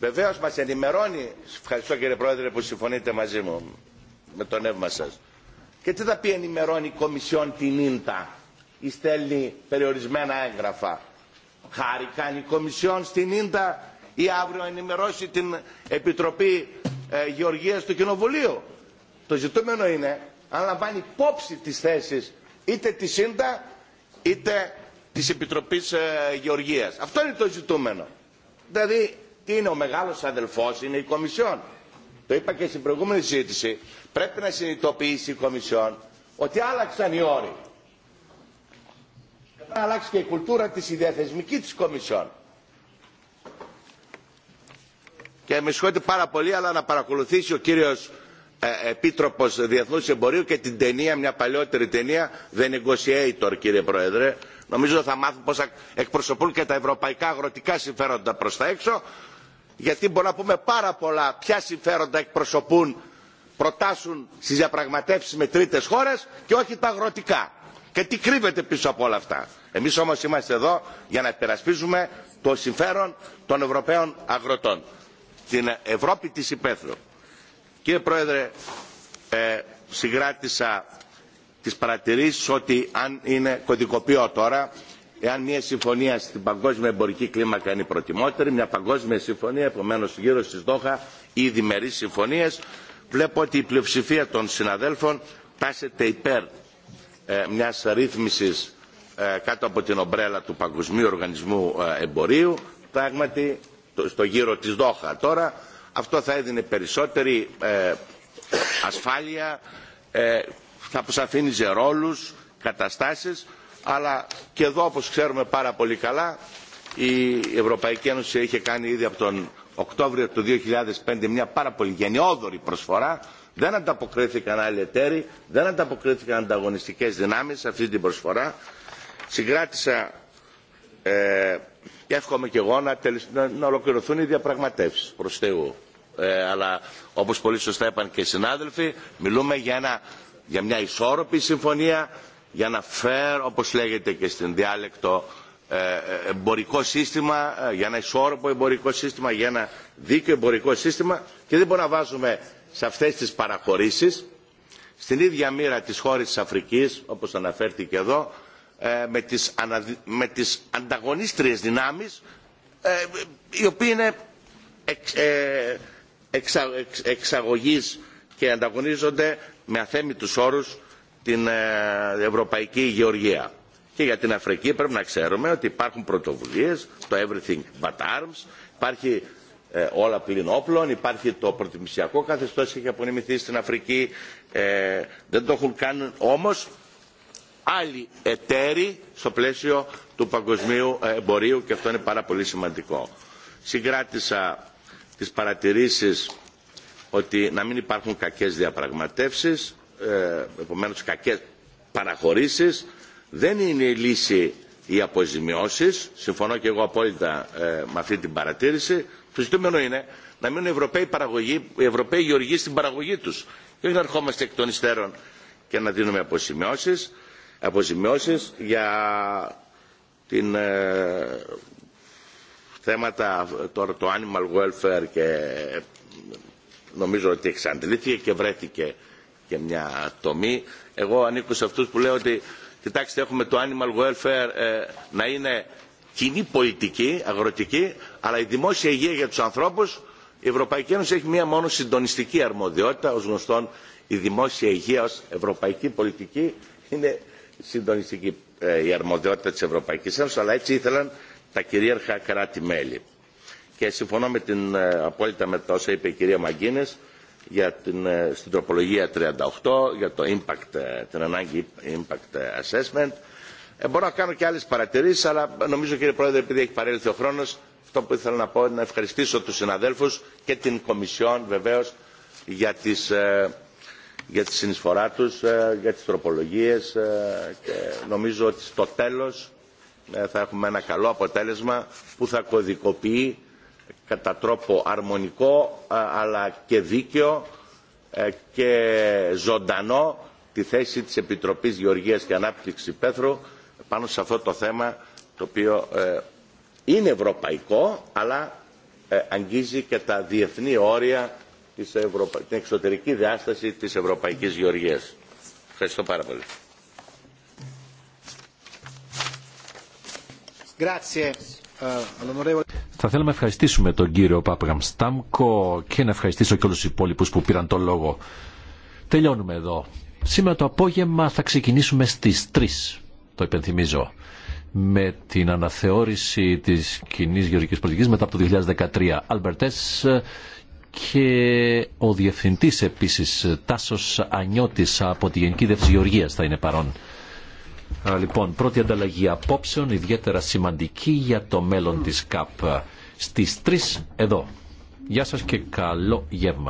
[SPEAKER 5] Βεβαίως μας ενημερώνει, ευχαριστώ κύριε Πρόεδρε που συμφωνείτε μαζί μου με το νεύμα σας. Και τι θα πει ενημερώνει η Κομισιόν την ίντα ή στέλνει περιορισμένα έγγραφα. Χάρη κάνει η Κομισιόν στην ίντα ή αύριο ενημερώσει την Επιτροπή ε, Γεωργίας του Κοινοβουλίου. Το ζητούμενο είναι αν λαμβάνει υπόψη τη θέσεις είτε τη ίντα είτε της Επιτροπής ε, Γεωργίας. Αυτό είναι το ζητούμενο. Δηλαδή τι είναι ο μεγάλος αδελφός, είναι η Κομισιόν. Το είπα και στην προηγούμενη συζήτηση. Πρέπει να συνειδητοποιήσει η Κομισιόν ότι άλλαξαν οι όροι. Να αλλάξει και η κουλτούρα της ιδιαθεσμική της Κομισιόν. Και με συγχωρείτε πάρα πολύ, αλλά να παρακολουθήσει ο κύριος ε, Επίτροπος Διεθνούς Εμπορίου και την ταινία, μια παλιότερη ταινία, The Negotiator, κύριε Πρόεδρε. Νομίζω θα μάθουν πώς εκπροσωπούν και τα ευρωπαϊκά αγροτικά συμφέροντα προς τα έξω γιατί μπορούμε να πούμε πάρα πολλά ποια συμφέροντα εκπροσωπούν, προτάσουν στις διαπραγματεύσεις με τρίτες χώρες και όχι τα αγροτικά. Και τι κρύβεται πίσω από όλα αυτά. Εμείς όμως είμαστε εδώ για να υπερασπίζουμε το συμφέρον των Ευρωπαίων αγροτών. Την Ευρώπη της υπαίθρου. Κύριε Πρόεδρε, ε, συγκράτησα τις παρατηρήσεις ότι αν είναι κωδικοποιώ τώρα εάν μια συμφωνία στην παγκόσμια εμπορική κλίμακα είναι προτιμότερη, μια παγκόσμια συμφωνία, επομένω γύρω στι Δόχα ή διμερεί συμφωνίε, βλέπω ότι η πλειοψηφία των συναδέλφων τάσεται υπέρ ε, μια ρύθμιση ε, κάτω από την ομπρέλα του Παγκοσμίου Οργανισμού ε, Εμπορίου, πράγματι στο γύρο τη Δόχα. Τώρα αυτό θα έδινε περισσότερη ε, ασφάλεια, θα αποσαφήνιζε ρόλου, καταστάσει αλλά και εδώ όπως ξέρουμε πάρα πολύ καλά η Ευρωπαϊκή Ένωση είχε κάνει ήδη από τον Οκτώβριο του 2005 μια πάρα πολύ γενναιόδορη προσφορά δεν ανταποκρίθηκαν άλλοι εταίροι, δεν ανταποκρίθηκαν ανταγωνιστικές δυνάμεις σε αυτή την προσφορά. Συγκράτησα, ε, και εύχομαι και εγώ να, να ολοκληρωθούν οι διαπραγματεύσεις προς ε, αλλά όπως πολύ σωστά είπαν και οι συνάδελφοι, μιλούμε για, ένα, για μια ισόρροπη συμφωνία για να fair, όπως λέγεται και στην διάλεκτο, ε, ε, εμπορικό σύστημα, ε, για ένα ισόρροπο εμπορικό σύστημα, για ένα δίκαιο εμπορικό σύστημα και δεν μπορούμε να βάζουμε σε αυτές τις παραχωρήσεις στην ίδια μοίρα της χώρας της Αφρικής, όπως αναφέρθηκε εδώ, με τις, ανα... ανταγωνίστριες δυνάμεις, οι οποίοι είναι εξ... και ανταγωνίζονται με αθέμητους όρους την ε, ευρωπαϊκή γεωργία. Και για την Αφρική πρέπει να ξέρουμε ότι υπάρχουν πρωτοβουλίες, το Everything But Arms, υπάρχει ε, όλα πλην όπλων, υπάρχει το προτιμησιακό καθεστώς έχει απονημηθεί στην Αφρική, ε, δεν το έχουν κάνει όμως άλλοι εταίροι στο πλαίσιο του παγκοσμίου εμπορίου και αυτό είναι πάρα πολύ σημαντικό. Συγκράτησα τις παρατηρήσεις ότι να μην υπάρχουν κακές διαπραγματεύσεις, ε, επομένως κακές παραχωρήσεις. Δεν είναι η λύση οι αποζημιώσεις. Συμφωνώ και εγώ απόλυτα ε, με αυτή την παρατήρηση. Το ζητούμενο είναι να μείνουν οι Ευρωπαίοι, οι Ευρωπαίοι γεωργοί στην παραγωγή τους. Και όχι να ερχόμαστε εκ των υστέρων και να δίνουμε αποζημιώσεις, αποζημιώσεις για την, ε, θέματα τώρα το animal welfare και νομίζω ότι εξαντλήθηκε και βρέθηκε και μια τομή. Εγώ ανήκω σε αυτούς που λέω ότι κοιτάξτε έχουμε το animal welfare ε, να είναι κοινή πολιτική, αγροτική, αλλά η δημόσια υγεία για τους ανθρώπους η Ευρωπαϊκή Ένωση έχει μία μόνο συντονιστική αρμοδιότητα. Ως γνωστόν η δημόσια υγεία ως ευρωπαϊκή πολιτική είναι συντονιστική ε, η αρμοδιότητα της Ευρωπαϊκής Ένωσης, αλλά έτσι ήθελαν τα κυρίαρχα κράτη-μέλη. Και συμφωνώ με την, ε, απόλυτα με τα όσα είπε η κυρία Μαγκίνες, για την, ε, στην τροπολογία 38 για το impact, ε, την ανάγκη impact ε, assessment. Ε, μπορώ να κάνω και άλλες παρατηρήσεις, αλλά νομίζω κύριε Πρόεδρε, επειδή έχει παρέλθει ο χρόνος, αυτό που ήθελα να πω είναι να ευχαριστήσω τους συναδέλφους και την Κομισιόν βεβαίως για, τις, για τη συνεισφορά τους, για τις τροπολογίες και νομίζω ότι στο τέλος θα έχουμε ένα καλό αποτέλεσμα που θα κωδικοποιεί κατά τρόπο αρμονικό αλλά και δίκαιο ε, και ζωντανό τη θέση της Επιτροπής Γεωργίας και Ανάπτυξης Πέθρου πάνω σε αυτό το θέμα το οποίο ε, είναι ευρωπαϊκό αλλά ε, αγγίζει και τα διεθνή όρια της Ευρωπα... την εξωτερική διάσταση της Ευρωπαϊκής Γεωργίας. Ευχαριστώ πάρα πολύ.
[SPEAKER 4] Eh, θα
[SPEAKER 1] θέλαμε να ευχαριστήσουμε τον κύριο Πάπαγαμ Στάμκο και να ευχαριστήσω και όλους τους υπόλοιπους που πήραν το λόγο. Τελειώνουμε εδώ. Σήμερα το απόγευμα θα ξεκινήσουμε στις 3, το υπενθυμίζω, με την αναθεώρηση της κοινή γεωργικής πολιτικής μετά από το 2013. Αλμπερτές και ο διευθυντή επίσης τάσο Ανιώτης από τη Γενική Δεύση Γεωργίας θα είναι παρόν. Λοιπόν, πρώτη ανταλλαγή απόψεων, ιδιαίτερα σημαντική για το μέλλον της ΚΑΠ. Στις 3 εδώ. Γεια σας και καλό γεύμα.